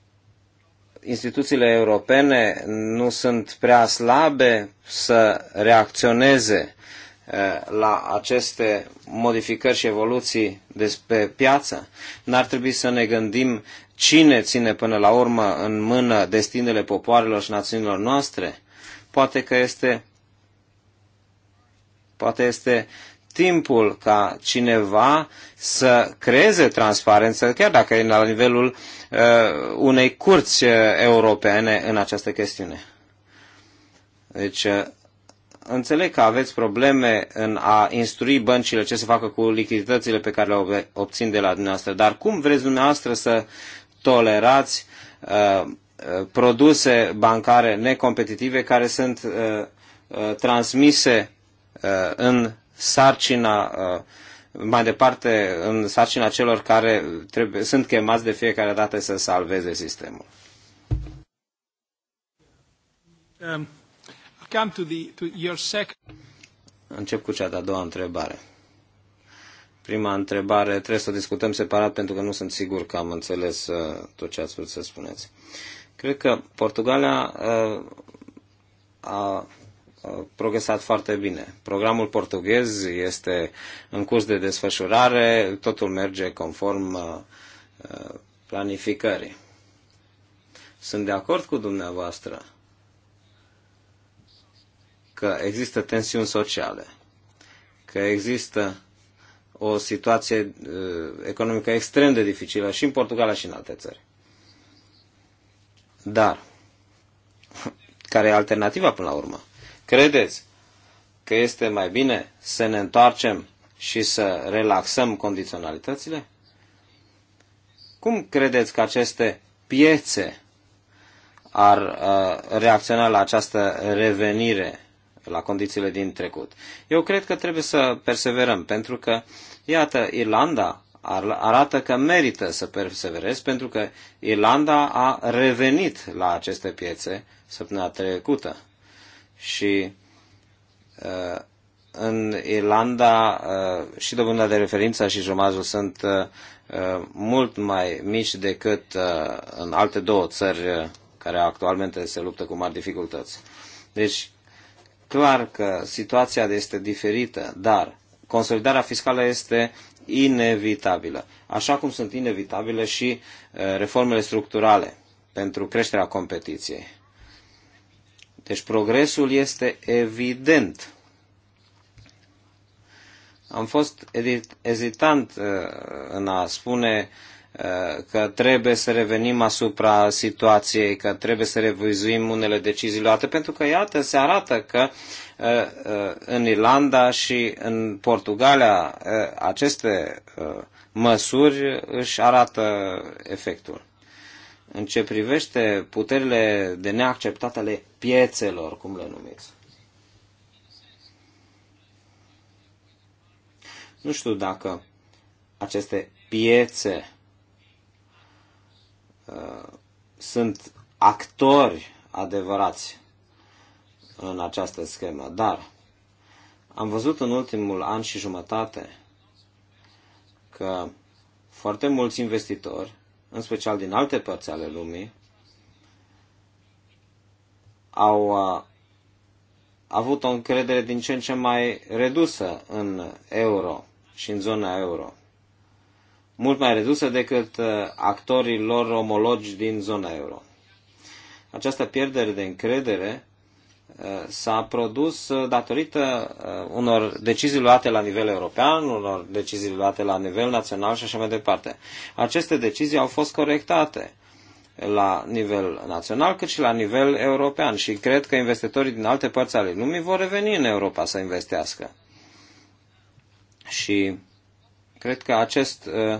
[SPEAKER 2] instituțiile europene nu sunt prea slabe să reacționeze uh, la aceste modificări și evoluții despre piață? N-ar trebui să ne gândim cine ține până la urmă în mână destinele popoarelor și națiunilor noastre? Poate că este poate este uh, timpul ca cineva să creeze transparență, chiar dacă e la nivelul uh, unei curți uh, europene în această chestiune. Deci, uh, înțeleg că aveți probleme în a instrui băncile ce să facă cu lichiditățile pe care le obțin de la dumneavoastră, dar cum vreți dumneavoastră să tolerați uh, uh produse bancare necompetitive care sunt uh, uh, transmise uh, în sarcina uh, mai departe în sarcina celor care trebuie, sunt chemați de fiecare dată să salveze sistemul. Um, come to the, to your second... Încep cu cea de-a doua întrebare. Prima întrebare trebuie să o discutăm separat pentru că nu sunt sigur că am înțeles uh, tot ce ați vrut să spuneți. Cred că Portugalia uh, a Uh, progresat foarte bine. Programul portughez este în curs de desfășurare, totul merge conform uh, uh, planificării. Sunt de acord cu dumneavoastră că există tensiuni sociale, că există o situație economică extrem de dificilă și în Portugalia și în alte țări. Dar, care e alternativa până la urmă? Credeți că este mai bine să ne întoarcem și să relaxăm condiționalitățile? Cum credeți că aceste piețe ar uh, reacționa la această revenire la condițiile din trecut? Eu cred că trebuie să perseverăm, pentru că, iată, Irlanda ar, arată că merită să perseverezi, pentru că Irlanda a revenit la aceste piețe săptămâna trecută și uh, în Irlanda uh, și dobânda de referință și jomajul sunt uh, mult mai mici decât în alte două țări care actualmente se luptă cu mari dificultăți. Deci, clar că situația este diferită, dar consolidarea fiscală este inevitabilă, așa cum sunt inevitabile și reformele structurale pentru creșterea competiției. Deci progresul este evident. Am fost ezitant uh, în a spune uh, că trebuie să revenim asupra situației, că trebuie să revizuim unele decizii luate, pentru că, iată, se arată că uh, în Irlanda și în Portugalia aceste măsuri își arată efectul. În ce privește puterile de neacceptate ale piețelor, cum le numiți. Nu știu dacă aceste piețe uh, sunt actori adevărați în această schemă, dar am văzut în ultimul an și jumătate că foarte mulți investitori, în special din alte părți ale lumii, au uh, avut o încredere din ce în ce mai redusă în euro și în zona euro. Mult mai redusă decât uh, actorii lor omologi din zona euro. Această pierdere de încredere uh, s-a produs datorită unor decizii luate la nivel european, unor decizii luate la nivel național și așa mai departe. Aceste decizii au fost corectate la nivel național, cât și la nivel european. Și cred că investitorii din alte părți ale lumii vor reveni în Europa să investească. Și cred că acest uh,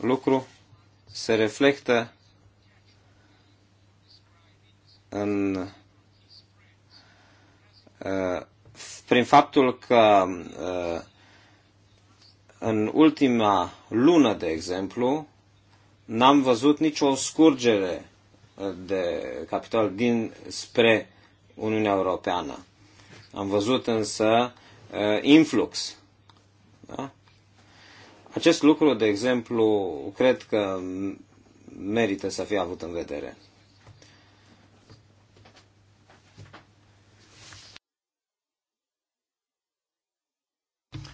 [SPEAKER 2] lucru se reflectă în, uh, prin faptul că uh, în ultima lună, de exemplu, n-am văzut nicio scurgere uh, de capital din spre Uniunea Europeană. Am văzut însă uh, influx. Da? Acest lucru, de exemplu, cred că merită să fie avut în vedere.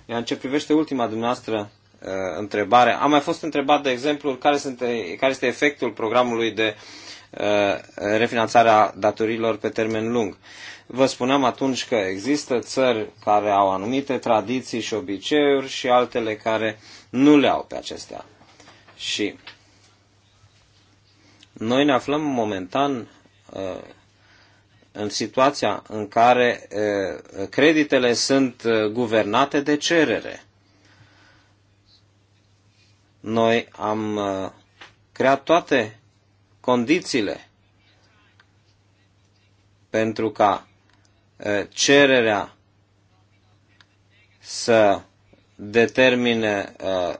[SPEAKER 2] Iar în ce privește ultima dumneavoastră Uh, întrebare. Am mai fost întrebat, de exemplu, care, sunt, care este efectul programului de uh, refinanțare a datorilor pe termen lung. Vă spuneam atunci că există țări care au anumite tradiții și obiceiuri și altele care nu le au pe acestea. Și noi ne aflăm momentan uh, în situația în care creditele sunt guvernate de cerere. Noi am uh, creat toate condițiile pentru ca uh, cererea să determine uh,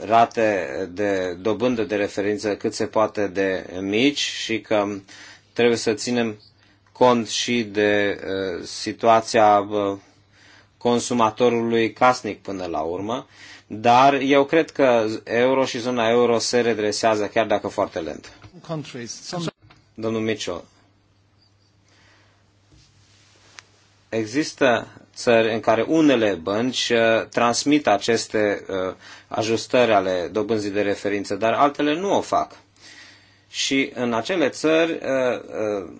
[SPEAKER 2] rate de dobândă de referință cât se poate de mici și că trebuie să ținem cont și de situația consumatorului casnic până la urmă dar eu cred că euro și zona euro se redresează, chiar dacă foarte lent. Domnul Mitchell, există țări în care unele bănci uh, transmit aceste uh, ajustări ale dobânzii de referință, dar altele nu o fac. Și în acele țări uh,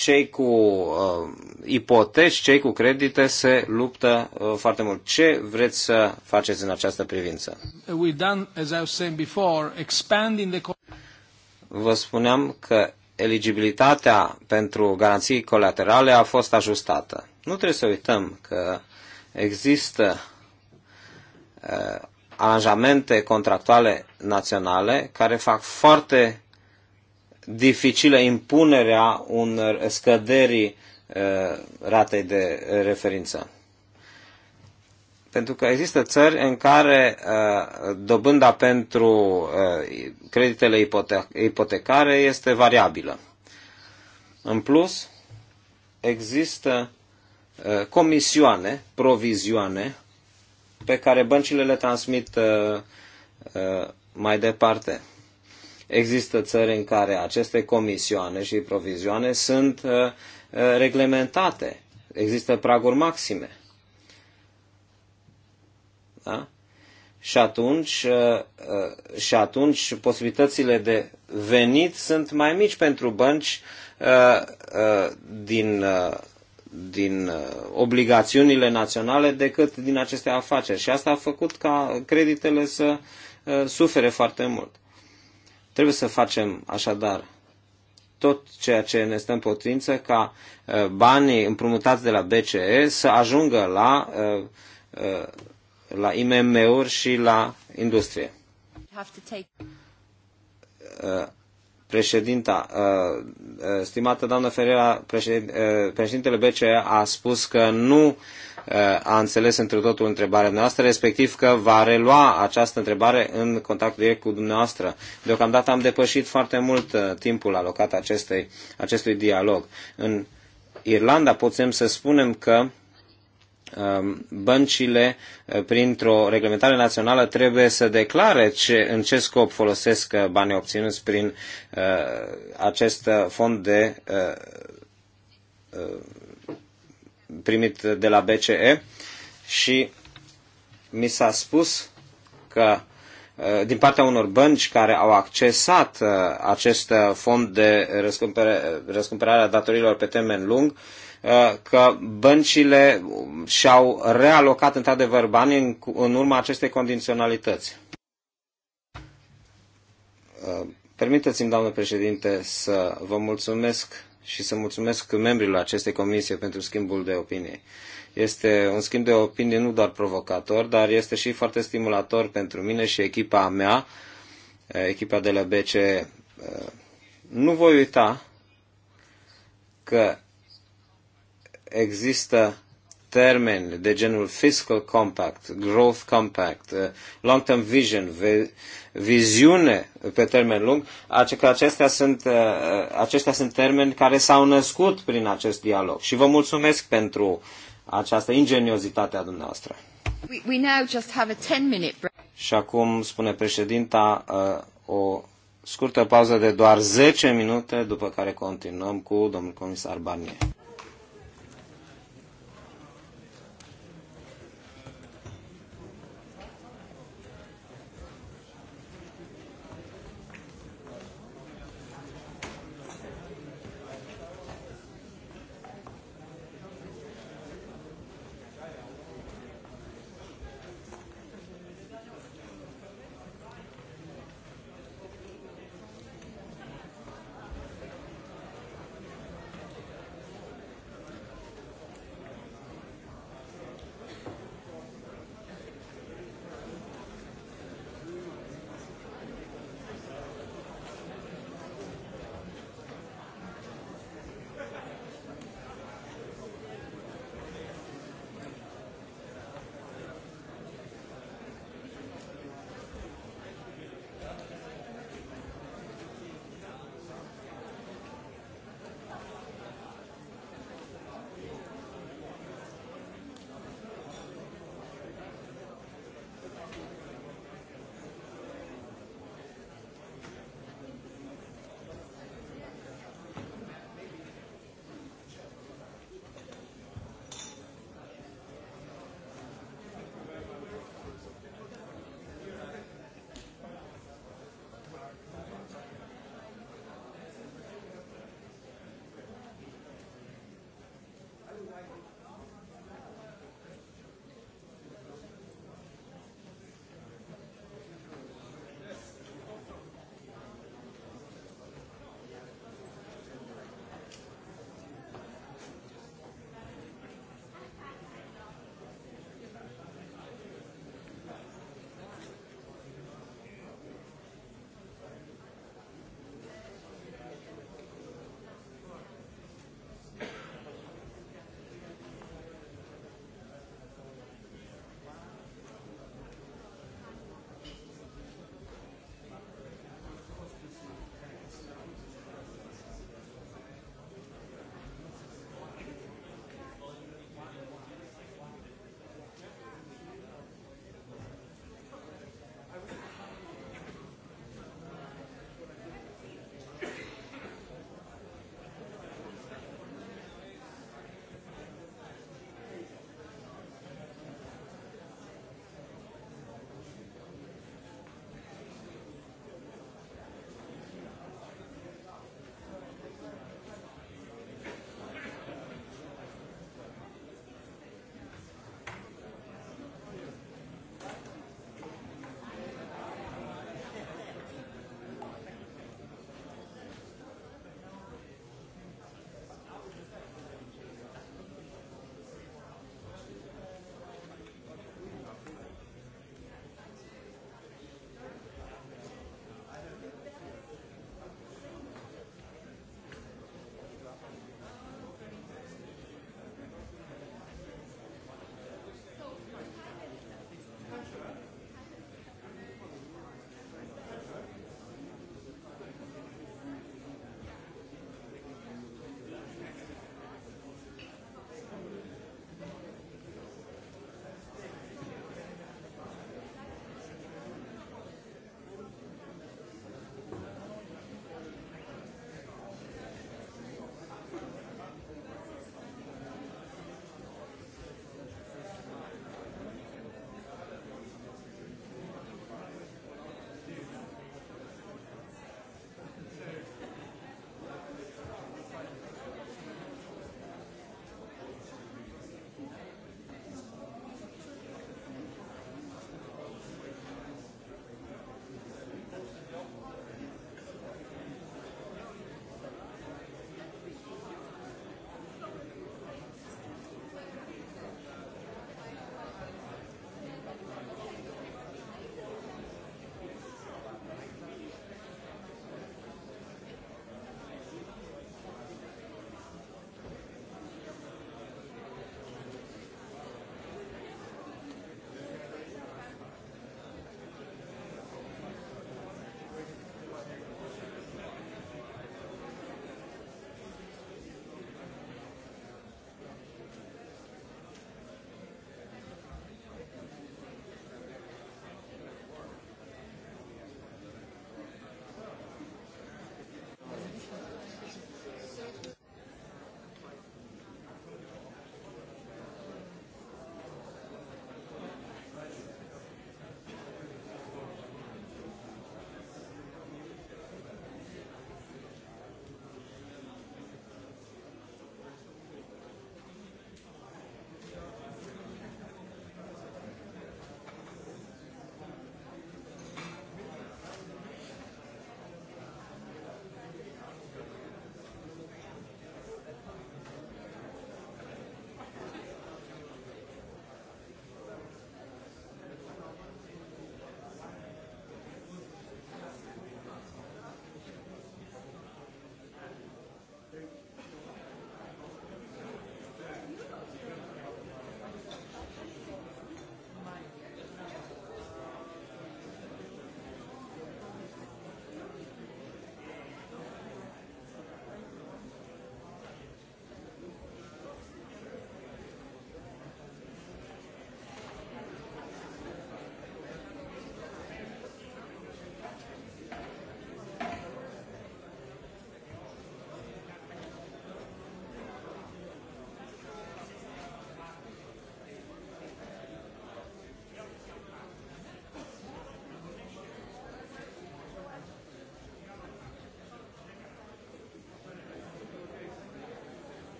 [SPEAKER 2] cei cu uh, ipoteci, cei cu credite se luptă uh, foarte mult. Ce vreți să faceți în această privință? Vă spuneam că eligibilitatea pentru garanții colaterale a fost ajustată. Nu trebuie să uităm că există uh, aranjamente contractuale naționale care fac foarte dificilă impunerea unor scăderii uh, ratei de referință. Pentru că există țări în care uh, dobânda pentru uh, creditele ipotecare este variabilă. În plus, există comisioane, provizioane, pe care băncile le transmit mai departe. Există țări în care aceste comisioane și provizioane sunt uh, uh, reglementate. Există praguri maxime. Da? și atunci, uh, și atunci posibilitățile de venit sunt mai mici pentru bănci din, din obligațiunile naționale decât din aceste afaceri. Și asta a făcut ca creditele să sufere foarte mult. Trebuie să facem așadar tot ceea ce ne stă în potrință ca uh, banii împrumutați de la BCE să ajungă la, uh, uh, la IMM-uri și la industrie. Președinta, stimată doamnă Ferreira, președintele BCE a spus că nu a înțeles într totul întrebarea noastră, respectiv că va relua această întrebare în contact direct cu dumneavoastră. Deocamdată am depășit foarte mult uh, timpul alocat acestei, acestui dialog. În Irlanda putem să spunem că um, băncile, uh, printr-o reglementare națională, trebuie să declare ce, în ce scop folosesc uh, banii obținuți prin uh, acest fond de uh, uh, primit de la BCE și mi s-a spus că uh, din partea unor bănci care au accesat uh, acest uh, fond de răscumpărare a datorilor pe termen lung, că băncile și-au realocat într-adevăr banii în, în urma acestei condiționalități. Permiteți-mi, doamnă președinte, să vă mulțumesc și să mulțumesc membrilor acestei comisie pentru schimbul de opinie. Este un schimb de opinie nu doar provocator, dar este și foarte stimulator pentru mine și echipa mea, eh, echipa de la BCE. Eh, nu voi uita că există termeni de genul fiscal compact, growth compact, uh, long-term vision, viziune pe termen lung, că acestea sunt, uh, uh, acestea sunt termeni care s-au născut prin acest dialog. Și vă mulțumesc pentru această ingeniozitate a dumneavoastră.
[SPEAKER 3] We, we now just have a 10 minute break.
[SPEAKER 2] Și acum, spune președinta, o scurtă pauză de doar 10 minute, după care continuăm cu domnul comisar Barnier.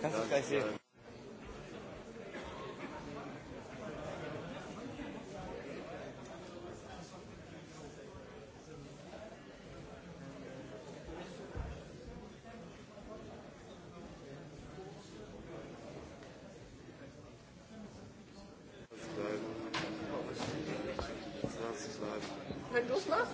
[SPEAKER 2] Kannst du es gleich sehen?
[SPEAKER 3] Wenn du es machst?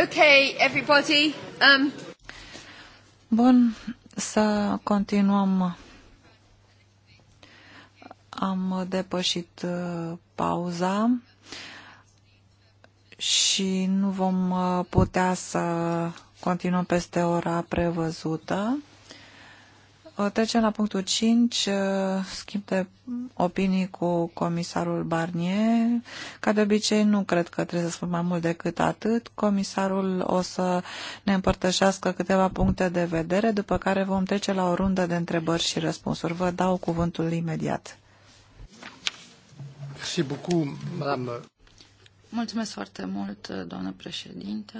[SPEAKER 3] Okay, everybody.
[SPEAKER 2] Um...
[SPEAKER 1] Bun, să continuăm. Am depășit uh, pauza și nu vom uh, putea să continuăm peste ora prevăzută. Uh, trecem la punctul 5, schimb de opinii cu comisarul Barnier. Ca de obicei, nu cred că trebuie să spun mai mult decât atât. Comisarul o să ne împărtășească câteva puncte de vedere, după care vom trece la o rundă de întrebări și răspunsuri. Vă dau cuvântul imediat.
[SPEAKER 3] Mulțumesc foarte mult, doamnă președintă.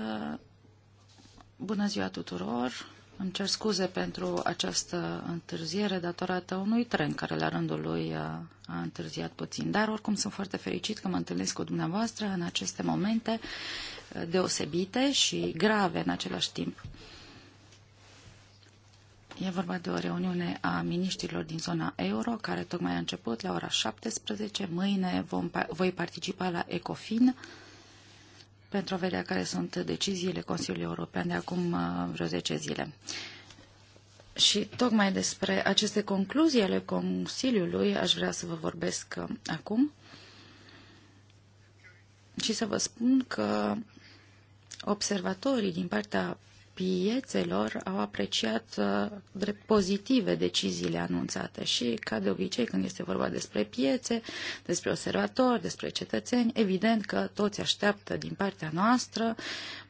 [SPEAKER 3] Bună ziua tuturor! Îmi cer scuze pentru această întârziere datorată unui tren care la rândul lui a, a întârziat puțin. Dar oricum sunt foarte fericit că mă întâlnesc cu dumneavoastră în aceste momente deosebite și grave în același timp. E vorba de o reuniune a miniștrilor din zona euro, care tocmai a început la ora 17. Mâine vom, voi participa la ECOFIN pentru a vedea care sunt deciziile Consiliului European de acum uh, vreo 10 zile. Și tocmai despre aceste concluzii ale Consiliului aș vrea să vă vorbesc uh, acum și să vă spun că observatorii din partea piețelor au apreciat uh, drept pozitive deciziile anunțate și, ca de obicei, când este vorba despre piețe, despre observatori, despre cetățeni, evident că toți așteaptă din partea noastră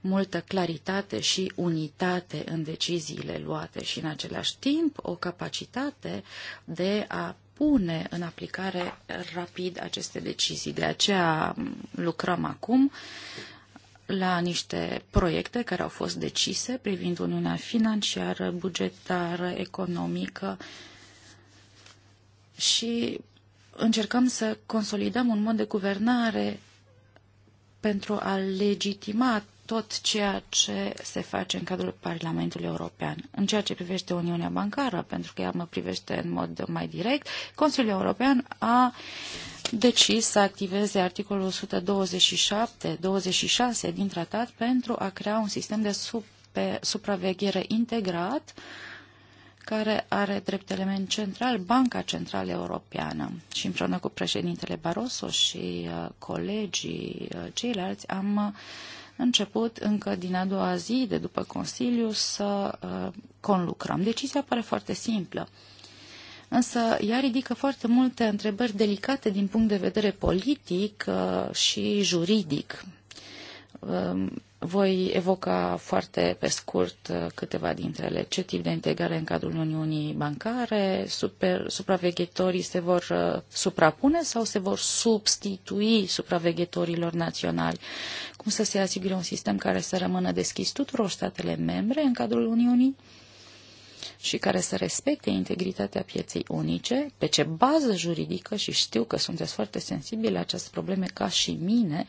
[SPEAKER 3] multă claritate și unitate în deciziile luate și, în același timp, o capacitate de a pune în aplicare rapid aceste decizii. De aceea mm, lucrăm acum la niște proiecte care au fost decise privind Uniunea financiară, bugetară, economică și încercăm să consolidăm un mod de guvernare pentru a legitima tot ceea ce se face în cadrul Parlamentului European. În ceea ce privește Uniunea Bancară, pentru că ea mă privește în mod mai direct, Consiliul European a decis să activeze articolul 127-26 din tratat pentru a crea un sistem de supraveghere integrat care are drept element central Banca Centrală Europeană. Și împreună cu președintele Barroso și uh, colegii uh, ceilalți am uh, început încă din a doua zi de după Consiliu să conlucrăm. Decizia pare foarte simplă însă ea ridică foarte multe întrebări delicate din punct de vedere politic uh, și juridic. Um, voi evoca foarte pe scurt uh, câteva dintre ele. Ce tip de integrare în cadrul Uniunii Bancare? Super, supraveghetorii se vor uh, suprapune sau se vor substitui supraveghetorilor naționali? Cum să se asigure un sistem care să rămână deschis tuturor statele membre în cadrul Uniunii? Uh, și care să respecte integritatea pieței unice, pe ce bază juridică, și știu că sunteți foarte sensibile la aceste probleme ca și mine,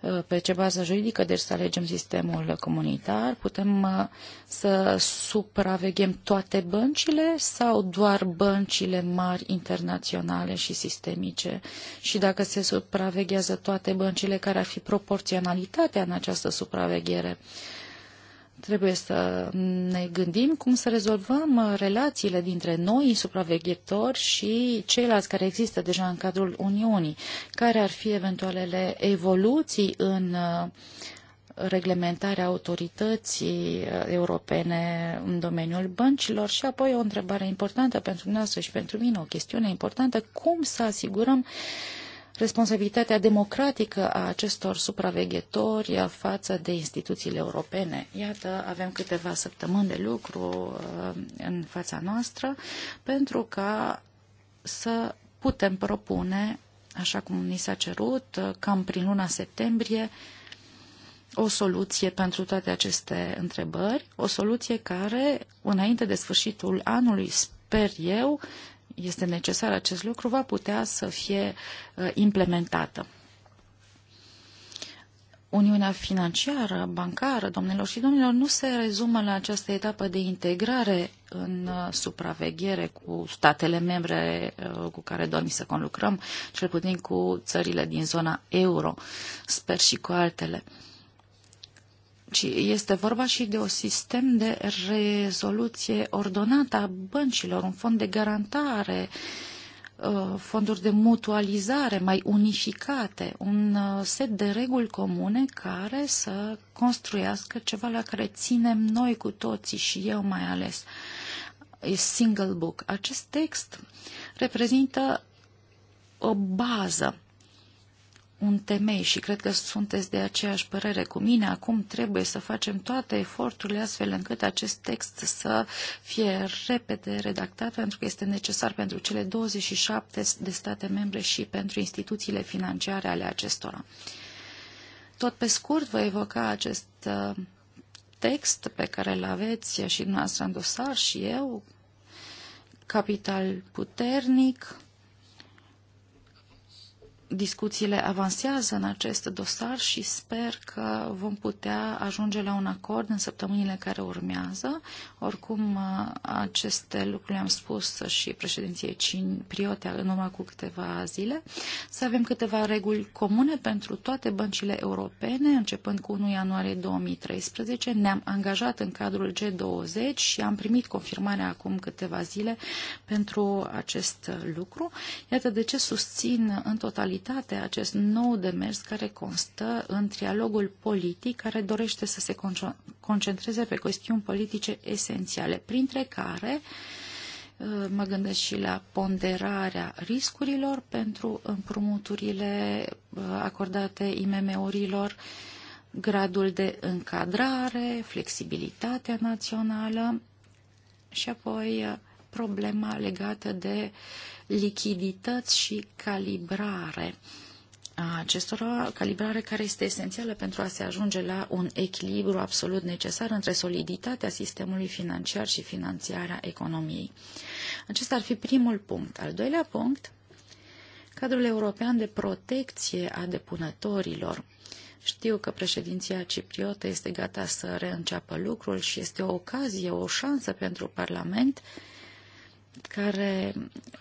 [SPEAKER 3] uh, pe ce bază juridică, deci să alegem sistemul comunitar, putem uh, să supraveghem toate băncile sau doar băncile mari internaționale și sistemice și dacă se supraveghează toate băncile, care ar fi proporționalitatea în această supraveghere? Uh, Trebuie să ne gândim cum să rezolvăm uh, relațiile dintre noi, supraveghetori și ceilalți care există deja în cadrul Uniunii, care ar fi eventualele evoluții în uh, reglementarea autorității uh, europene în domeniul băncilor și apoi o întrebare importantă pentru noastră și pentru mine, o chestiune importantă, cum să asigurăm uh, responsabilitatea democratică a acestor supraveghetori față de instituțiile europene. Iată, avem câteva săptămâni de lucru uh, în fața noastră pentru ca să putem propune, așa cum ni s-a cerut, uh, cam prin luna septembrie, o soluție pentru toate aceste întrebări, o soluție care, înainte de sfârșitul anului, sper eu, este necesar acest lucru, va putea să fie uh, implementată. Uniunea financiară, bancară, domnilor și domnilor, nu se rezumă la această etapă de integrare în uh, supraveghere cu statele membre uh, cu care dorim să conlucrăm, cel puțin cu țările din zona euro, sper și cu altele ci este vorba și de o sistem de rezoluție ordonată a băncilor, un fond de garantare, uh, fonduri de mutualizare mai unificate, un uh, set de reguli comune care să construiască ceva la care ținem noi cu toții și eu mai ales. E single book. Acest text reprezintă o bază un temei și cred că sunteți de aceeași părere cu mine. Acum trebuie să facem toate eforturile astfel încât acest text să fie repede redactat pentru că este necesar pentru cele 27 de state membre și pentru instituțiile financiare ale acestora. Tot pe scurt vă evoca acest uh, text pe care îl aveți și dumneavoastră în dosar și eu, capital puternic, discuțiile avansează în acest dosar și sper că vom putea ajunge la un acord în săptămânile care urmează. Oricum, uh, aceste lucruri le-am spus și președinției Priotea în urmă cu câteva zile. Să avem câteva reguli comune pentru toate băncile europene, începând cu 1 ianuarie 2013. Ne-am angajat în cadrul G20 și am primit confirmarea acum câteva zile pentru acest lucru. Iată de ce susțin în totalitate realitate acest nou demers care constă în trialogul politic care dorește să se concentreze pe chestiuni politice esențiale, printre care uh, mă gândesc și la ponderarea riscurilor pentru împrumuturile uh, acordate IMM-urilor, gradul de încadrare, flexibilitatea națională și apoi uh, problema legată de lichidități și calibrare a acestora, calibrare care este esențială pentru a se ajunge la un echilibru absolut necesar între soliditatea sistemului financiar și finanțarea economiei. Acesta ar fi primul punct. Al doilea punct, cadrul european de protecție a depunătorilor. Știu că președinția cipriotă este gata să reînceapă lucrul și este o ocazie, o șansă pentru Parlament uh, care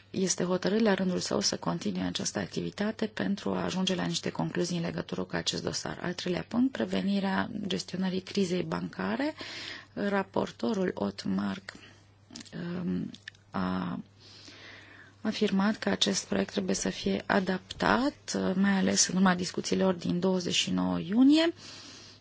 [SPEAKER 3] este hotărât la rândul său să continue această activitate pentru a ajunge la niște concluzii în legătură cu acest dosar. Al treilea punct, prevenirea gestionării crizei bancare. Raportorul Otmar um, a afirmat că acest proiect trebuie să fie adaptat, mai ales în urma discuțiilor din 29 iunie,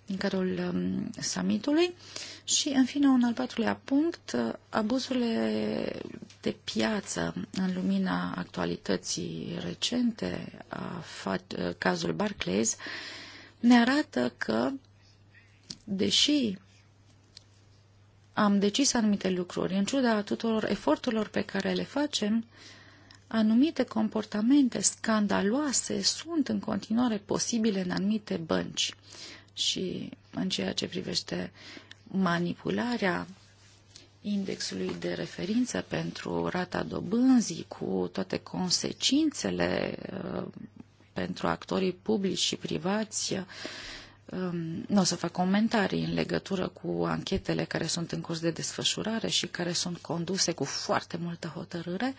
[SPEAKER 3] din cadrul um, summitului. ului și, în fine, un al patrulea punct, abuzurile de piață în lumina actualității recente a cazul Barclays ne arată că, deși am decis anumite lucruri, în ciuda tuturor eforturilor pe care le facem, anumite comportamente scandaloase sunt în continuare posibile în anumite bănci. Și în ceea ce privește manipularea indexului de referință pentru rata dobânzii cu toate consecințele uh, pentru actorii publici și privați. Uh, um, nu o să fac comentarii în legătură cu anchetele care sunt în curs de desfășurare și care sunt conduse cu foarte multă hotărâre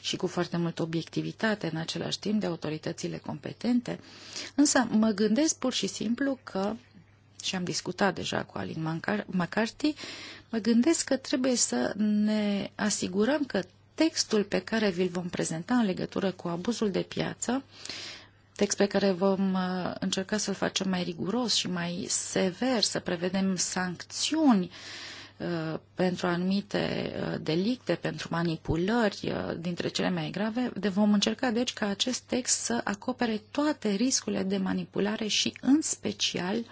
[SPEAKER 3] și cu foarte multă obiectivitate în același timp de autoritățile competente, însă mă gândesc pur și simplu că și am discutat deja cu Alin McCarthy, mă gândesc că trebuie să ne asigurăm că textul pe care vi-l vom prezenta în legătură cu abuzul de piață, text pe care vom uh, încerca să-l facem mai riguros și mai sever, să prevedem sancțiuni uh, pentru anumite uh, delicte, pentru manipulări dintre cele mai grave, de vom încerca deci ca acest text să acopere toate riscurile de manipulare și în special uh,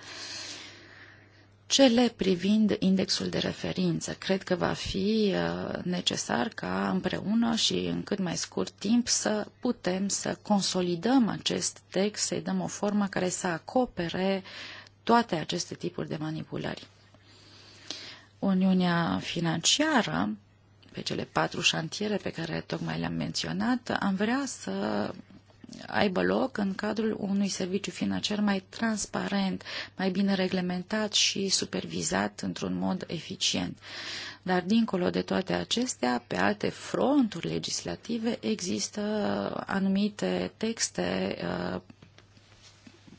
[SPEAKER 3] cele privind indexul de referință. Cred că va fi uh, necesar ca împreună și în cât mai scurt timp să putem să consolidăm acest text, să-i dăm o formă care să acopere toate aceste tipuri de manipulări. Uniunea financiară, pe cele patru șantiere pe care tocmai le-am menționat, am vrea să aibă loc în cadrul unui serviciu financiar mai transparent, mai bine reglementat și supervizat într-un mod eficient. Dar dincolo de toate acestea, pe alte fronturi legislative există anumite texte uh,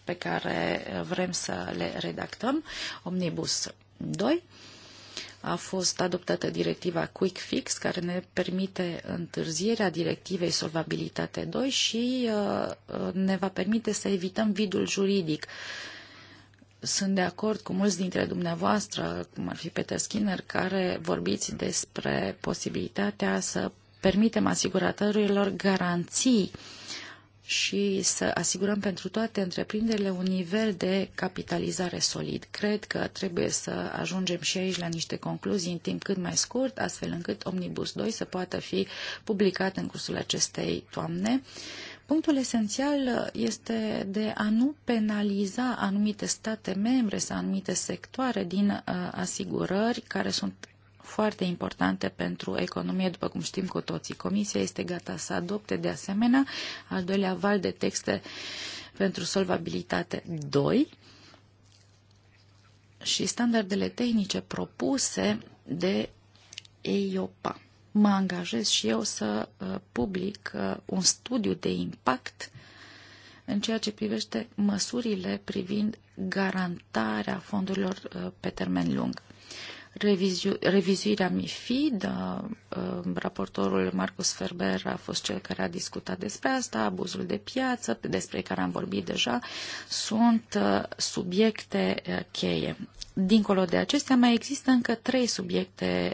[SPEAKER 3] pe care vrem să le redactăm, Omnibus 2, a fost adoptată directiva Quick Fix, care ne permite întârzierea directivei Solvabilitate 2 și uh, uh, ne va permite să evităm vidul juridic. Sunt de acord cu mulți dintre dumneavoastră, cum ar fi Peter Skinner, care vorbiți despre posibilitatea să permitem asiguratorilor garanții uh, și să asigurăm pentru toate întreprinderile un nivel de capitalizare solid. Cred că trebuie să ajungem și aici la niște concluzii în timp cât mai scurt, astfel încât Omnibus 2 să poată fi publicat în cursul acestei toamne. Punctul esențial este de a nu penaliza anumite state membre sau anumite sectoare din uh, asigurări care sunt foarte importante pentru economie, după cum știm cu toții. Comisia este gata să adopte de asemenea al doilea val de texte pentru solvabilitate 2 și standardele tehnice propuse de EIOPA. Mă angajez și eu să uh, public uh, un studiu de impact în ceea ce privește măsurile privind garantarea fondurilor uh, pe termen lung revizu- revizuirea MIFID, raportorul Marcus Ferber a fost cel care a discutat despre asta, abuzul de piață, despre care am vorbit deja, sunt subiecte cheie. Dincolo de acestea, mai există încă trei subiecte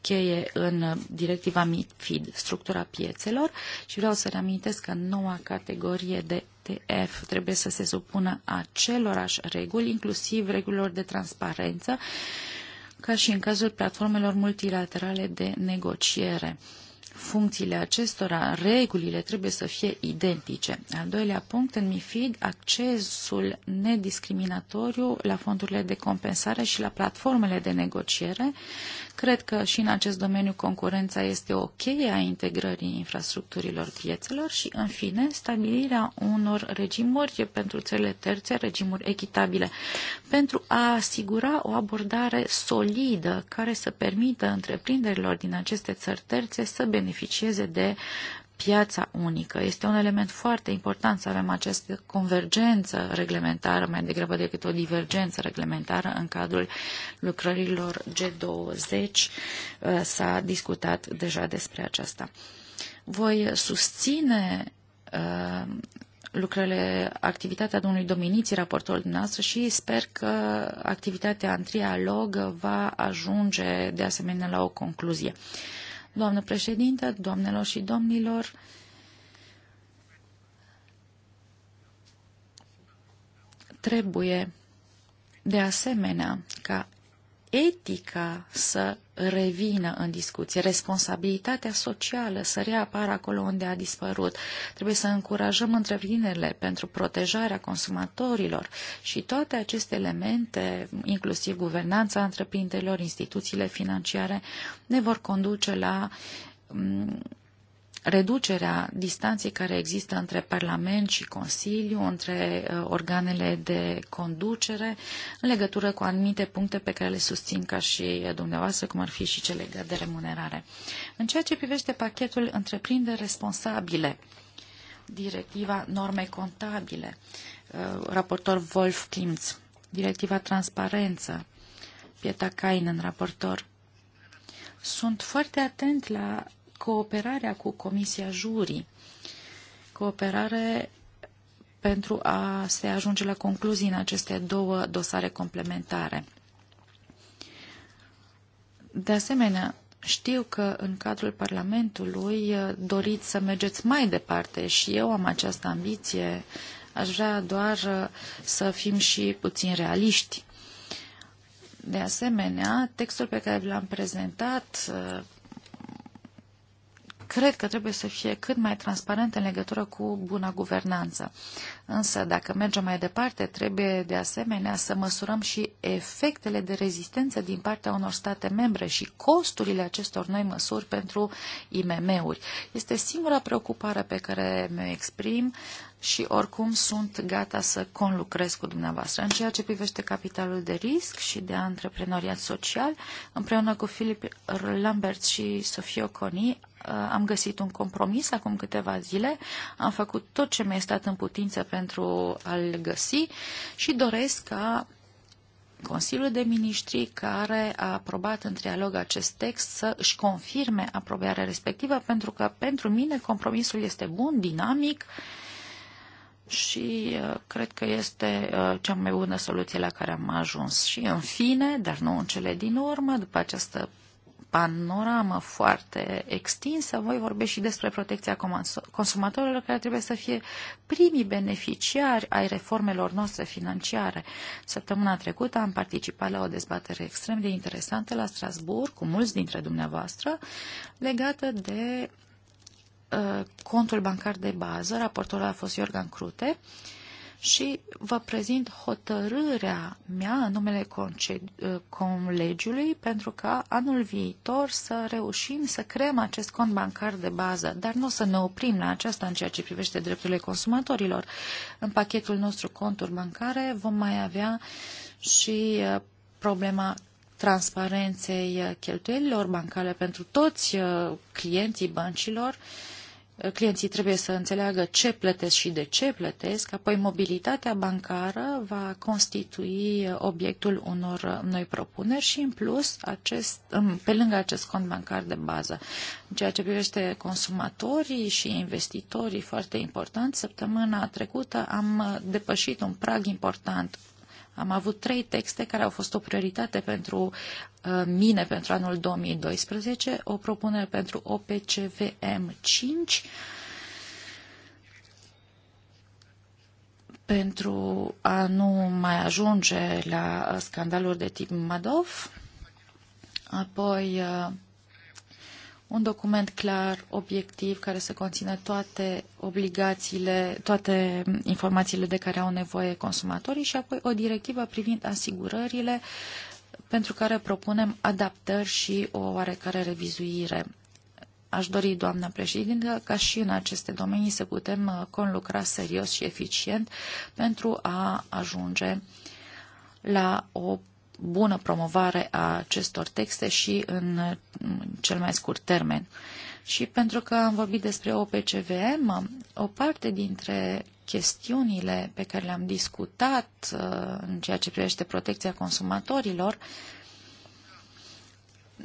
[SPEAKER 3] cheie în directiva MIFID, structura piețelor și vreau să reamintesc că noua categorie de TF trebuie să se supună acelorași reguli, inclusiv regulilor de transparență ca și în cazul platformelor multilaterale de negociere. Funcțiile acestora, regulile trebuie să fie identice. Al doilea punct, în MIFID, accesul nediscriminatoriu la fondurile de compensare și la platformele de negociere, Cred că și în acest domeniu concurența este o cheie a integrării infrastructurilor piețelor și, în fine, stabilirea unor regimuri pentru țările terțe, regimuri echitabile, pentru a asigura o abordare solidă care să permită întreprinderilor din aceste țări terțe să beneficieze de piața unică. Este un element foarte important să avem această convergență reglementară, mai degrabă decât o divergență reglementară în cadrul lucrărilor G20. Uh, s-a discutat deja despre aceasta. Voi susține uh, lucrările, activitatea domnului Dominiții, raportorul dumneavoastră și sper că activitatea în trialog va ajunge de asemenea la o concluzie. Doamnă președintă, doamnelor și domnilor, trebuie de asemenea ca etica să revină în discuție, responsabilitatea socială să reapară acolo unde a dispărut. Trebuie să încurajăm întreprinderile pentru protejarea consumatorilor și toate aceste elemente, inclusiv guvernanța întreprinderilor, instituțiile financiare, ne vor conduce la mm, reducerea distanței care există între Parlament și Consiliu, între uh, organele de conducere, în legătură cu anumite puncte pe care le susțin ca și dumneavoastră, cum ar fi și cele legate de remunerare. În ceea ce privește pachetul întreprinderi responsabile, directiva norme contabile, uh, raportor Wolf Klimtz, directiva transparență, Pieta Kainen, raportor, sunt foarte atent la cooperarea cu Comisia Jurii, cooperare pentru a se ajunge la concluzii în aceste două dosare complementare. De asemenea, știu că în cadrul Parlamentului uh, doriți să mergeți mai departe și eu am această ambiție. Aș vrea doar uh, să fim și puțin realiști. De asemenea, textul pe care l-am prezentat uh, cred că trebuie să fie cât mai transparent în legătură cu buna guvernanță. Însă, dacă mergem mai departe, trebuie de asemenea să măsurăm și efectele de rezistență din partea unor state membre și costurile acestor noi măsuri pentru IMM-uri. Este singura preocupare pe care mi-o exprim și oricum sunt gata să conlucrez cu dumneavoastră. În ceea ce privește capitalul de risc și de antreprenoriat social, împreună cu Philip Lambert și Sofia Coni Uh, am găsit un compromis acum câteva zile, am făcut tot ce mi-a stat în putință pentru a-l găsi și doresc ca Consiliul de Ministri care a aprobat în trialog acest text să își confirme aprobarea respectivă, pentru că pentru mine compromisul este bun, dinamic și uh, cred că este uh, cea mai bună soluție la care am ajuns. Și în fine, dar nu în cele din urmă, după această panoramă foarte extinsă, voi vorbi și despre protecția consumatorilor, care trebuie să fie primii beneficiari ai reformelor noastre financiare. Săptămâna trecută am participat la o dezbatere extrem de interesantă la Strasbourg cu mulți dintre dumneavoastră, legată de uh, contul bancar de bază. Raportorul a fost Iorgan Crute. Uh, și vă prezint hotărârea mea în numele eh, colegiului pentru ca anul viitor să reușim să creăm acest cont bancar de bază, dar nu să ne oprim la aceasta în ceea ce privește drepturile consumatorilor. În pachetul nostru conturi bancare vom mai avea și eh, problema transparenței eh, cheltuielilor bancale pentru toți clienții băncilor, clienții trebuie să înțeleagă ce plătesc și de ce plătesc, apoi mobilitatea bancară va constitui obiectul unor noi propuneri și, în plus, acest, pe lângă acest cont bancar de bază. În ceea ce privește consumatorii și investitorii, foarte important, săptămâna trecută am depășit un prag important am avut trei texte care au fost o prioritate pentru uh, mine pentru anul 2012, o propunere pentru OPCVM 5, pentru a nu mai ajunge la scandaluri de tip Madov, apoi uh, un document clar, obiectiv, care să conțină toate obligațiile, toate informațiile de care au nevoie consumatorii și apoi o directivă privind asigurările pentru care propunem adaptări și o oarecare revizuire. Aș dori, doamna președintă, ca și în aceste domenii să putem uh, conlucra serios și eficient pentru a ajunge la o bună promovare a acestor texte și în cel mai scurt termen. Și pentru că am vorbit despre OPCVM, o parte dintre chestiunile pe care le-am discutat uh, în ceea ce privește protecția consumatorilor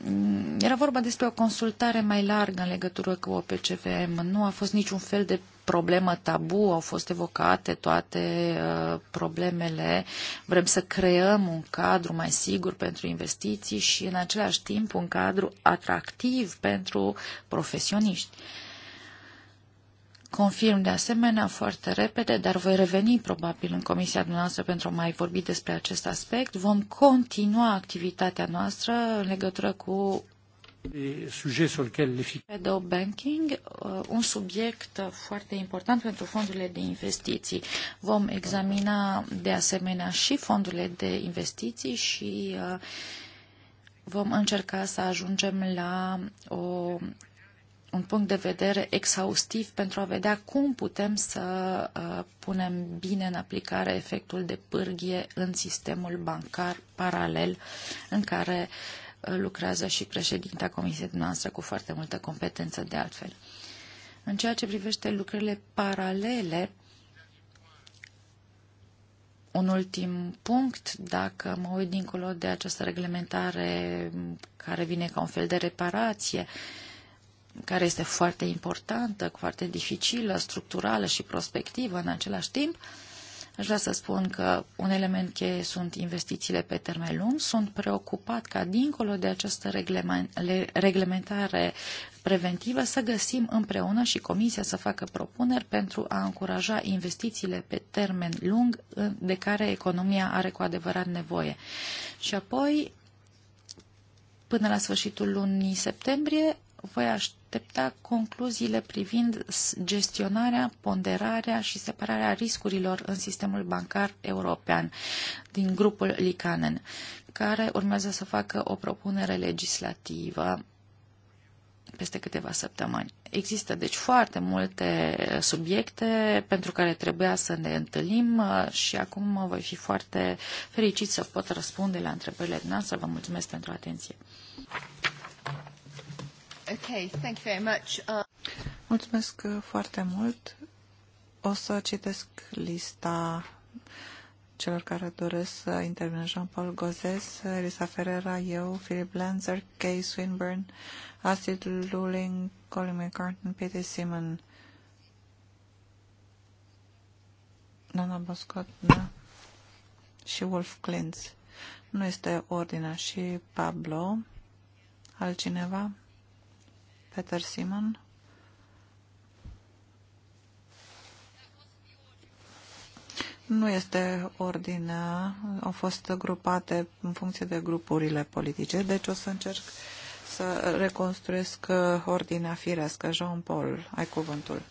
[SPEAKER 3] Mm, era vorba despre o consultare mai largă în legătură cu OPCVM. Nu a fost niciun fel de problemă tabu, au fost evocate toate uh, problemele. Vrem să creăm un cadru mai sigur pentru investiții și în același timp un cadru atractiv pentru profesioniști. Uh, confirm de asemenea foarte repede, dar voi reveni probabil în comisia dumneavoastră pentru a mai vorbi despre acest aspect. Vom continua activitatea noastră în legătură cu Shadow banking, uh, un subiect foarte important pentru fondurile de investiții. Vom examina de asemenea și fondurile de investiții și uh, vom încerca să ajungem la o un punct de vedere exhaustiv pentru a vedea cum putem să uh, punem bine în aplicare efectul de pârghie în sistemul bancar paralel în care uh, lucrează și președinta comisiei noastre cu foarte multă competență de altfel. În ceea ce privește lucrurile paralele, un ultim punct, dacă mă uit dincolo de această reglementare care vine ca un fel de reparație, uh, care este foarte importantă, foarte dificilă, structurală și prospectivă în același timp, aș vrea să spun că un element cheie sunt investițiile pe termen lung. Sunt preocupat ca, dincolo de această reglementare preventivă, să găsim împreună și Comisia să facă propuneri pentru a încuraja investițiile pe termen lung de care economia are cu adevărat nevoie. Și apoi, până la sfârșitul lunii septembrie, voi aștepta concluziile privind gestionarea, ponderarea și separarea riscurilor în sistemul bancar european din grupul Licanen, care urmează să facă o propunere legislativă peste câteva săptămâni. Există deci foarte multe subiecte pentru care trebuia să ne întâlnim uh, și acum voi fi foarte fericit să pot răspunde la întrebările noastre. Vă mulțumesc pentru atenție.
[SPEAKER 1] Okay, thank you very much. Uh... Mulțumesc uh, foarte mult. O să citesc lista celor care doresc să intervină Jean-Paul Gozes, Elisa Ferrera, eu, Philip Lanzer, Kay Swinburne, Astrid Luling, Colin McCartan, Peter Simon, Nana Boscot da? și Wolf Klintz. Nu este ordinea și Pablo. Altcineva? Peter Simon. Nu este ordinea, au fost grupate în funcție de grupurile politice, deci o să încerc să reconstruiesc ordinea firească. Jean-Paul, ai cuvântul.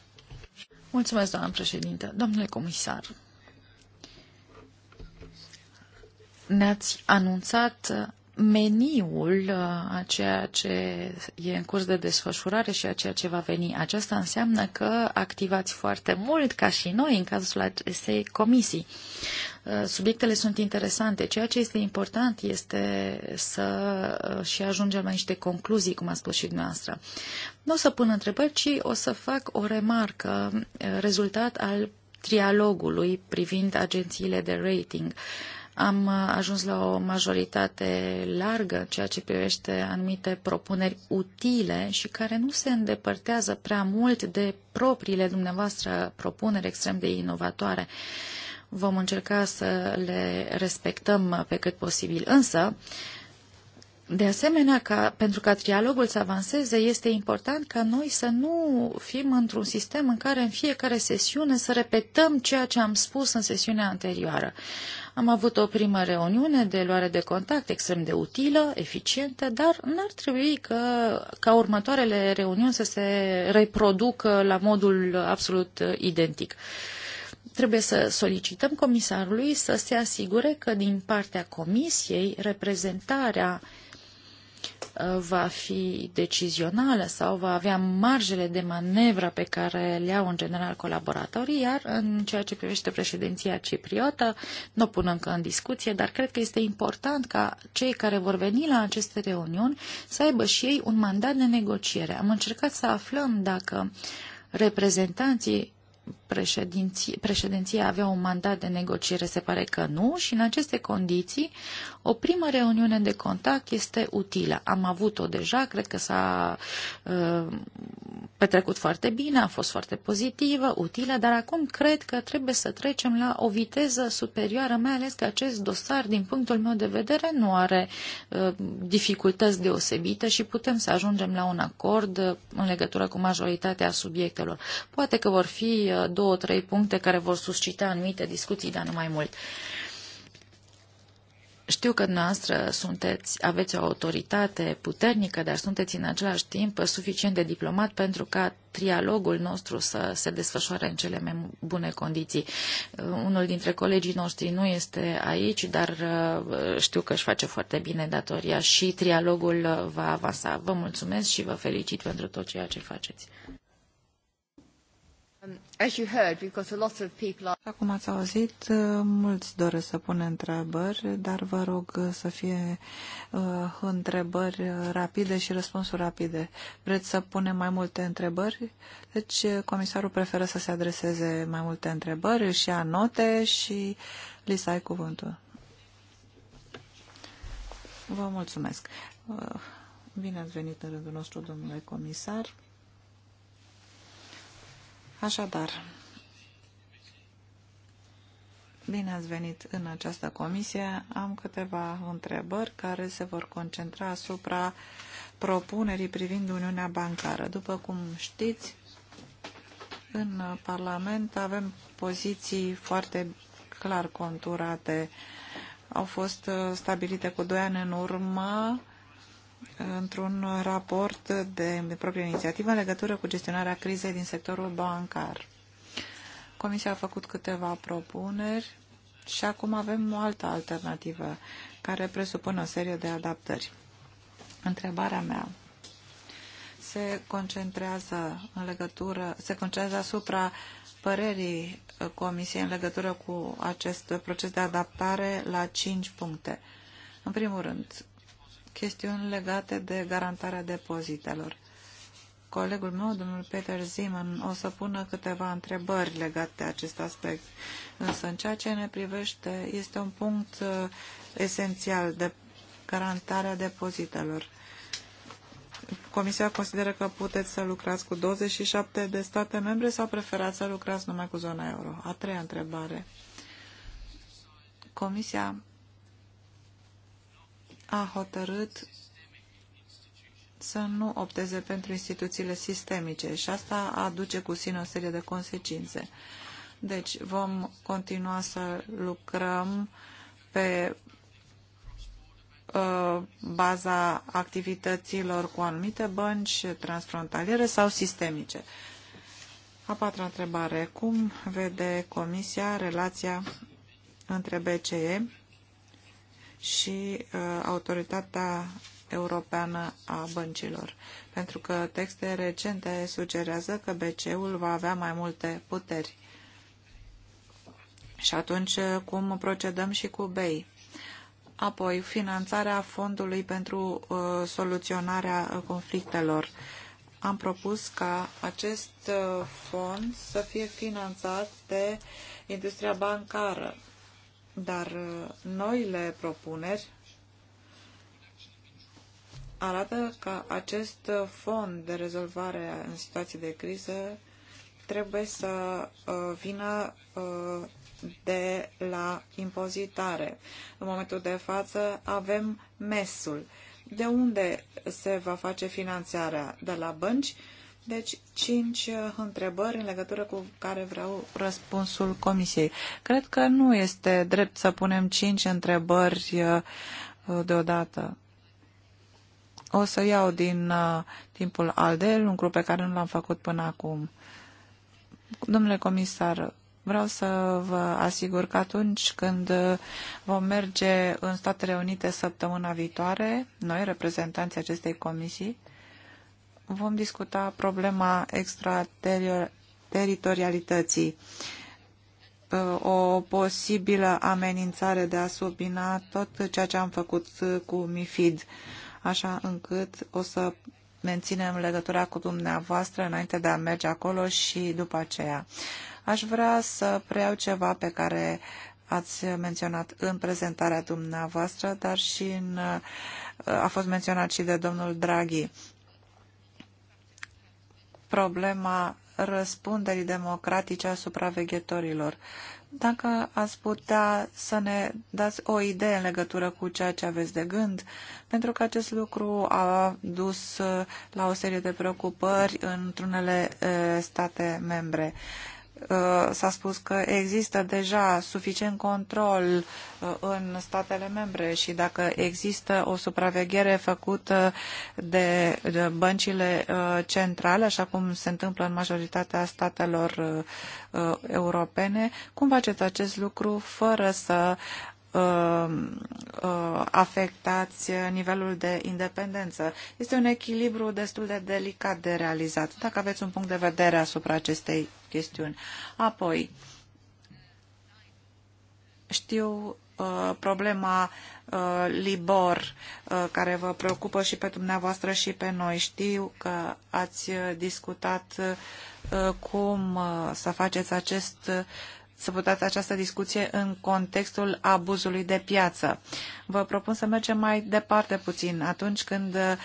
[SPEAKER 1] Mulțumesc, doamnă președinte. Domnule comisar,
[SPEAKER 3] ne-ați anunțat meniul uh, a ceea ce e în curs de desfășurare și a ceea ce va veni. Aceasta înseamnă că activați foarte mult, ca și noi, în cazul acestei comisii. Uh, subiectele sunt interesante. Ceea ce este important este să uh, și ajungem la niște concluzii, cum a spus și dumneavoastră. Nu o să pun întrebări, ci o să fac o remarcă, rezultat al trialogului privind agențiile de rating. Uh, am ajuns la o majoritate largă, ceea ce privește anumite propuneri utile și care nu se îndepărtează prea mult de propriile dumneavoastră propuneri extrem de inovatoare. Vom încerca să le respectăm pe cât posibil. Însă, de asemenea, ca, pentru ca trialogul să avanseze, este important ca noi să nu fim într-un sistem în care în fiecare sesiune să repetăm ceea ce am spus în sesiunea anterioară. Am avut o primă reuniune de luare de contact extrem de utilă, eficientă, dar n-ar trebui că, ca următoarele reuniuni să se reproducă la modul absolut identic trebuie să solicităm comisarului să se asigure că din partea comisiei reprezentarea va fi decizională sau va avea marjele de manevră pe care le au în general colaboratorii, iar în ceea ce privește președinția cipriotă, nu o pun încă în discuție, dar cred că este important ca cei care vor veni la aceste reuniuni să aibă și ei un mandat de negociere. Am încercat să aflăm dacă reprezentanții președinție, președinția avea un mandat de negociere, se pare că nu, și în aceste condiții o primă reuniune de contact este utilă. Am avut-o deja, cred că s-a uh, petrecut foarte bine, a fost foarte pozitivă, utilă, dar acum cred că trebuie să trecem la o viteză superioară, mai ales că acest dosar, din punctul meu de vedere, nu are uh, dificultăți deosebite și putem să ajungem la un acord uh, în legătură cu majoritatea subiectelor. Poate că vor fi uh, două, trei puncte care vor suscita anumite discuții, dar nu mai mult. Uh, știu că dumneavoastră sunteți, aveți o autoritate puternică, dar sunteți în același timp suficient de diplomat pentru ca trialogul nostru să se desfășoare în cele mai bune condiții. Unul dintre colegii noștri nu este aici, dar uh, știu că își face foarte bine datoria și trialogul uh, va avansa. Vă mulțumesc și vă felicit pentru tot ceea ce faceți.
[SPEAKER 1] Acum ați auzit, uh, mulți doresc să pună întrebări, dar vă rog uh, să fie uh, întrebări rapide și răspunsuri rapide. Vreți să punem mai multe întrebări? Deci uh, comisarul preferă să se adreseze mai multe întrebări și anote și li să ai cuvântul. Vă mulțumesc. Bine ați venit în rândul nostru, domnule comisar. Așadar, bine ați venit în această comisie. Am câteva întrebări care se vor concentra asupra propunerii privind Uniunea Bancară. După cum știți, în Parlament avem poziții foarte clar conturate. Au fost stabilite cu doi ani în urmă într-un raport de proprie inițiativă în legătură cu gestionarea crizei din sectorul bancar. Comisia a făcut câteva propuneri și acum avem o altă alternativă care presupune o serie de adaptări. Întrebarea mea se concentrează în legătură, se concentrează asupra părerii Comisiei în legătură cu acest proces de adaptare la cinci puncte. În primul rând, chestiuni legate de garantarea depozitelor. Colegul meu, domnul Peter Ziman, o să pună câteva întrebări legate de acest aspect. Însă, în ceea ce ne privește, este un punct uh, esențial de garantarea depozitelor. Comisia consideră că puteți să lucrați cu 27 de state membre sau preferați să lucrați numai cu zona euro? A treia întrebare. Comisia a hotărât să nu opteze pentru instituțiile sistemice și asta aduce cu sine o serie de consecințe. Deci vom continua să lucrăm pe ă, baza activităților cu anumite bănci transfrontaliere sau sistemice. A patra întrebare. Cum vede Comisia relația între BCE și uh, Autoritatea Europeană a Băncilor, pentru că texte recente sugerează că BCE-ul va avea mai multe puteri. Și atunci uh, cum procedăm și cu BEI? Apoi, finanțarea fondului pentru uh, soluționarea uh, conflictelor. Am propus ca acest uh, fond să fie finanțat de industria bancară dar uh, noile propuneri arată că acest fond de rezolvare în situații de criză trebuie să uh, vină uh, de la impozitare. În momentul de față avem mesul. De unde se va face finanțarea? De la bănci? Deci, cinci uh, întrebări în legătură cu care vreau răspunsul Comisiei. Cred că nu este drept să punem cinci întrebări uh, deodată. O să iau din uh, timpul un lucru pe care nu l-am făcut până acum. Domnule comisar, vreau să vă asigur că atunci când vom merge în Statele Unite săptămâna viitoare, noi, reprezentanții acestei comisii, vom discuta problema extrateritorialității, o posibilă amenințare de a submina tot ceea ce am făcut cu MIFID, așa încât o să menținem legătura cu dumneavoastră înainte de a merge acolo și după aceea. Aș vrea să preiau ceva pe care ați menționat în prezentarea dumneavoastră, dar și în, a fost menționat și de domnul Draghi problema răspunderii democratice a supraveghetorilor. Dacă ați putea să ne dați o idee în legătură cu ceea ce aveți de gând, pentru că acest lucru a dus uh, la o serie de preocupări în unele uh, state membre. Uh, s-a spus că există deja suficient control uh, în statele membre și dacă există o supraveghere făcută de băncile uh, centrale, așa cum se întâmplă în majoritatea statelor europene, cum faceți acest lucru fără să Um, uh, afectați nivelul de independență. Este un echilibru destul de delicat de realizat, dacă aveți un punct de vedere asupra acestei chestiuni. Apoi, știu uh, problema uh, Libor care vă preocupă și pe dumneavoastră și pe noi. Știu că ați discutat cum să faceți acest să purtați această discuție în contextul abuzului de piață. Vă propun să mergem mai departe puțin atunci când uh,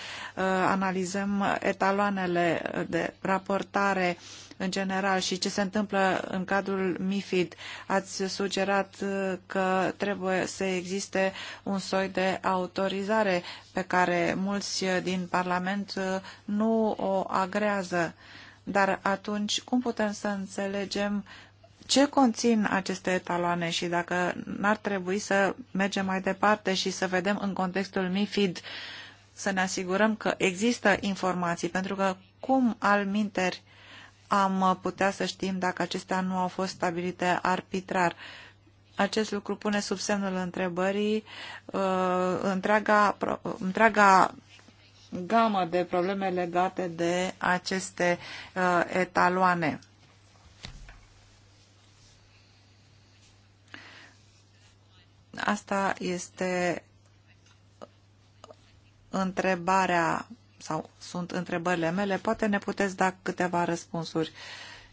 [SPEAKER 1] analizăm etaloanele de raportare în general și ce se întâmplă în cadrul MIFID. Ați sugerat uh, că trebuie să existe un soi de autorizare pe care mulți din Parlament uh, nu o agrează. Dar atunci, cum putem să înțelegem ce conțin aceste etaloane și dacă n-ar trebui să mergem mai departe și să vedem în contextul MIFID să ne asigurăm că există informații, pentru că cum al minteri am putea să știm dacă acestea nu au fost stabilite arbitrar. Acest lucru pune sub semnul întrebării uh, întreaga, întreaga gamă de probleme legate de aceste uh, etaloane. Asta este întrebarea sau sunt întrebările mele. Poate ne puteți da câteva răspunsuri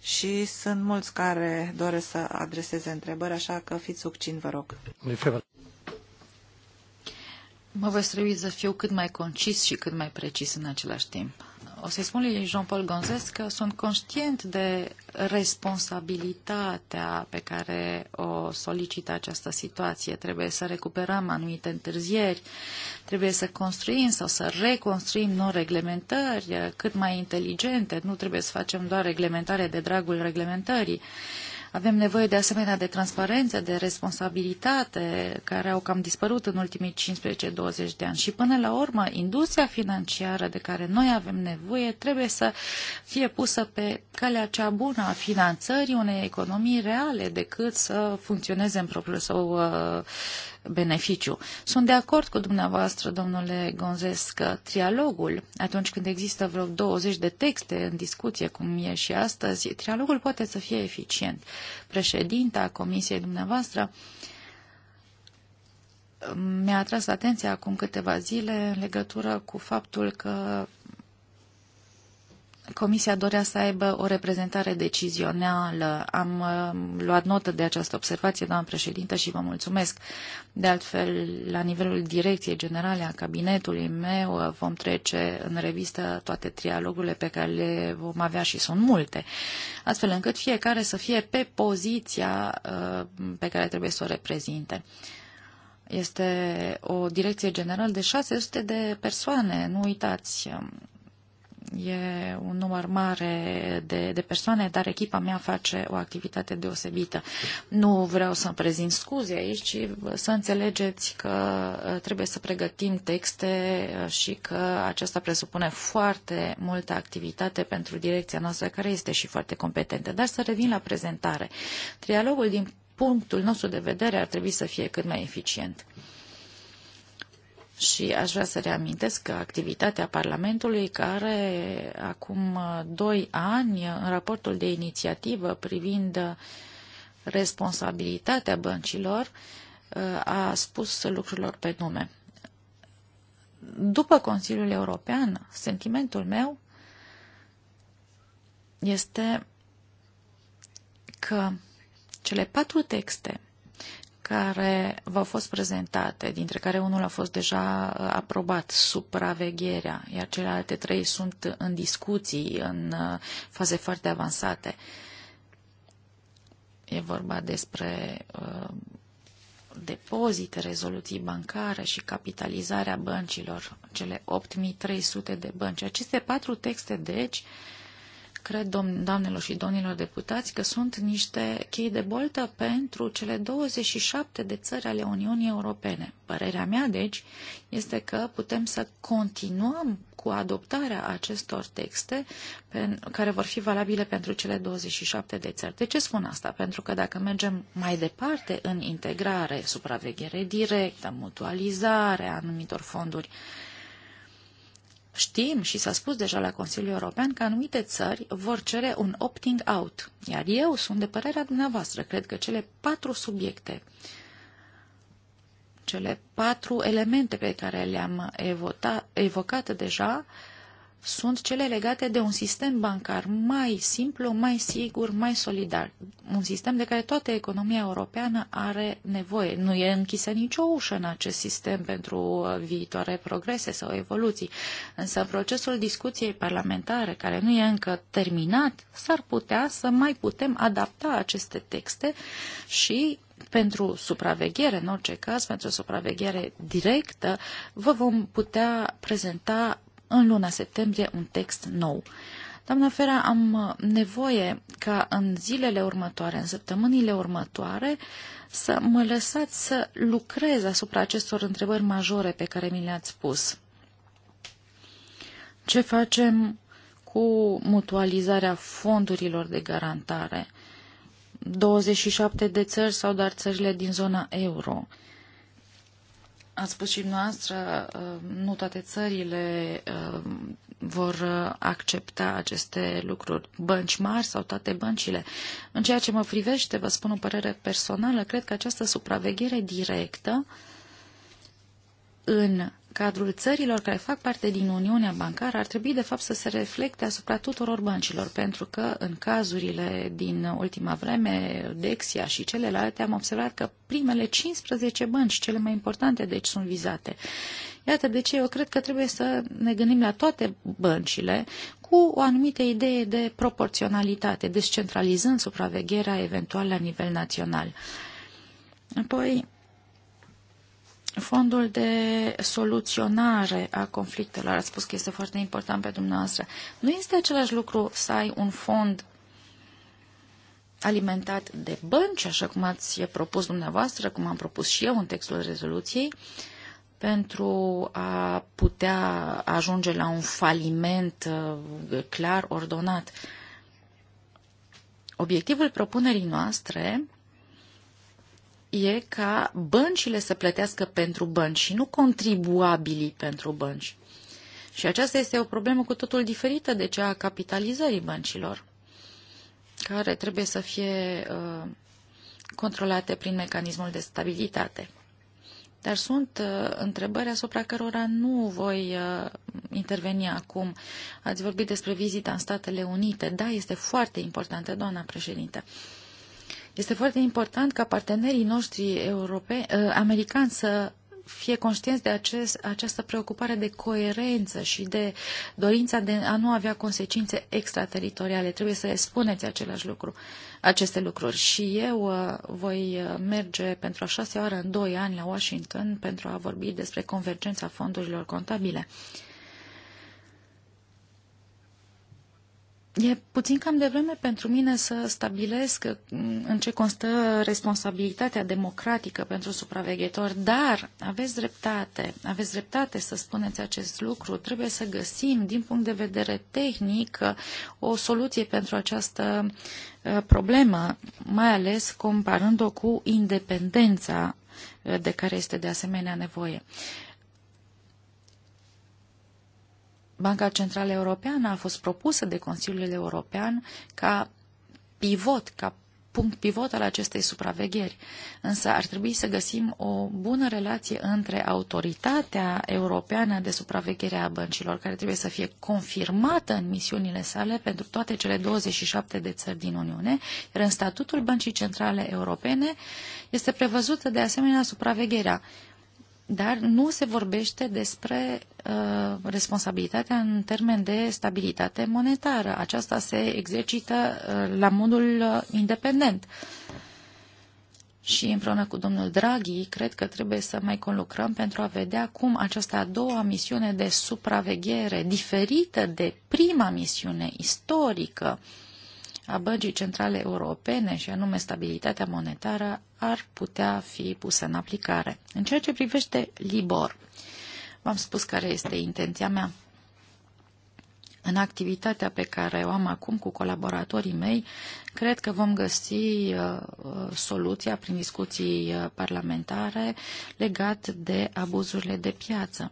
[SPEAKER 1] și sunt mulți care doresc să adreseze întrebări, așa că fiți succin, vă rog. Mă
[SPEAKER 3] voi străui să fiu cât mai concis și cât mai precis în același timp o să-i spun lui Jean-Paul Gonzes că sunt conștient de responsabilitatea pe care o solicită această situație. Trebuie să recuperăm anumite întârzieri, trebuie să construim sau să reconstruim noi reglementări cât mai inteligente. Nu trebuie să facem doar reglementare de dragul reglementării. Uh, avem nevoie de asemenea de transparență, de responsabilitate, care au cam dispărut în ultimii 15-20 de ani. Și până la urmă, industria financiară de care noi avem nevoie trebuie să fie pusă pe calea cea bună a finanțării unei economii reale, decât să funcționeze în propriul său uh, beneficiu. Sunt de acord cu dumneavoastră, domnule Gonzes, că trialogul, atunci când există vreo 20 de texte în discuție, cum e și astăzi, trialogul poate să fie eficient. Președinta comisiei dumneavoastră mi-a atras atenția acum câteva zile în legătură cu faptul că Comisia dorea să aibă o reprezentare decizională. Am um, luat notă de această observație, doamnă președintă, și vă mulțumesc. De altfel, la nivelul direcției generale a cabinetului meu, uh, vom trece în revistă toate trialogurile pe care le vom avea și sunt multe, astfel încât fiecare să fie pe poziția uh, pe care trebuie să o reprezinte este o direcție generală de 600 de persoane, nu uitați. Um, e un număr mare de, de persoane, dar echipa mea face o activitate deosebită. Nu vreau să-mi prezint scuze aici, ci să înțelegeți că uh, trebuie să pregătim texte uh, și că aceasta presupune foarte multă activitate pentru direcția noastră, care este și foarte competentă. Dar să revin la prezentare. Trialogul din punctul nostru de vedere ar trebui să fie cât mai eficient. Și aș vrea să reamintesc că activitatea Parlamentului, care acum uh, doi ani, în raportul de inițiativă privind uh, responsabilitatea băncilor, uh, a spus lucrurilor pe nume. După Consiliul European, sentimentul meu este că cele patru texte care v-au fost prezentate, dintre care unul a fost deja uh, aprobat, supravegherea, iar celelalte trei sunt în discuții, în uh, faze foarte avansate. E vorba despre uh, depozite, rezoluții bancare și capitalizarea băncilor, cele 8300 de bănci. Aceste patru texte, deci, uh, Cred, doamnelor și domnilor deputați, că sunt niște chei de boltă pentru cele 27 de țări ale Uniunii Europene. Părerea mea, deci, este că putem să continuăm cu adoptarea acestor texte pe, care vor fi valabile pentru cele 27 de țări. De ce spun asta? Pentru că dacă mergem mai departe în integrare, supraveghere directă, mutualizare anumitor fonduri Știm și s-a spus deja la Consiliul European că anumite țări vor cere un opting out, iar eu sunt de părerea dumneavoastră. Cred că cele patru subiecte, cele patru elemente pe care le-am evocat deja, sunt cele legate de un sistem bancar mai simplu, mai sigur, mai solidar. Un sistem de care toată economia europeană are nevoie. Nu e închisă nicio ușă în acest sistem pentru uh, viitoare progrese sau evoluții. Însă procesul discuției parlamentare, care nu e încă terminat, s-ar putea să mai putem adapta aceste texte și pentru supraveghere, în orice caz, pentru supraveghere directă, vă vom putea prezenta în luna septembrie un text nou. Doamna Fera, am uh, nevoie ca în zilele următoare, în săptămânile următoare, să mă lăsați să lucrez asupra acestor întrebări majore pe care mi le-ați pus. Ce facem cu mutualizarea fondurilor de garantare? 27 de țări sau doar țările din zona euro? ați spus și noastră, uh, nu toate țările uh, vor uh, accepta aceste lucruri, bănci mari sau toate băncile. În ceea ce mă privește, vă spun o părere personală, cred că această supraveghere directă în cadrul țărilor care fac parte din Uniunea Bancară ar trebui, de fapt, să se reflecte asupra tuturor băncilor, pentru că în cazurile din ultima vreme, Dexia și celelalte, am observat că primele 15 bănci, cele mai importante, deci, sunt vizate. Iată de ce eu cred că trebuie să ne gândim la toate băncile cu o anumită idee de proporționalitate, descentralizând supravegherea eventual la nivel național. Apoi, Fondul de soluționare a conflictelor, ați spus că este foarte important pe dumneavoastră. Nu este același lucru să ai un fond alimentat de bănci, așa cum ați propus dumneavoastră, cum am propus și eu în textul rezoluției, pentru a putea ajunge la un faliment uh, clar ordonat. Obiectivul propunerii noastre e ca băncile să plătească pentru bănci și nu contribuabilii pentru bănci. Și aceasta este o problemă cu totul diferită de cea a capitalizării băncilor, care trebuie să fie uh, controlate prin mecanismul de stabilitate. Dar sunt uh, întrebări asupra cărora nu voi uh, interveni acum. Ați vorbit despre vizita în Statele Unite. Da, este foarte importantă, doamna președinte. Uh, este foarte important ca partenerii noștri europeni, eh, americani să fie conștienți de acest, această preocupare de coerență și de dorința de a nu avea consecințe extrateritoriale. Trebuie să le spuneți același lucru, aceste lucruri. Și eu eh, voi eh, merge pentru a șase oară în doi ani la Washington pentru a vorbi despre convergența fondurilor contabile. Uh, E puțin cam de vreme pentru mine să stabilesc mm, în ce constă responsabilitatea democratică pentru supraveghetori, dar aveți dreptate, aveți dreptate să spuneți acest lucru. Trebuie să găsim, din punct de vedere tehnic, o soluție pentru această uh, problemă, mai ales comparând-o cu independența uh, de care este de asemenea nevoie. Uh, Banca Centrală Europeană a fost propusă de Consiliul European ca pivot, ca punct pivot al acestei supravegheri. Însă ar trebui să găsim o bună relație între autoritatea europeană de supraveghere a băncilor, care trebuie să fie confirmată în misiunile sale pentru toate cele 27 de țări din Uniune, iar în statutul Băncii Centrale Europene este prevăzută de asemenea supravegherea dar nu se vorbește despre uh, responsabilitatea în termen de stabilitate monetară. Aceasta se exercită uh, la modul uh, independent. Și împreună cu domnul Draghi, cred că trebuie să mai conlucrăm pentru a vedea cum această a doua misiune de supraveghere, diferită de prima misiune istorică a Băgii Centrale Europene, și anume stabilitatea monetară, ar putea fi pusă în aplicare. În ceea ce privește LIBOR, v-am spus care este intenția mea. În activitatea pe care o am acum cu colaboratorii mei, cred că vom găsi uh, uh, soluția prin discuții uh, parlamentare legat de abuzurile de piață.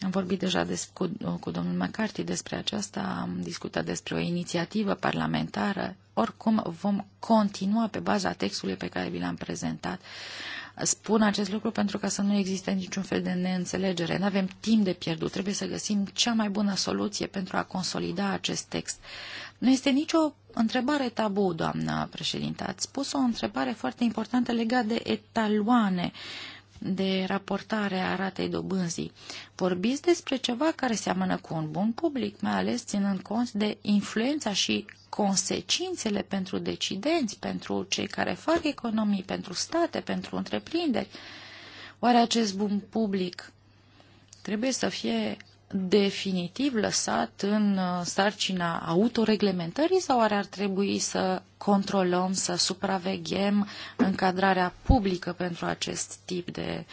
[SPEAKER 3] Am vorbit deja des, cu, cu domnul McCarthy despre aceasta, am discutat despre o inițiativă parlamentară. Oricum, vom continua pe baza textului pe care vi l-am prezentat. Spun acest lucru pentru ca să nu existe niciun fel de neînțelegere. Nu avem timp de pierdut. Trebuie să găsim cea mai bună soluție pentru a consolida acest text. Nu este nicio întrebare tabu, doamnă președinte. Ați spus o întrebare foarte importantă legată de etaloane. Uh, de raportare a ratei dobânzii. Vorbiți despre ceva care seamănă cu un bun public, mai ales ținând cont de influența și consecințele pentru decidenți, pentru cei care fac economii, pentru state, pentru întreprinderi. Oare acest bun public trebuie să fie definitiv lăsat în uh, sarcina autoreglementării sau ar, ar trebui să controlăm, să supraveghem încadrarea publică pentru acest tip de,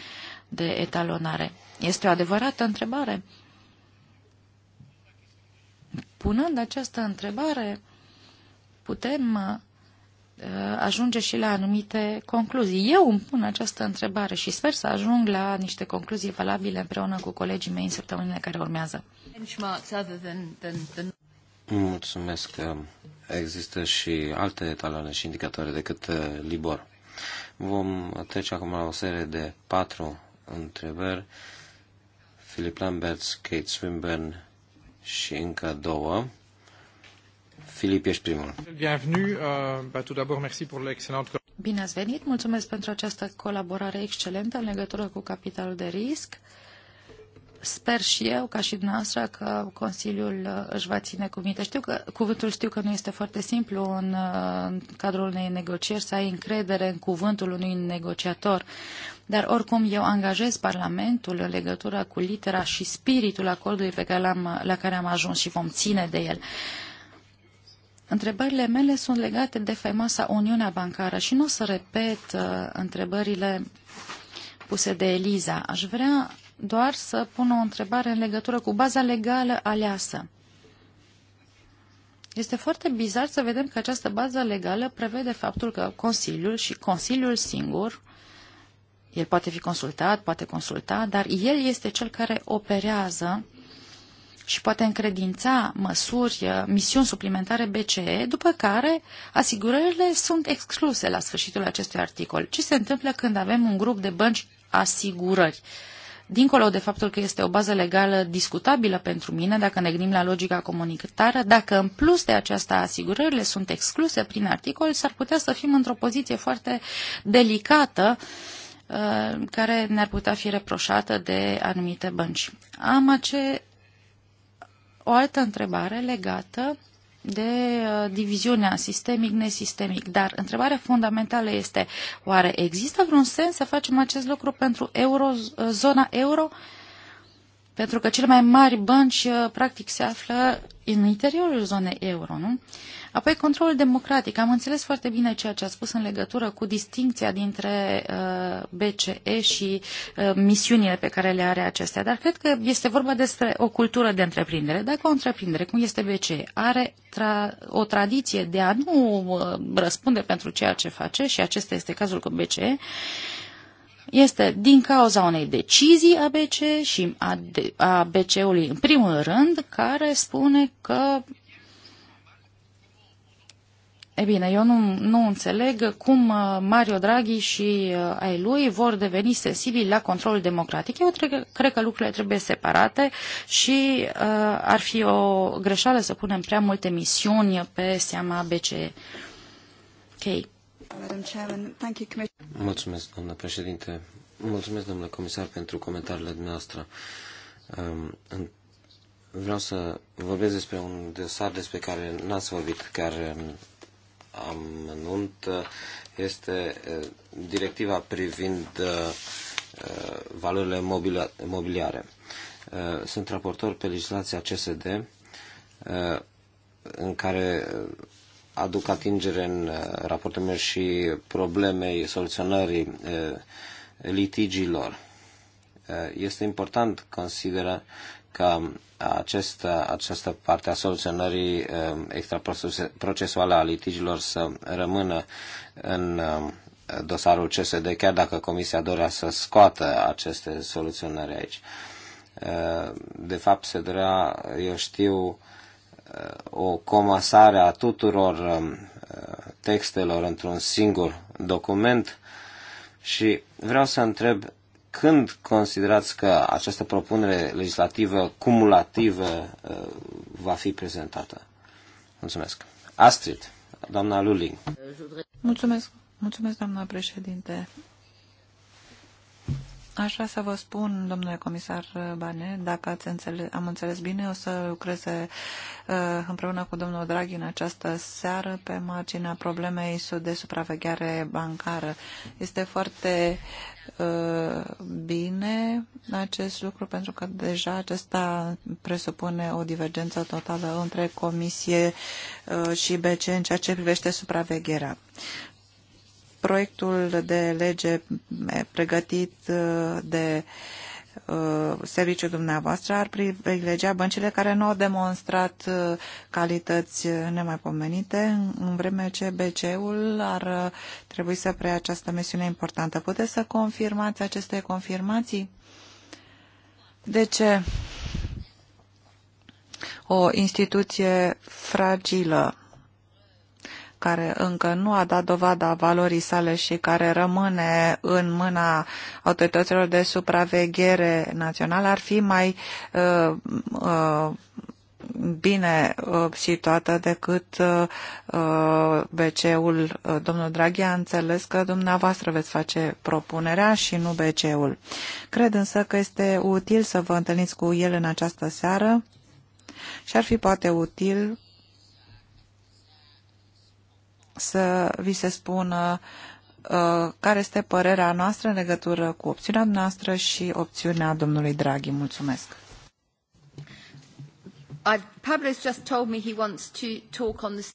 [SPEAKER 3] de etalonare? Este o adevărată întrebare. Punând această întrebare, putem uh, Uh, ajunge și la anumite concluzii. Eu îmi pun această întrebare și sper să ajung la niște concluzii valabile împreună cu colegii mei în săptămânile care urmează.
[SPEAKER 2] Mulțumesc. Există și alte etaloane și indicatoare decât uh, Libor. Vom trece acum la o serie de patru întrebări. Philip Lambert, Kate Swinburne și încă două Filip, ești primul.
[SPEAKER 3] Uh, Bine ați venit, mulțumesc pentru această colaborare excelentă în legătură cu capitalul de risc. Sper și eu, ca și dumneavoastră, că Consiliul uh, își va ține cuvinte. Știu că, cuvântul știu că nu este foarte simplu în, uh, în cadrul unei negocieri să ai încredere în cuvântul unui negociator, dar oricum eu angajez Parlamentul în legătură cu litera și spiritul acordului pe care la care am ajuns și vom ține de el. Uh, Întrebările mele sunt legate de faimoasa Uniunea Bancară și nu o să repet uh, întrebările puse de Eliza. Aș vrea doar să pun o întrebare în legătură cu baza legală aleasă. Este foarte bizar să vedem că această bază legală prevede faptul că Consiliul și Consiliul singur, el poate fi consultat, poate consulta, dar el este cel care operează uh, și poate încredința măsuri, uh, misiuni suplimentare BCE, după care asigurările sunt excluse la sfârșitul acestui articol. Ce se întâmplă când avem un grup de bănci asigurări? Dincolo de faptul că este o bază legală discutabilă pentru mine, dacă ne gândim la logica comunitară, dacă în plus de aceasta asigurările sunt excluse prin articol, s-ar putea să fim într-o poziție foarte delicată uh, care ne-ar putea fi reproșată de anumite bănci. Am ace o altă întrebare legată de uh, diviziunea sistemic-nesistemic. Dar întrebarea fundamentală este, oare există vreun sens să facem acest lucru pentru euro, zona euro? pentru că cele mai mari bănci uh, practic se află în interiorul zonei euro, nu? Apoi controlul democratic. Am înțeles foarte bine ceea ce a spus în legătură cu distinția dintre uh, BCE și uh, misiunile pe care le are acestea, dar cred că este vorba despre o cultură de întreprindere. Dacă o întreprindere, cum este BCE, are tra- o tradiție de a nu uh, răspunde pentru ceea ce face, și acesta este cazul cu BCE, uh, este din cauza unei decizii a BCE și a BCE-ului în primul rând, care spune că E bine, eu nu, nu înțeleg cum uh, Mario Draghi și uh, ai lui vor deveni sensibili la controlul democratic. Eu tre- cred că lucrurile trebuie separate și uh, ar fi o greșeală să punem prea multe misiuni pe seama BCE.
[SPEAKER 1] Okay.
[SPEAKER 2] Mulțumesc, doamnă președinte. Mulțumesc, domnule comisar, pentru comentariile dumneavoastră. Um, vreau să vorbesc despre un dosar despre care n-ați vorbit, am um, amănunt este uh, directiva privind uh, uh, valorile mobiliare. Sunt raportor pe legislația CSD în care aduc atingere în uh, raportul meu și problemei soluționării uh, litigiilor. Uh, este important, consideră, că această, această parte a soluționării extraprocesuale a litigiilor să rămână în dosarul CSD, chiar dacă Comisia dorea să scoată aceste soluționări aici. De fapt, se dorea, eu știu, o comasare a tuturor um, textelor într-un singur document și vreau să întreb când considerați că această propunere legislativă cumulativă uh, va fi prezentată? Mulțumesc. Astrid, doamna Luling.
[SPEAKER 1] Mulțumesc. Mulțumesc, doamna președinte. Aș vrea să vă spun, domnule comisar Bane, dacă ați înțeles, am înțeles bine, o să lucreze uh, împreună cu domnul Draghi în această seară pe marginea problemei de supraveghere bancară. Este foarte uh, bine acest lucru pentru că deja acesta presupune o divergență totală între Comisie uh, și BC în ceea ce privește supravegherea. Proiectul de lege pregătit uh, de uh, serviciul dumneavoastră ar privilegia băncile care nu au demonstrat uh, calități nemaipomenite, în vreme ce BCE-ul ar trebui să preia această misiune importantă. Puteți să confirmați aceste confirmații? De ce o instituție fragilă care încă nu a dat dovada valorii sale și care rămâne în mâna autorităților de supraveghere națională ar fi mai uh, uh, bine uh, situată decât uh, uh BC-ul. Uh, domnul Draghi a înțeles că dumneavoastră veți face propunerea și nu BC-ul. Cred însă că este util să vă întâlniți cu el în această seară și ar fi poate util să vi se spună uh, care este părerea noastră în legătură cu opțiunea noastră și opțiunea domnului Draghi. Mulțumesc. Uh,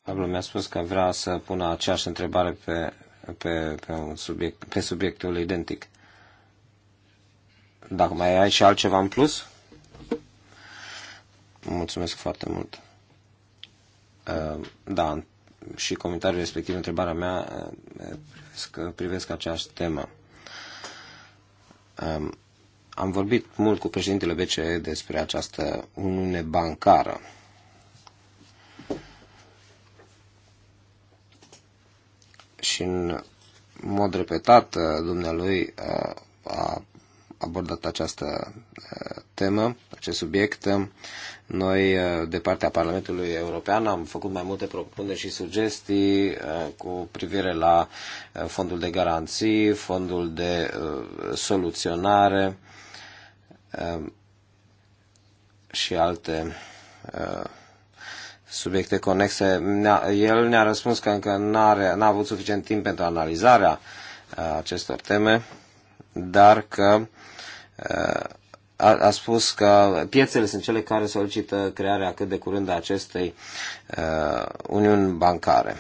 [SPEAKER 2] Pablo mi-a spus că vrea să pună aceeași întrebare pe, pe, pe, un subiect, pe subiectul identic. Dacă mai ai și altceva în plus? Mulțumesc foarte mult. Uh, da, și comentariul respectiv, întrebarea mea, că privesc aceeași temă. Am vorbit mult cu președintele BCE despre această uniune bancară. Și în mod repetat, dumnealui uh, a abordat această uh, temă, acest subiect. Noi, uh, de partea Parlamentului European, am făcut mai multe propuneri și sugestii uh, cu privire la fondul de garanții, fondul de soluționare și alte subiecte conexe. El ne-a răspuns că încă n-a avut suficient timp pentru analizarea acestor teme, dar că a, a spus că piețele sunt cele care solicită crearea cât de curând a acestei a, uniuni bancare.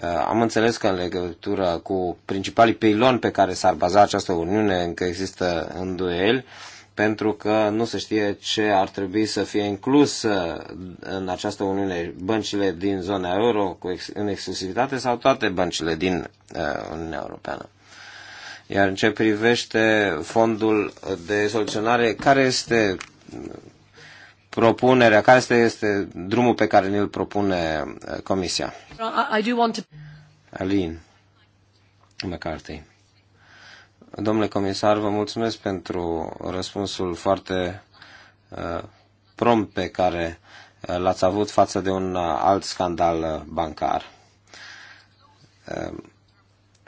[SPEAKER 2] A, am înțeles că în legătură cu principalii peiloni pe care s-ar baza această uniune încă există în duel, pentru că nu se știe ce ar trebui să fie inclus în această uniune băncile din zona euro cu ex- în exclusivitate sau toate băncile din uh, Uniunea Europeană. Iar în ce privește fondul de soluționare, care este propunerea, care este, este drumul pe care ne-l propune uh, Comisia? I, I to... Alin McCarthy. Domnule comisar, vă mulțumesc pentru răspunsul foarte uh, prompt pe care uh, l-ați avut față de un alt scandal bancar.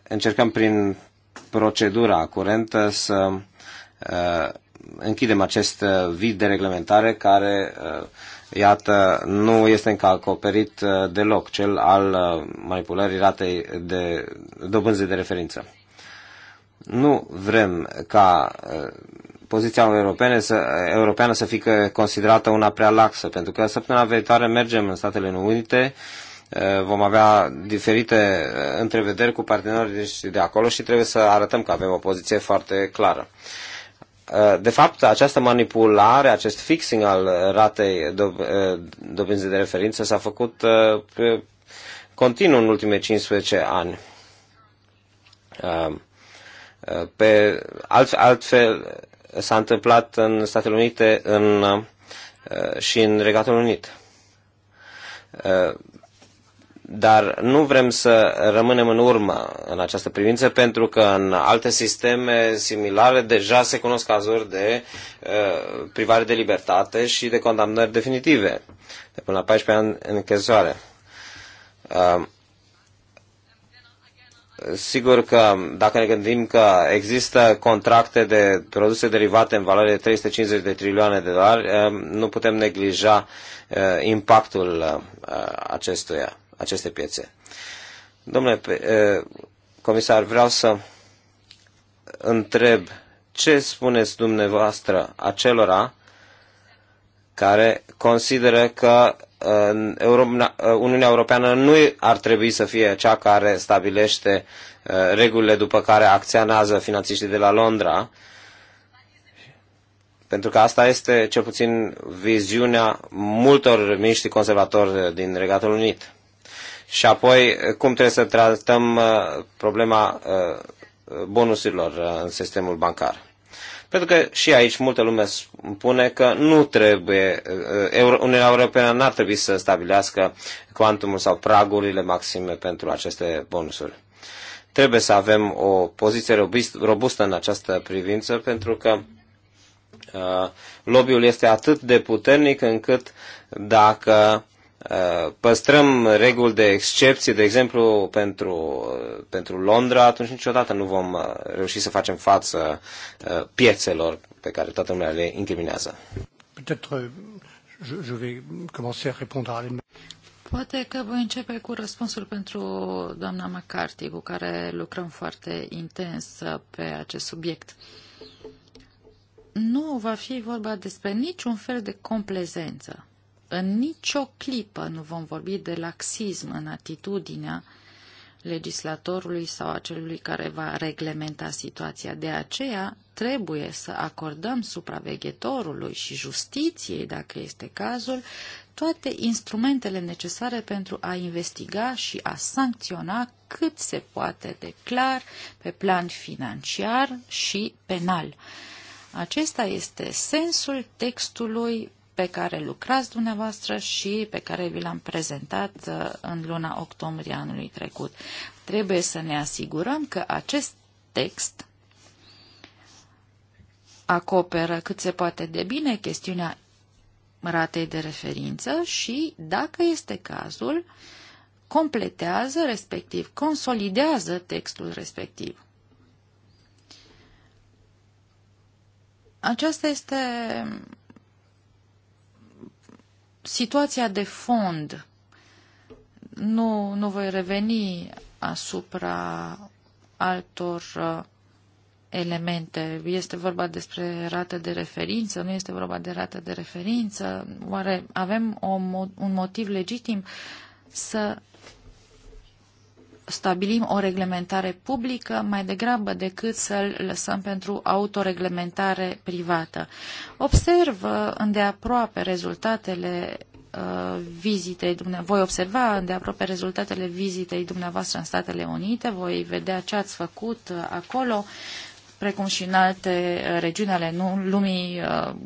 [SPEAKER 2] încercăm prin procedura curentă să uh, închidem acest uh, vid de reglementare care, uh, iată, nu este încă acoperit deloc, cel al manipulării ratei de dobânzii de referință. Nu vrem ca poziția europeană să, europeană să fie considerată una prea laxă, pentru că săptămâna viitoare mergem în Statele Unite uh, Eh, vom avea diferite eh, întrevederi cu partenerii de acolo și trebuie să arătăm că avem o poziție foarte clară. Eh, de fapt, această manipulare, acest fixing al ratei dobânzii de referință s-a făcut continuu în ultimele 15 ani. Pe alt, altfel s-a întâmplat în Statele Unite în, și în Regatul Unit dar nu vrem să rămânem în urmă în această privință, pentru că în alte sisteme similare deja se cunosc cazuri de uh, privare de libertate și de condamnări definitive, de până la 14 ani în închisoare. Uh, sigur că dacă ne gândim că există contracte de produse derivate în valoare de 350 de trilioane de dolari, uh, nu putem neglija impactul acestuia aceste piețe. Domnule comisar, vreau să întreb ce spuneți dumneavoastră acelora care consideră că Uniunea Europeană nu ar trebui să fie cea care stabilește regulile după care acționează finanțiștii de la Londra, pentru că asta este cel puțin viziunea multor miniștri conservatori din Regatul Unit și apoi cum trebuie să tratăm uh, problema uh, bonusurilor uh, în sistemul bancar. Pentru că și aici multă lume spune că nu trebuie, Uniunea Europeană n-ar trebui să stabilească cuantumul sau pragurile maxime pentru aceste bonusuri. Trebuie să avem o poziție robustă în această privință pentru că lobby-ul este atât de puternic încât dacă Uh, păstrăm reguli de excepție, de exemplu, pentru, uh, pentru Londra, atunci niciodată nu vom uh, reuși să facem față piețelor pe care toată lumea le incriminează. Euh,
[SPEAKER 3] Poate că voi începe cu răspunsul pentru doamna McCarthy, cu care lucrăm foarte intens pe acest subiect. Nu va fi vorba despre niciun fel de complezență în nicio clipă nu vom vorbi de laxism în atitudinea legislatorului sau a celui care va reglementa situația. De aceea trebuie să acordăm supraveghetorului și justiției, dacă este cazul, toate instrumentele necesare pentru a investiga și a sancționa cât se poate de clar pe plan financiar și penal. Acesta este sensul textului pe care lucrați dumneavoastră și pe care vi l-am prezentat uh, în luna octombrie anului trecut. Trebuie să ne asigurăm că acest text acoperă cât se poate de bine chestiunea ratei de referință și, dacă este cazul, completează, respectiv consolidează textul respectiv. Aceasta este situația de fond. Nu, nu voi reveni asupra altor uh, elemente. Este vorba despre rată de referință, nu este vorba de rată de referință. Oare avem o, un motiv legitim să stabilim o reglementare publică mai degrabă decât să-l lăsăm pentru autoreglementare privată. Observ uh, îndeaproape rezultatele uh, vizitei voi observa îndeaproape rezultatele vizitei dumneavoastră în Statele Unite, voi vedea ce ați făcut uh, acolo, precum și în alte regiuni ale lumii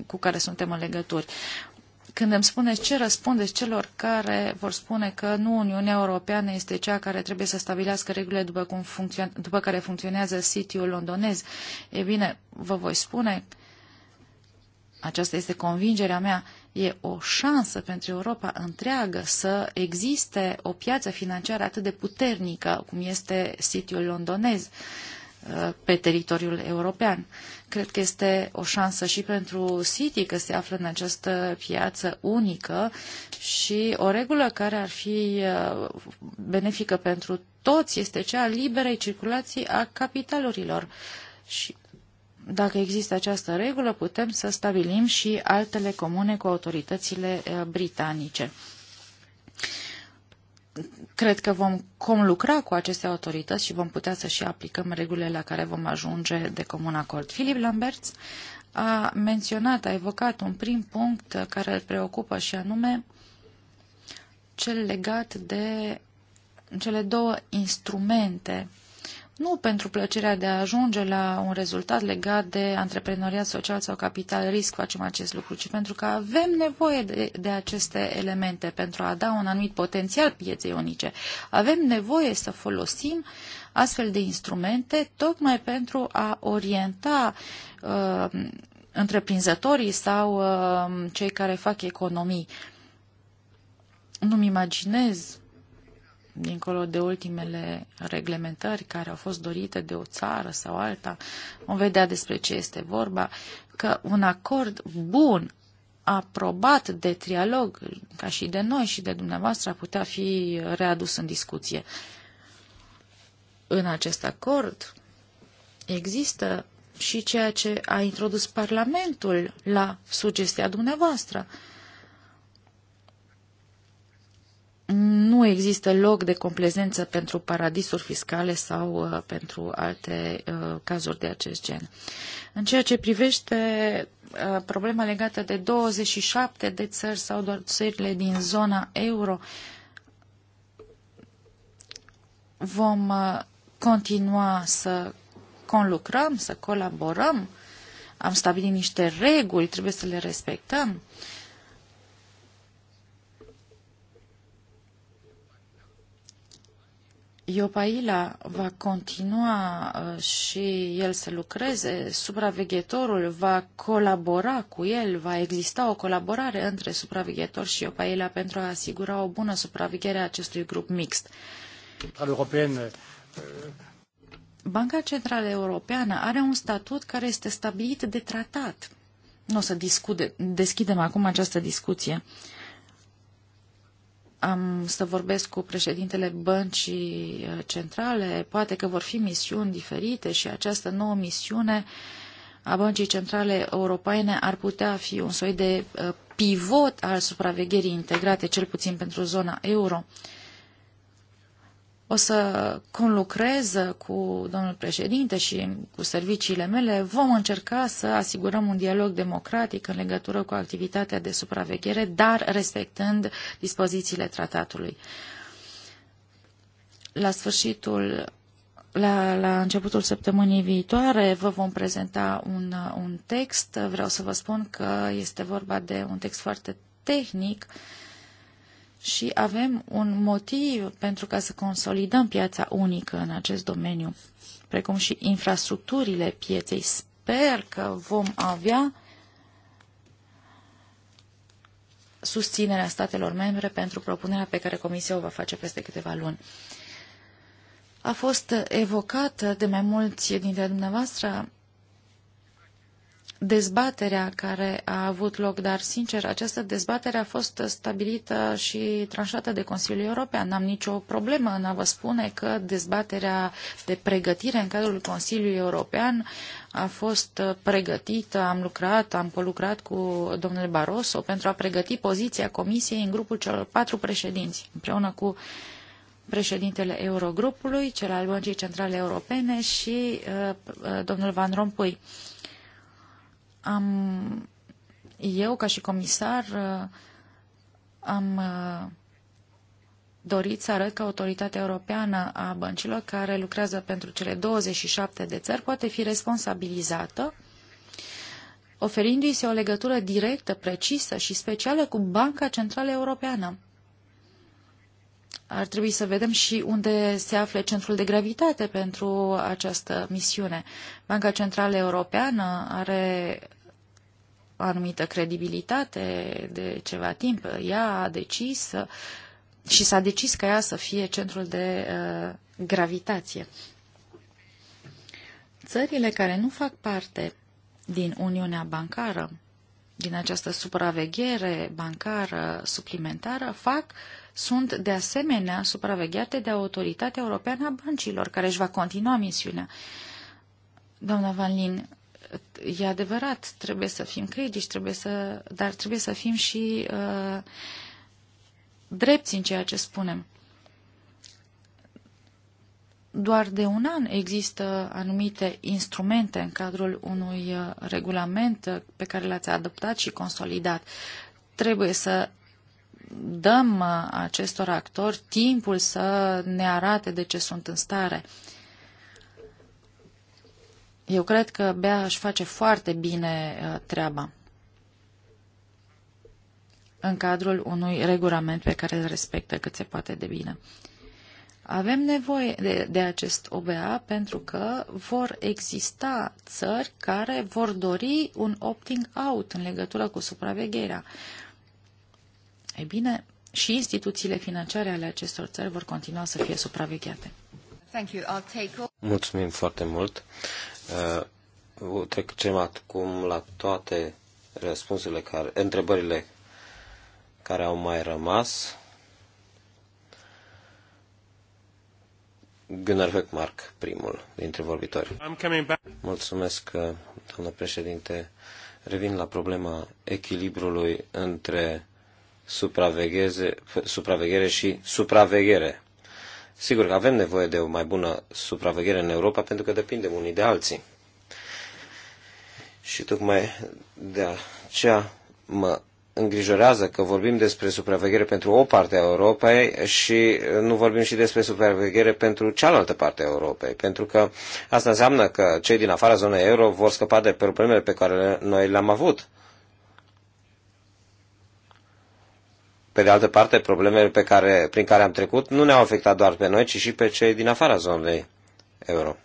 [SPEAKER 3] cu care suntem în legături când îmi spuneți ce răspundeți celor care vor spune că nu Uniunea Europeană este cea care trebuie să stabilească regulile după, cum funcțion- după care funcționează sitiul londonez, e bine, vă voi spune, aceasta este convingerea mea, e o șansă pentru Europa întreagă să existe o piață financiară atât de puternică cum este sitiul londonez. Uh, Uh, pe teritoriul european. Cred că este o șansă și pentru City că se află în această piață unică și o regulă care ar fi uh, benefică pentru toți este cea a liberei circulații a capitalurilor. Și dacă există această regulă, putem să stabilim și altele comune cu autoritățile uh, britanice. Cred că vom lucra cu aceste autorități și vom putea să și aplicăm regulile la care vom ajunge de comun acord. Filip Lamberts a menționat, a evocat un prim punct care îl preocupă și anume cel legat de cele două instrumente nu pentru plăcerea de a ajunge la un rezultat legat de antreprenoriat social sau capital risc facem acest lucru, ci pentru că avem nevoie de, de aceste elemente pentru a da un anumit potențial pieței unice. Avem nevoie să folosim astfel de instrumente tocmai pentru a orienta uh, întreprinzătorii sau uh, cei care fac economii. Nu-mi imaginez dincolo de ultimele reglementări care au fost dorite de o țară sau alta, vom vedea despre ce este vorba, că un acord bun aprobat de trialog, ca și de noi și de dumneavoastră, a putea fi readus în discuție. În acest acord există și ceea ce a introdus Parlamentul la sugestia dumneavoastră, uh, nu există loc de complezență pentru paradisuri fiscale sau uh, pentru alte uh, cazuri de acest gen. În ceea ce privește uh, problema legată de 27 de țări sau doar țările din zona euro, vom uh, continua să conlucrăm, să colaborăm. Am stabilit niște reguli, trebuie să le respectăm. Uh, Iopaila va continua uh, și el să lucreze, supraveghetorul va colabora cu el, va exista o colaborare între supraveghetor și Iopaila pentru a asigura o bună supraveghere a acestui grup mixt. Uh, Banca Centrală Europeană are un statut care este stabilit de tratat. Nu o să discute, deschidem acum această discuție. Uh, am să vorbesc cu președintele băncii uh, centrale, poate că vor fi misiuni diferite și această nouă misiune a băncii centrale europene ar putea fi un soi de uh, pivot al supravegherii integrate, cel puțin pentru zona euro. Uh, o să conlucrez cu domnul președinte și cu serviciile mele. Vom încerca să asigurăm un dialog democratic în legătură cu activitatea de supraveghere, dar respectând dispozițiile tratatului. La sfârșitul la, la începutul săptămânii viitoare vă vom prezenta un, un text. Vreau să vă spun că este vorba de un text foarte tehnic uh, și avem un motiv pentru ca să consolidăm piața unică în acest domeniu, precum și infrastructurile pieței. Sper că vom avea susținerea statelor membre pentru propunerea pe care Comisia o va face peste câteva luni. A fost evocată de mai mulți dintre dumneavoastră dezbaterea care a avut loc, dar sincer, această dezbatere a fost stabilită și tranșată de Consiliul European. N-am nicio problemă în a vă spune că dezbaterea de pregătire în cadrul Consiliului European a fost pregătită, am lucrat, am colucrat cu domnul Barroso pentru a pregăti poziția Comisiei în grupul celor patru președinți, împreună cu președintele Eurogrupului, cel al Băncii Centrale Europene și uh, uh domnul Van Rompuy. Am, eu, ca și comisar, uh, am uh, dorit să arăt că autoritatea europeană a băncilor care lucrează pentru cele 27 de țări poate fi responsabilizată oferindu-i se o legătură directă, precisă și specială cu Banca Centrală Europeană. Ar trebui să vedem și unde se află centrul de gravitate pentru această misiune. Banca Centrală Europeană are anumită credibilitate de ceva timp. Ea a decis și s-a decis ca ea să fie centrul de uh, gravitație. Țările care nu fac parte din Uniunea Bancară, din această supraveghere bancară suplimentară, fac sunt de asemenea supravegheate de Autoritatea Europeană a Băncilor, care își va continua misiunea. Doamna Van Lin, e adevărat, trebuie să fim critici, trebuie să, dar trebuie să fim și uh, drepți în ceea ce spunem. Doar de un an există anumite instrumente în cadrul unui uh, regulament uh, pe care l-ați adoptat și consolidat. Trebuie să dăm uh, acestor actori timpul să ne arate de ce sunt în stare. Uh, eu cred că Bea își face foarte bine uh, treaba în cadrul unui regulament pe care îl respectă cât se poate de bine. Avem nevoie de, de acest OBA pentru că vor exista țări care vor dori un opting out în legătură cu supravegherea. E bine, și instituțiile financiare ale acestor țări vor continua să fie supravegheate.
[SPEAKER 2] Mulțumim foarte mult. Uh, trecem acum la toate răspunsurile care, întrebările care au mai rămas. Gunnar Mark, primul dintre vorbitori. Mulțumesc, uh, domnul președinte. Revin la problema echilibrului între supraveghere și supraveghere. Sigur că avem nevoie de o mai bună supraveghere în Europa pentru că depindem unii de alții. Și tocmai de aceea mă îngrijorează că vorbim despre supraveghere pentru o parte a Europei și nu vorbim și despre supraveghere pentru cealaltă parte a Europei, pentru că asta înseamnă că cei din afara zonei euro vor scăpa de problemele pe care noi le-am avut Pe de altă parte, problemele pe care, prin care am trecut nu ne-au afectat doar pe noi, ci și pe cei din afara zonei euro.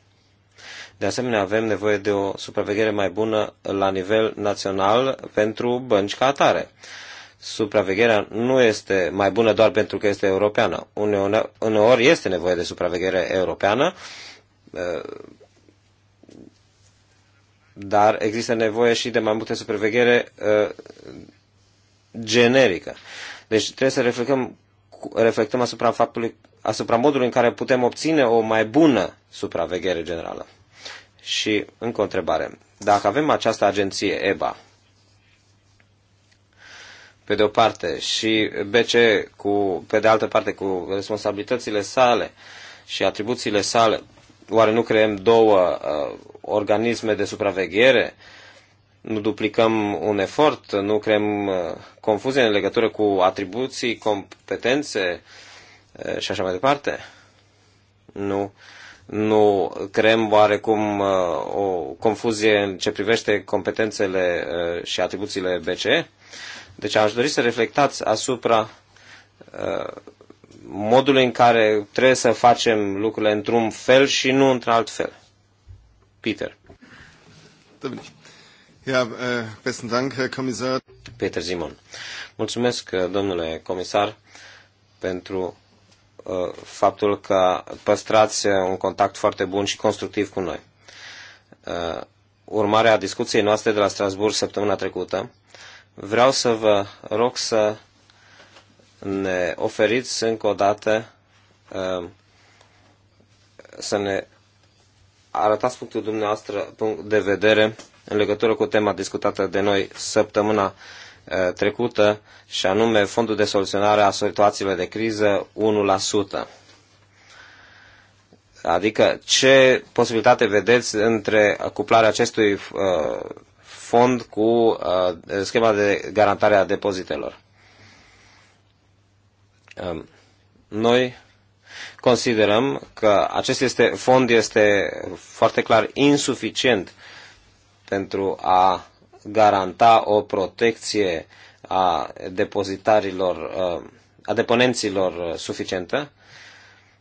[SPEAKER 2] De asemenea, avem nevoie de o supraveghere mai bună la nivel național pentru bănci ca atare. Supravegherea nu este mai bună doar pentru că este europeană. Uneori este nevoie de supraveghere europeană, eh, dar există nevoie și de mai multe supraveghere eh, generică. Deci trebuie să reflectăm, reflectăm asupra faptului, asupra modului în care putem obține o mai bună supraveghere generală. Și încă o întrebare. Dacă avem această agenție EBA, pe de o parte, și BC, cu, pe de altă parte, cu responsabilitățile sale și atribuțiile sale, oare nu creăm două uh, organisme de supraveghere uh, nu duplicăm un efort, nu creăm uh, confuzie în legătură cu atribuții, competențe uh, și așa mai departe? Nu. Nu creăm oarecum uh, o confuzie în ce privește competențele și atribuțiile BCE? Deci aș dori să reflectați asupra modului în care trebuie să facem lucrurile într-un fel și nu într-alt fel. Peter. Domnule. Äh, Peter Simon. Mulțumesc, uh, domnule comisar, pentru uh, faptul că păstrați uh, un contact foarte bun și constructiv cu noi. Urmarea discuției noastre de la Strasburg săptămâna trecută, vreau să vă rog să ne oferiți încă o dată să ne arătați punctul dumneavoastră punct de vedere în legătură cu tema discutată de noi săptămâna uh, trecută, și anume Fondul de Soluționare a Situațiilor de Criză 1%. Adică ce posibilitate vedeți între cuplarea acestui uh, fond cu uh, schema de garantare a depozitelor? Uh, noi considerăm că acest este, fond este foarte clar insuficient uh, pentru a garanta o protecție a depozitarilor, uh, a deponenților uh, suficientă.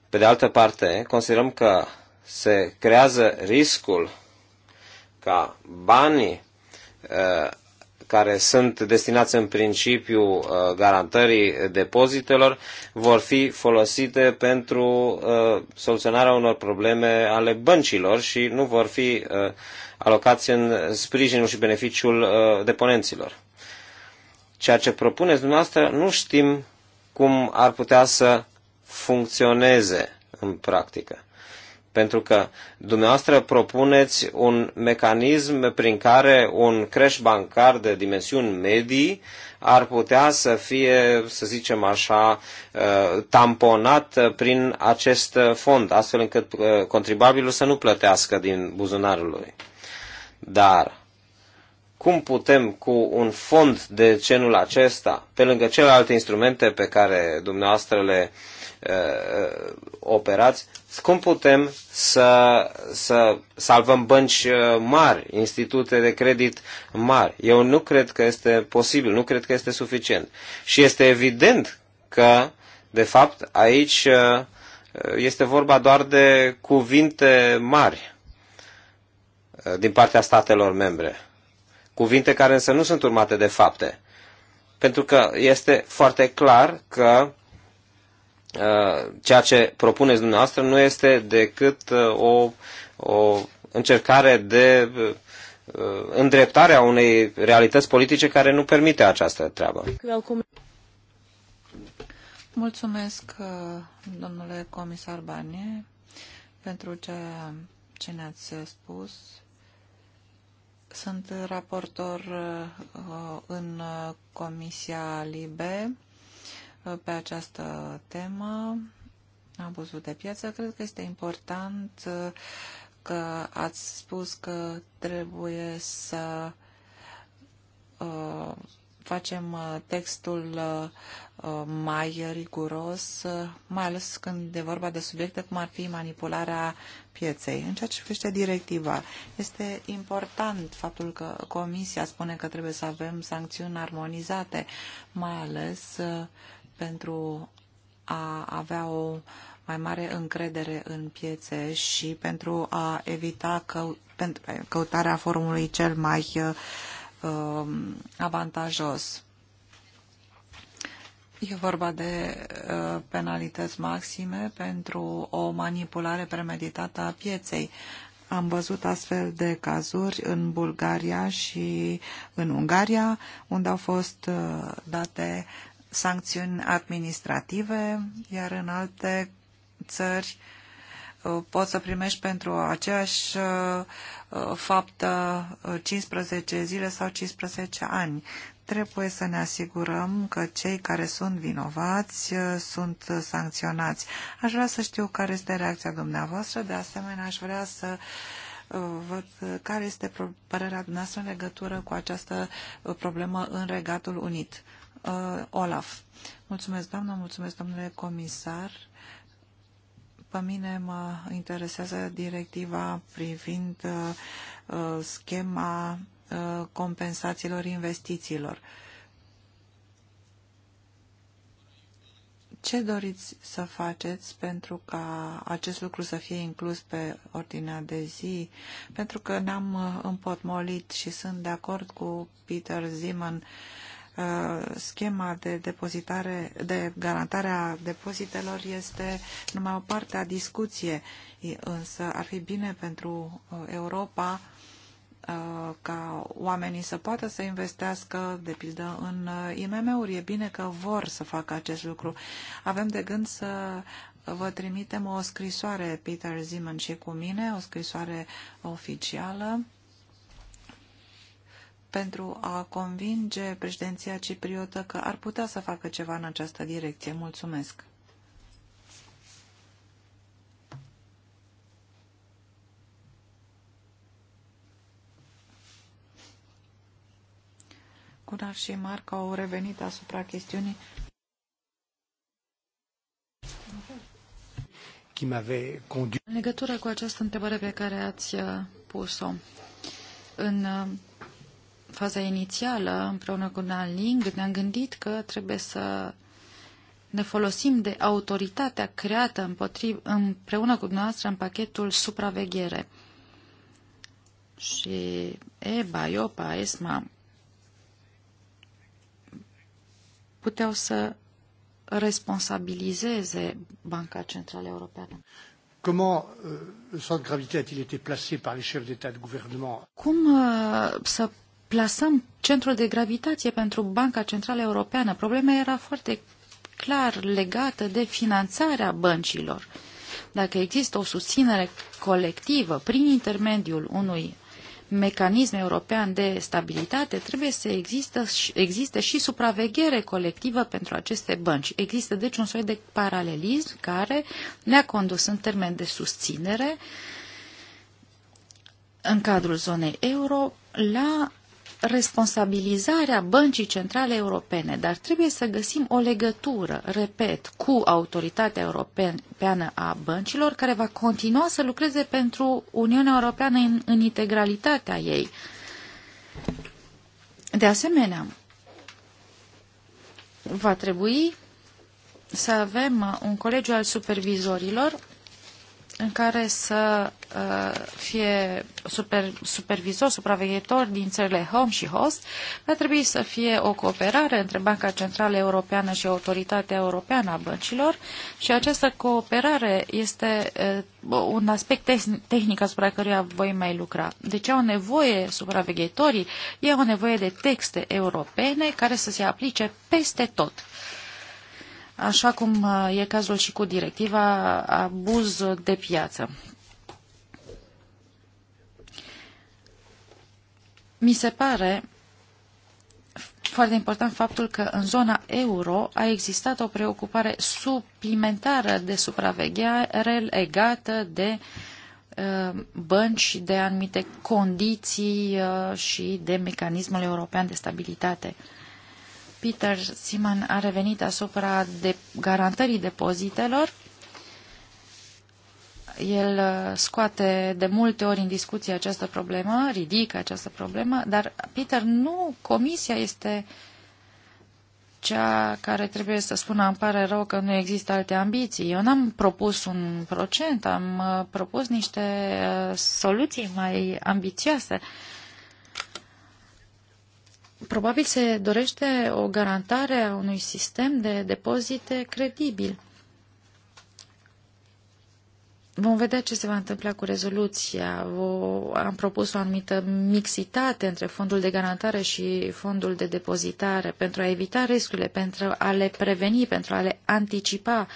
[SPEAKER 2] Pe de altă parte, considerăm că se creează riscul ca banii uh, care sunt destinați în principiu garantării depozitelor vor fi folosite pentru soluționarea unor probleme ale băncilor și nu vor fi alocați în sprijinul și beneficiul uh, deponenților. Ceea ce propuneți dumneavoastră nu știm cum ar putea să funcționeze în practică. Pentru că dumneavoastră propuneți un mecanism prin care un creș bancar de dimensiuni medii ar putea să fie, să zicem așa, uh, tamponat prin acest fond, astfel încât uh, contribuabilul să nu plătească din buzunarul lui. Dar cum putem cu un fond de genul acesta, pe lângă celelalte instrumente pe care dumneavoastră le uh, uh operați, cum putem să, să salvăm bănci uh, mari, institute de credit mari? Eu nu cred că este posibil, nu cred că este suficient. Și este evident că, de fapt, aici uh, este vorba doar de cuvinte mari din partea statelor membre. Cuvinte care însă nu sunt urmate de fapte. Pentru că este foarte clar că uh, ceea ce propuneți dumneavoastră nu este decât uh, o, o încercare de uh, îndreptare a unei realități politice care nu permite această treabă.
[SPEAKER 1] Mulțumesc, domnule comisar Barnier, pentru ce, ce ne-ați spus sunt raportor uh, în uh, Comisia Libe uh, pe această temă, abuzul de piață. Cred că este important că ați spus că trebuie să facem textul Uh, mai riguros, uh, mai ales când e vorba de subiecte cum ar fi manipularea pieței. În ceea ce privește directiva, este important faptul că Comisia spune că trebuie să avem sancțiuni armonizate, mai ales uh, pentru a avea o mai mare încredere în piețe și pentru a evita că, pentru căutarea formului cel mai uh, um, avantajos E vorba de uh, penalități maxime pentru o manipulare premeditată a pieței. Am văzut astfel de cazuri în Bulgaria și în Ungaria, unde au fost uh, date sancțiuni administrative, iar în alte țări uh, poți să primești pentru aceeași uh, uh, faptă 15 uh, zile sau 15 ani trebuie să ne asigurăm că cei care sunt vinovați uh, sunt sancționați. Aș vrea să știu care este reacția dumneavoastră, de asemenea aș vrea să uh, văd care este părerea dumneavoastră în legătură cu această uh, problemă în Regatul Unit. Olaf. Mulțumesc, doamnă, mulțumesc, domnule comisar. Pe mine mă interesează directiva privind schema Uh, compensațiilor investițiilor. Ce doriți să faceți pentru ca acest lucru să fie inclus pe ordinea de zi? Pentru că ne-am uh, împotmolit și sunt de acord cu Peter Zeman uh, schema de depozitare, de garantare a depozitelor este numai o parte a discuției, însă ar fi bine pentru Europa Uh, ca oamenii să poată să investească, de pildă, în uh, IMM-uri. E bine că vor să facă acest lucru. Avem de gând să vă trimitem o scrisoare, Peter Zeman și cu mine, o scrisoare oficială pentru a convinge președinția cipriotă că ar putea să facă ceva în această direcție. Mulțumesc! Gunnar și marca au revenit asupra chestiunii. În legătură cu această
[SPEAKER 3] întrebare pe care ați uh, pus-o, în uh, faza inițială, împreună cu Naling, ne-am gândit că trebuie să ne folosim de autoritatea creată împotriv, împreună cu dumneavoastră în pachetul supraveghere. Și EBA, IOPA, ESMA puteau să responsabilizeze Banca Centrală Europeană. Comment euh, le centre
[SPEAKER 2] de gravité a-t-il été placé par les chefs d'État de gouvernement
[SPEAKER 3] Cum euh, să plasăm centrul de gravitație pentru Banca Centrală Europeană? Problema era foarte clar legată de finanțarea băncilor. Dacă există o susținere colectivă prin intermediul unui mecanism european de stabilitate, trebuie să există, existe și supraveghere colectivă pentru aceste bănci. Există deci un soi de paralelism care ne-a condus în termen de susținere în cadrul zonei euro la responsabilizarea Băncii Centrale Europene, dar trebuie să găsim o legătură, repet, cu autoritatea europeană a băncilor, care va continua să lucreze pentru Uniunea Europeană în, în integralitatea ei. De asemenea, va trebui să avem un colegiu al supervizorilor în care să uh, fie super, supervizor, supraveghetor din țările home și host, va trebui să fie o cooperare între Banca Centrală Europeană și Autoritatea Europeană a Băncilor și această cooperare este uh, un aspect te tehnic asupra căruia voi mai lucra. Deci au nevoie supraveghetorii, ei au nevoie de texte europene care să se aplice peste tot. Uh, așa cum uh, e cazul și cu directiva abuz de piață. Mi se pare foarte important faptul că în zona euro a existat o preocupare suplimentară de supraveghere legată de uh, bănci, de anumite condiții uh, și de mecanismul european de stabilitate. Peter Simon a revenit asupra de garantării depozitelor. El uh, scoate de multe ori în discuție această problemă, ridică această problemă, dar, Peter, nu comisia este cea care trebuie să spună îmi pare rău că nu există alte ambiții. Eu n-am propus un procent, am uh, propus niște uh, soluții mai ambițioase. Uh, Probabil se dorește o garantare a unui sistem de depozite credibil. Vom vedea ce se va întâmpla cu rezoluția. O, am propus o anumită mixitate între fondul de garantare și fondul de depozitare pentru a evita riscurile, pentru a le preveni, pentru a le anticipa uh,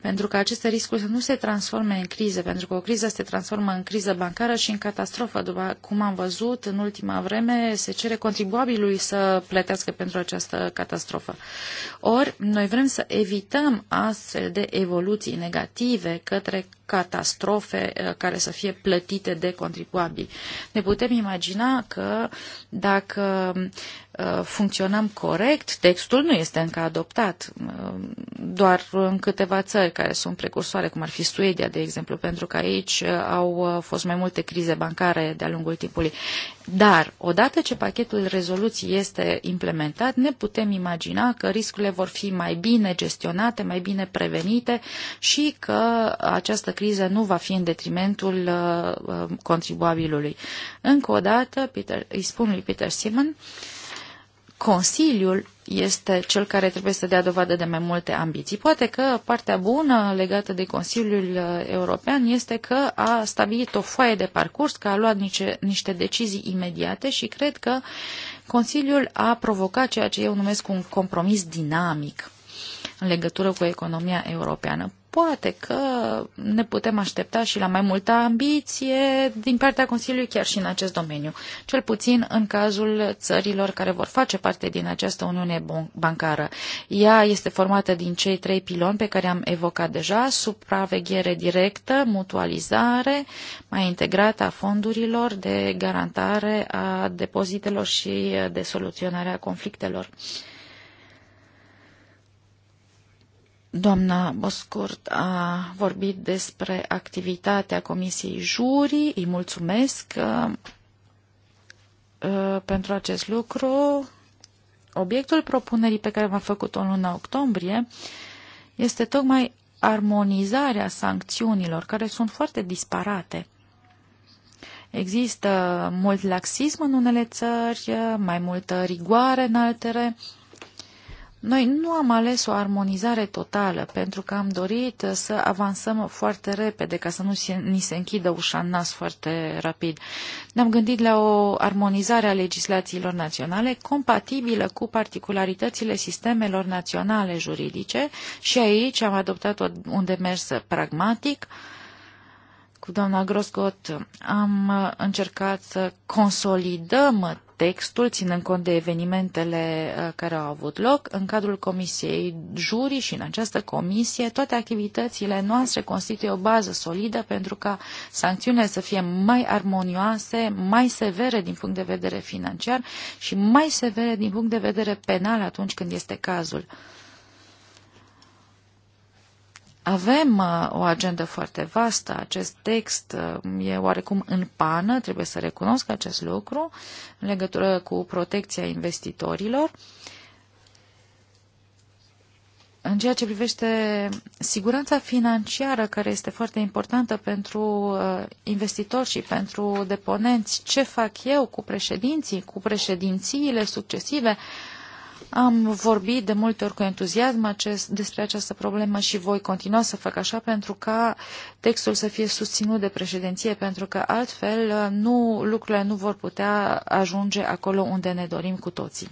[SPEAKER 3] pentru că aceste riscuri să nu se transforme în crize, pentru că o criză se transformă în criză bancară și în catastrofă. După cum am văzut, în ultima vreme se cere contribuabilului să plătească pentru această catastrofă. Ori, noi vrem să evităm astfel de evoluții negative către catastrofe eh, care să fie plătite de contribuabili. Ne putem imagina că dacă eh, funcționăm corect, textul nu este încă adoptat, eh, doar în câteva țări care sunt precursoare, cum ar fi Suedia, de exemplu, pentru că aici au fost mai multe crize bancare de-a lungul timpului. Dar, odată ce pachetul rezoluției este implementat, ne putem imagina că riscurile vor fi mai bine gestionate, mai bine prevenite și că această criză nu va fi în detrimentul uh, uh, contribuabilului. Încă o dată, Peter, îi spun lui Peter Simon, Consiliul este cel care trebuie să dea dovadă de mai multe ambiții. Poate că partea bună legată de Consiliul uh, European este că a stabilit o foaie de parcurs, că a luat niște, niște decizii imediate și cred că Consiliul a provocat ceea ce eu numesc un compromis dinamic în legătură cu economia europeană poate că ne putem aștepta și la mai multă ambiție din partea Consiliului chiar și în acest domeniu, cel puțin în cazul țărilor care vor face parte din această Uniune Bancară. Ea este formată din cei trei piloni pe care am evocat deja, supraveghere directă, mutualizare, mai integrată a fondurilor de garantare a depozitelor și de soluționarea conflictelor. Uh, Doamna Boscurt a vorbit despre activitatea Comisiei Jurii. Îi mulțumesc uh, uh, pentru acest lucru. Obiectul propunerii pe care v-am făcut-o în luna octombrie este tocmai armonizarea sancțiunilor, care sunt foarte disparate. Există mult laxism în unele țări, mai multă rigoare în altele. Noi nu am ales o armonizare totală pentru că am dorit să avansăm foarte repede ca să nu se, ni se închidă ușa în nas foarte rapid. Ne-am gândit la o armonizare a legislațiilor naționale compatibilă cu particularitățile sistemelor naționale juridice și aici am adoptat un demers pragmatic cu doamna Groscot am încercat să consolidăm textul, ținând cont de evenimentele uh, care au avut loc în cadrul Comisiei Juri și în această comisie. Toate activitățile noastre constituie o bază solidă pentru ca sancțiunile să fie mai armonioase, mai severe din punct de vedere financiar și mai severe din punct de vedere penal atunci când este cazul. Avem uh, o agendă foarte vastă, acest text uh, e oarecum în pană, trebuie să recunosc acest lucru, în legătură cu protecția investitorilor. În ceea ce privește siguranța financiară, care este foarte importantă pentru uh, investitori și pentru deponenți, ce fac eu cu președinții, cu președințiile succesive, am vorbit de multe ori cu entuziasm acest, despre această problemă și voi continua să fac așa pentru ca textul să fie susținut de președinție, pentru că altfel uh, nu, lucrurile nu vor putea ajunge acolo unde ne dorim cu toții.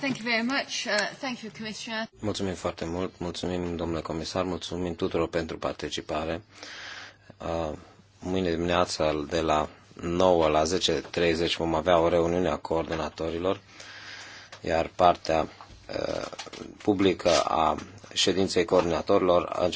[SPEAKER 3] Thank you very much. Uh, thank you, Commissioner.
[SPEAKER 2] Mulțumim foarte mult, mulțumim domnule comisar, mulțumim tuturor pentru participare. Uh, mâine dimineața de la 9 la 10.30 vom avea o reuniune a coordonatorilor, iar partea uh, publică a ședinței coordonatorilor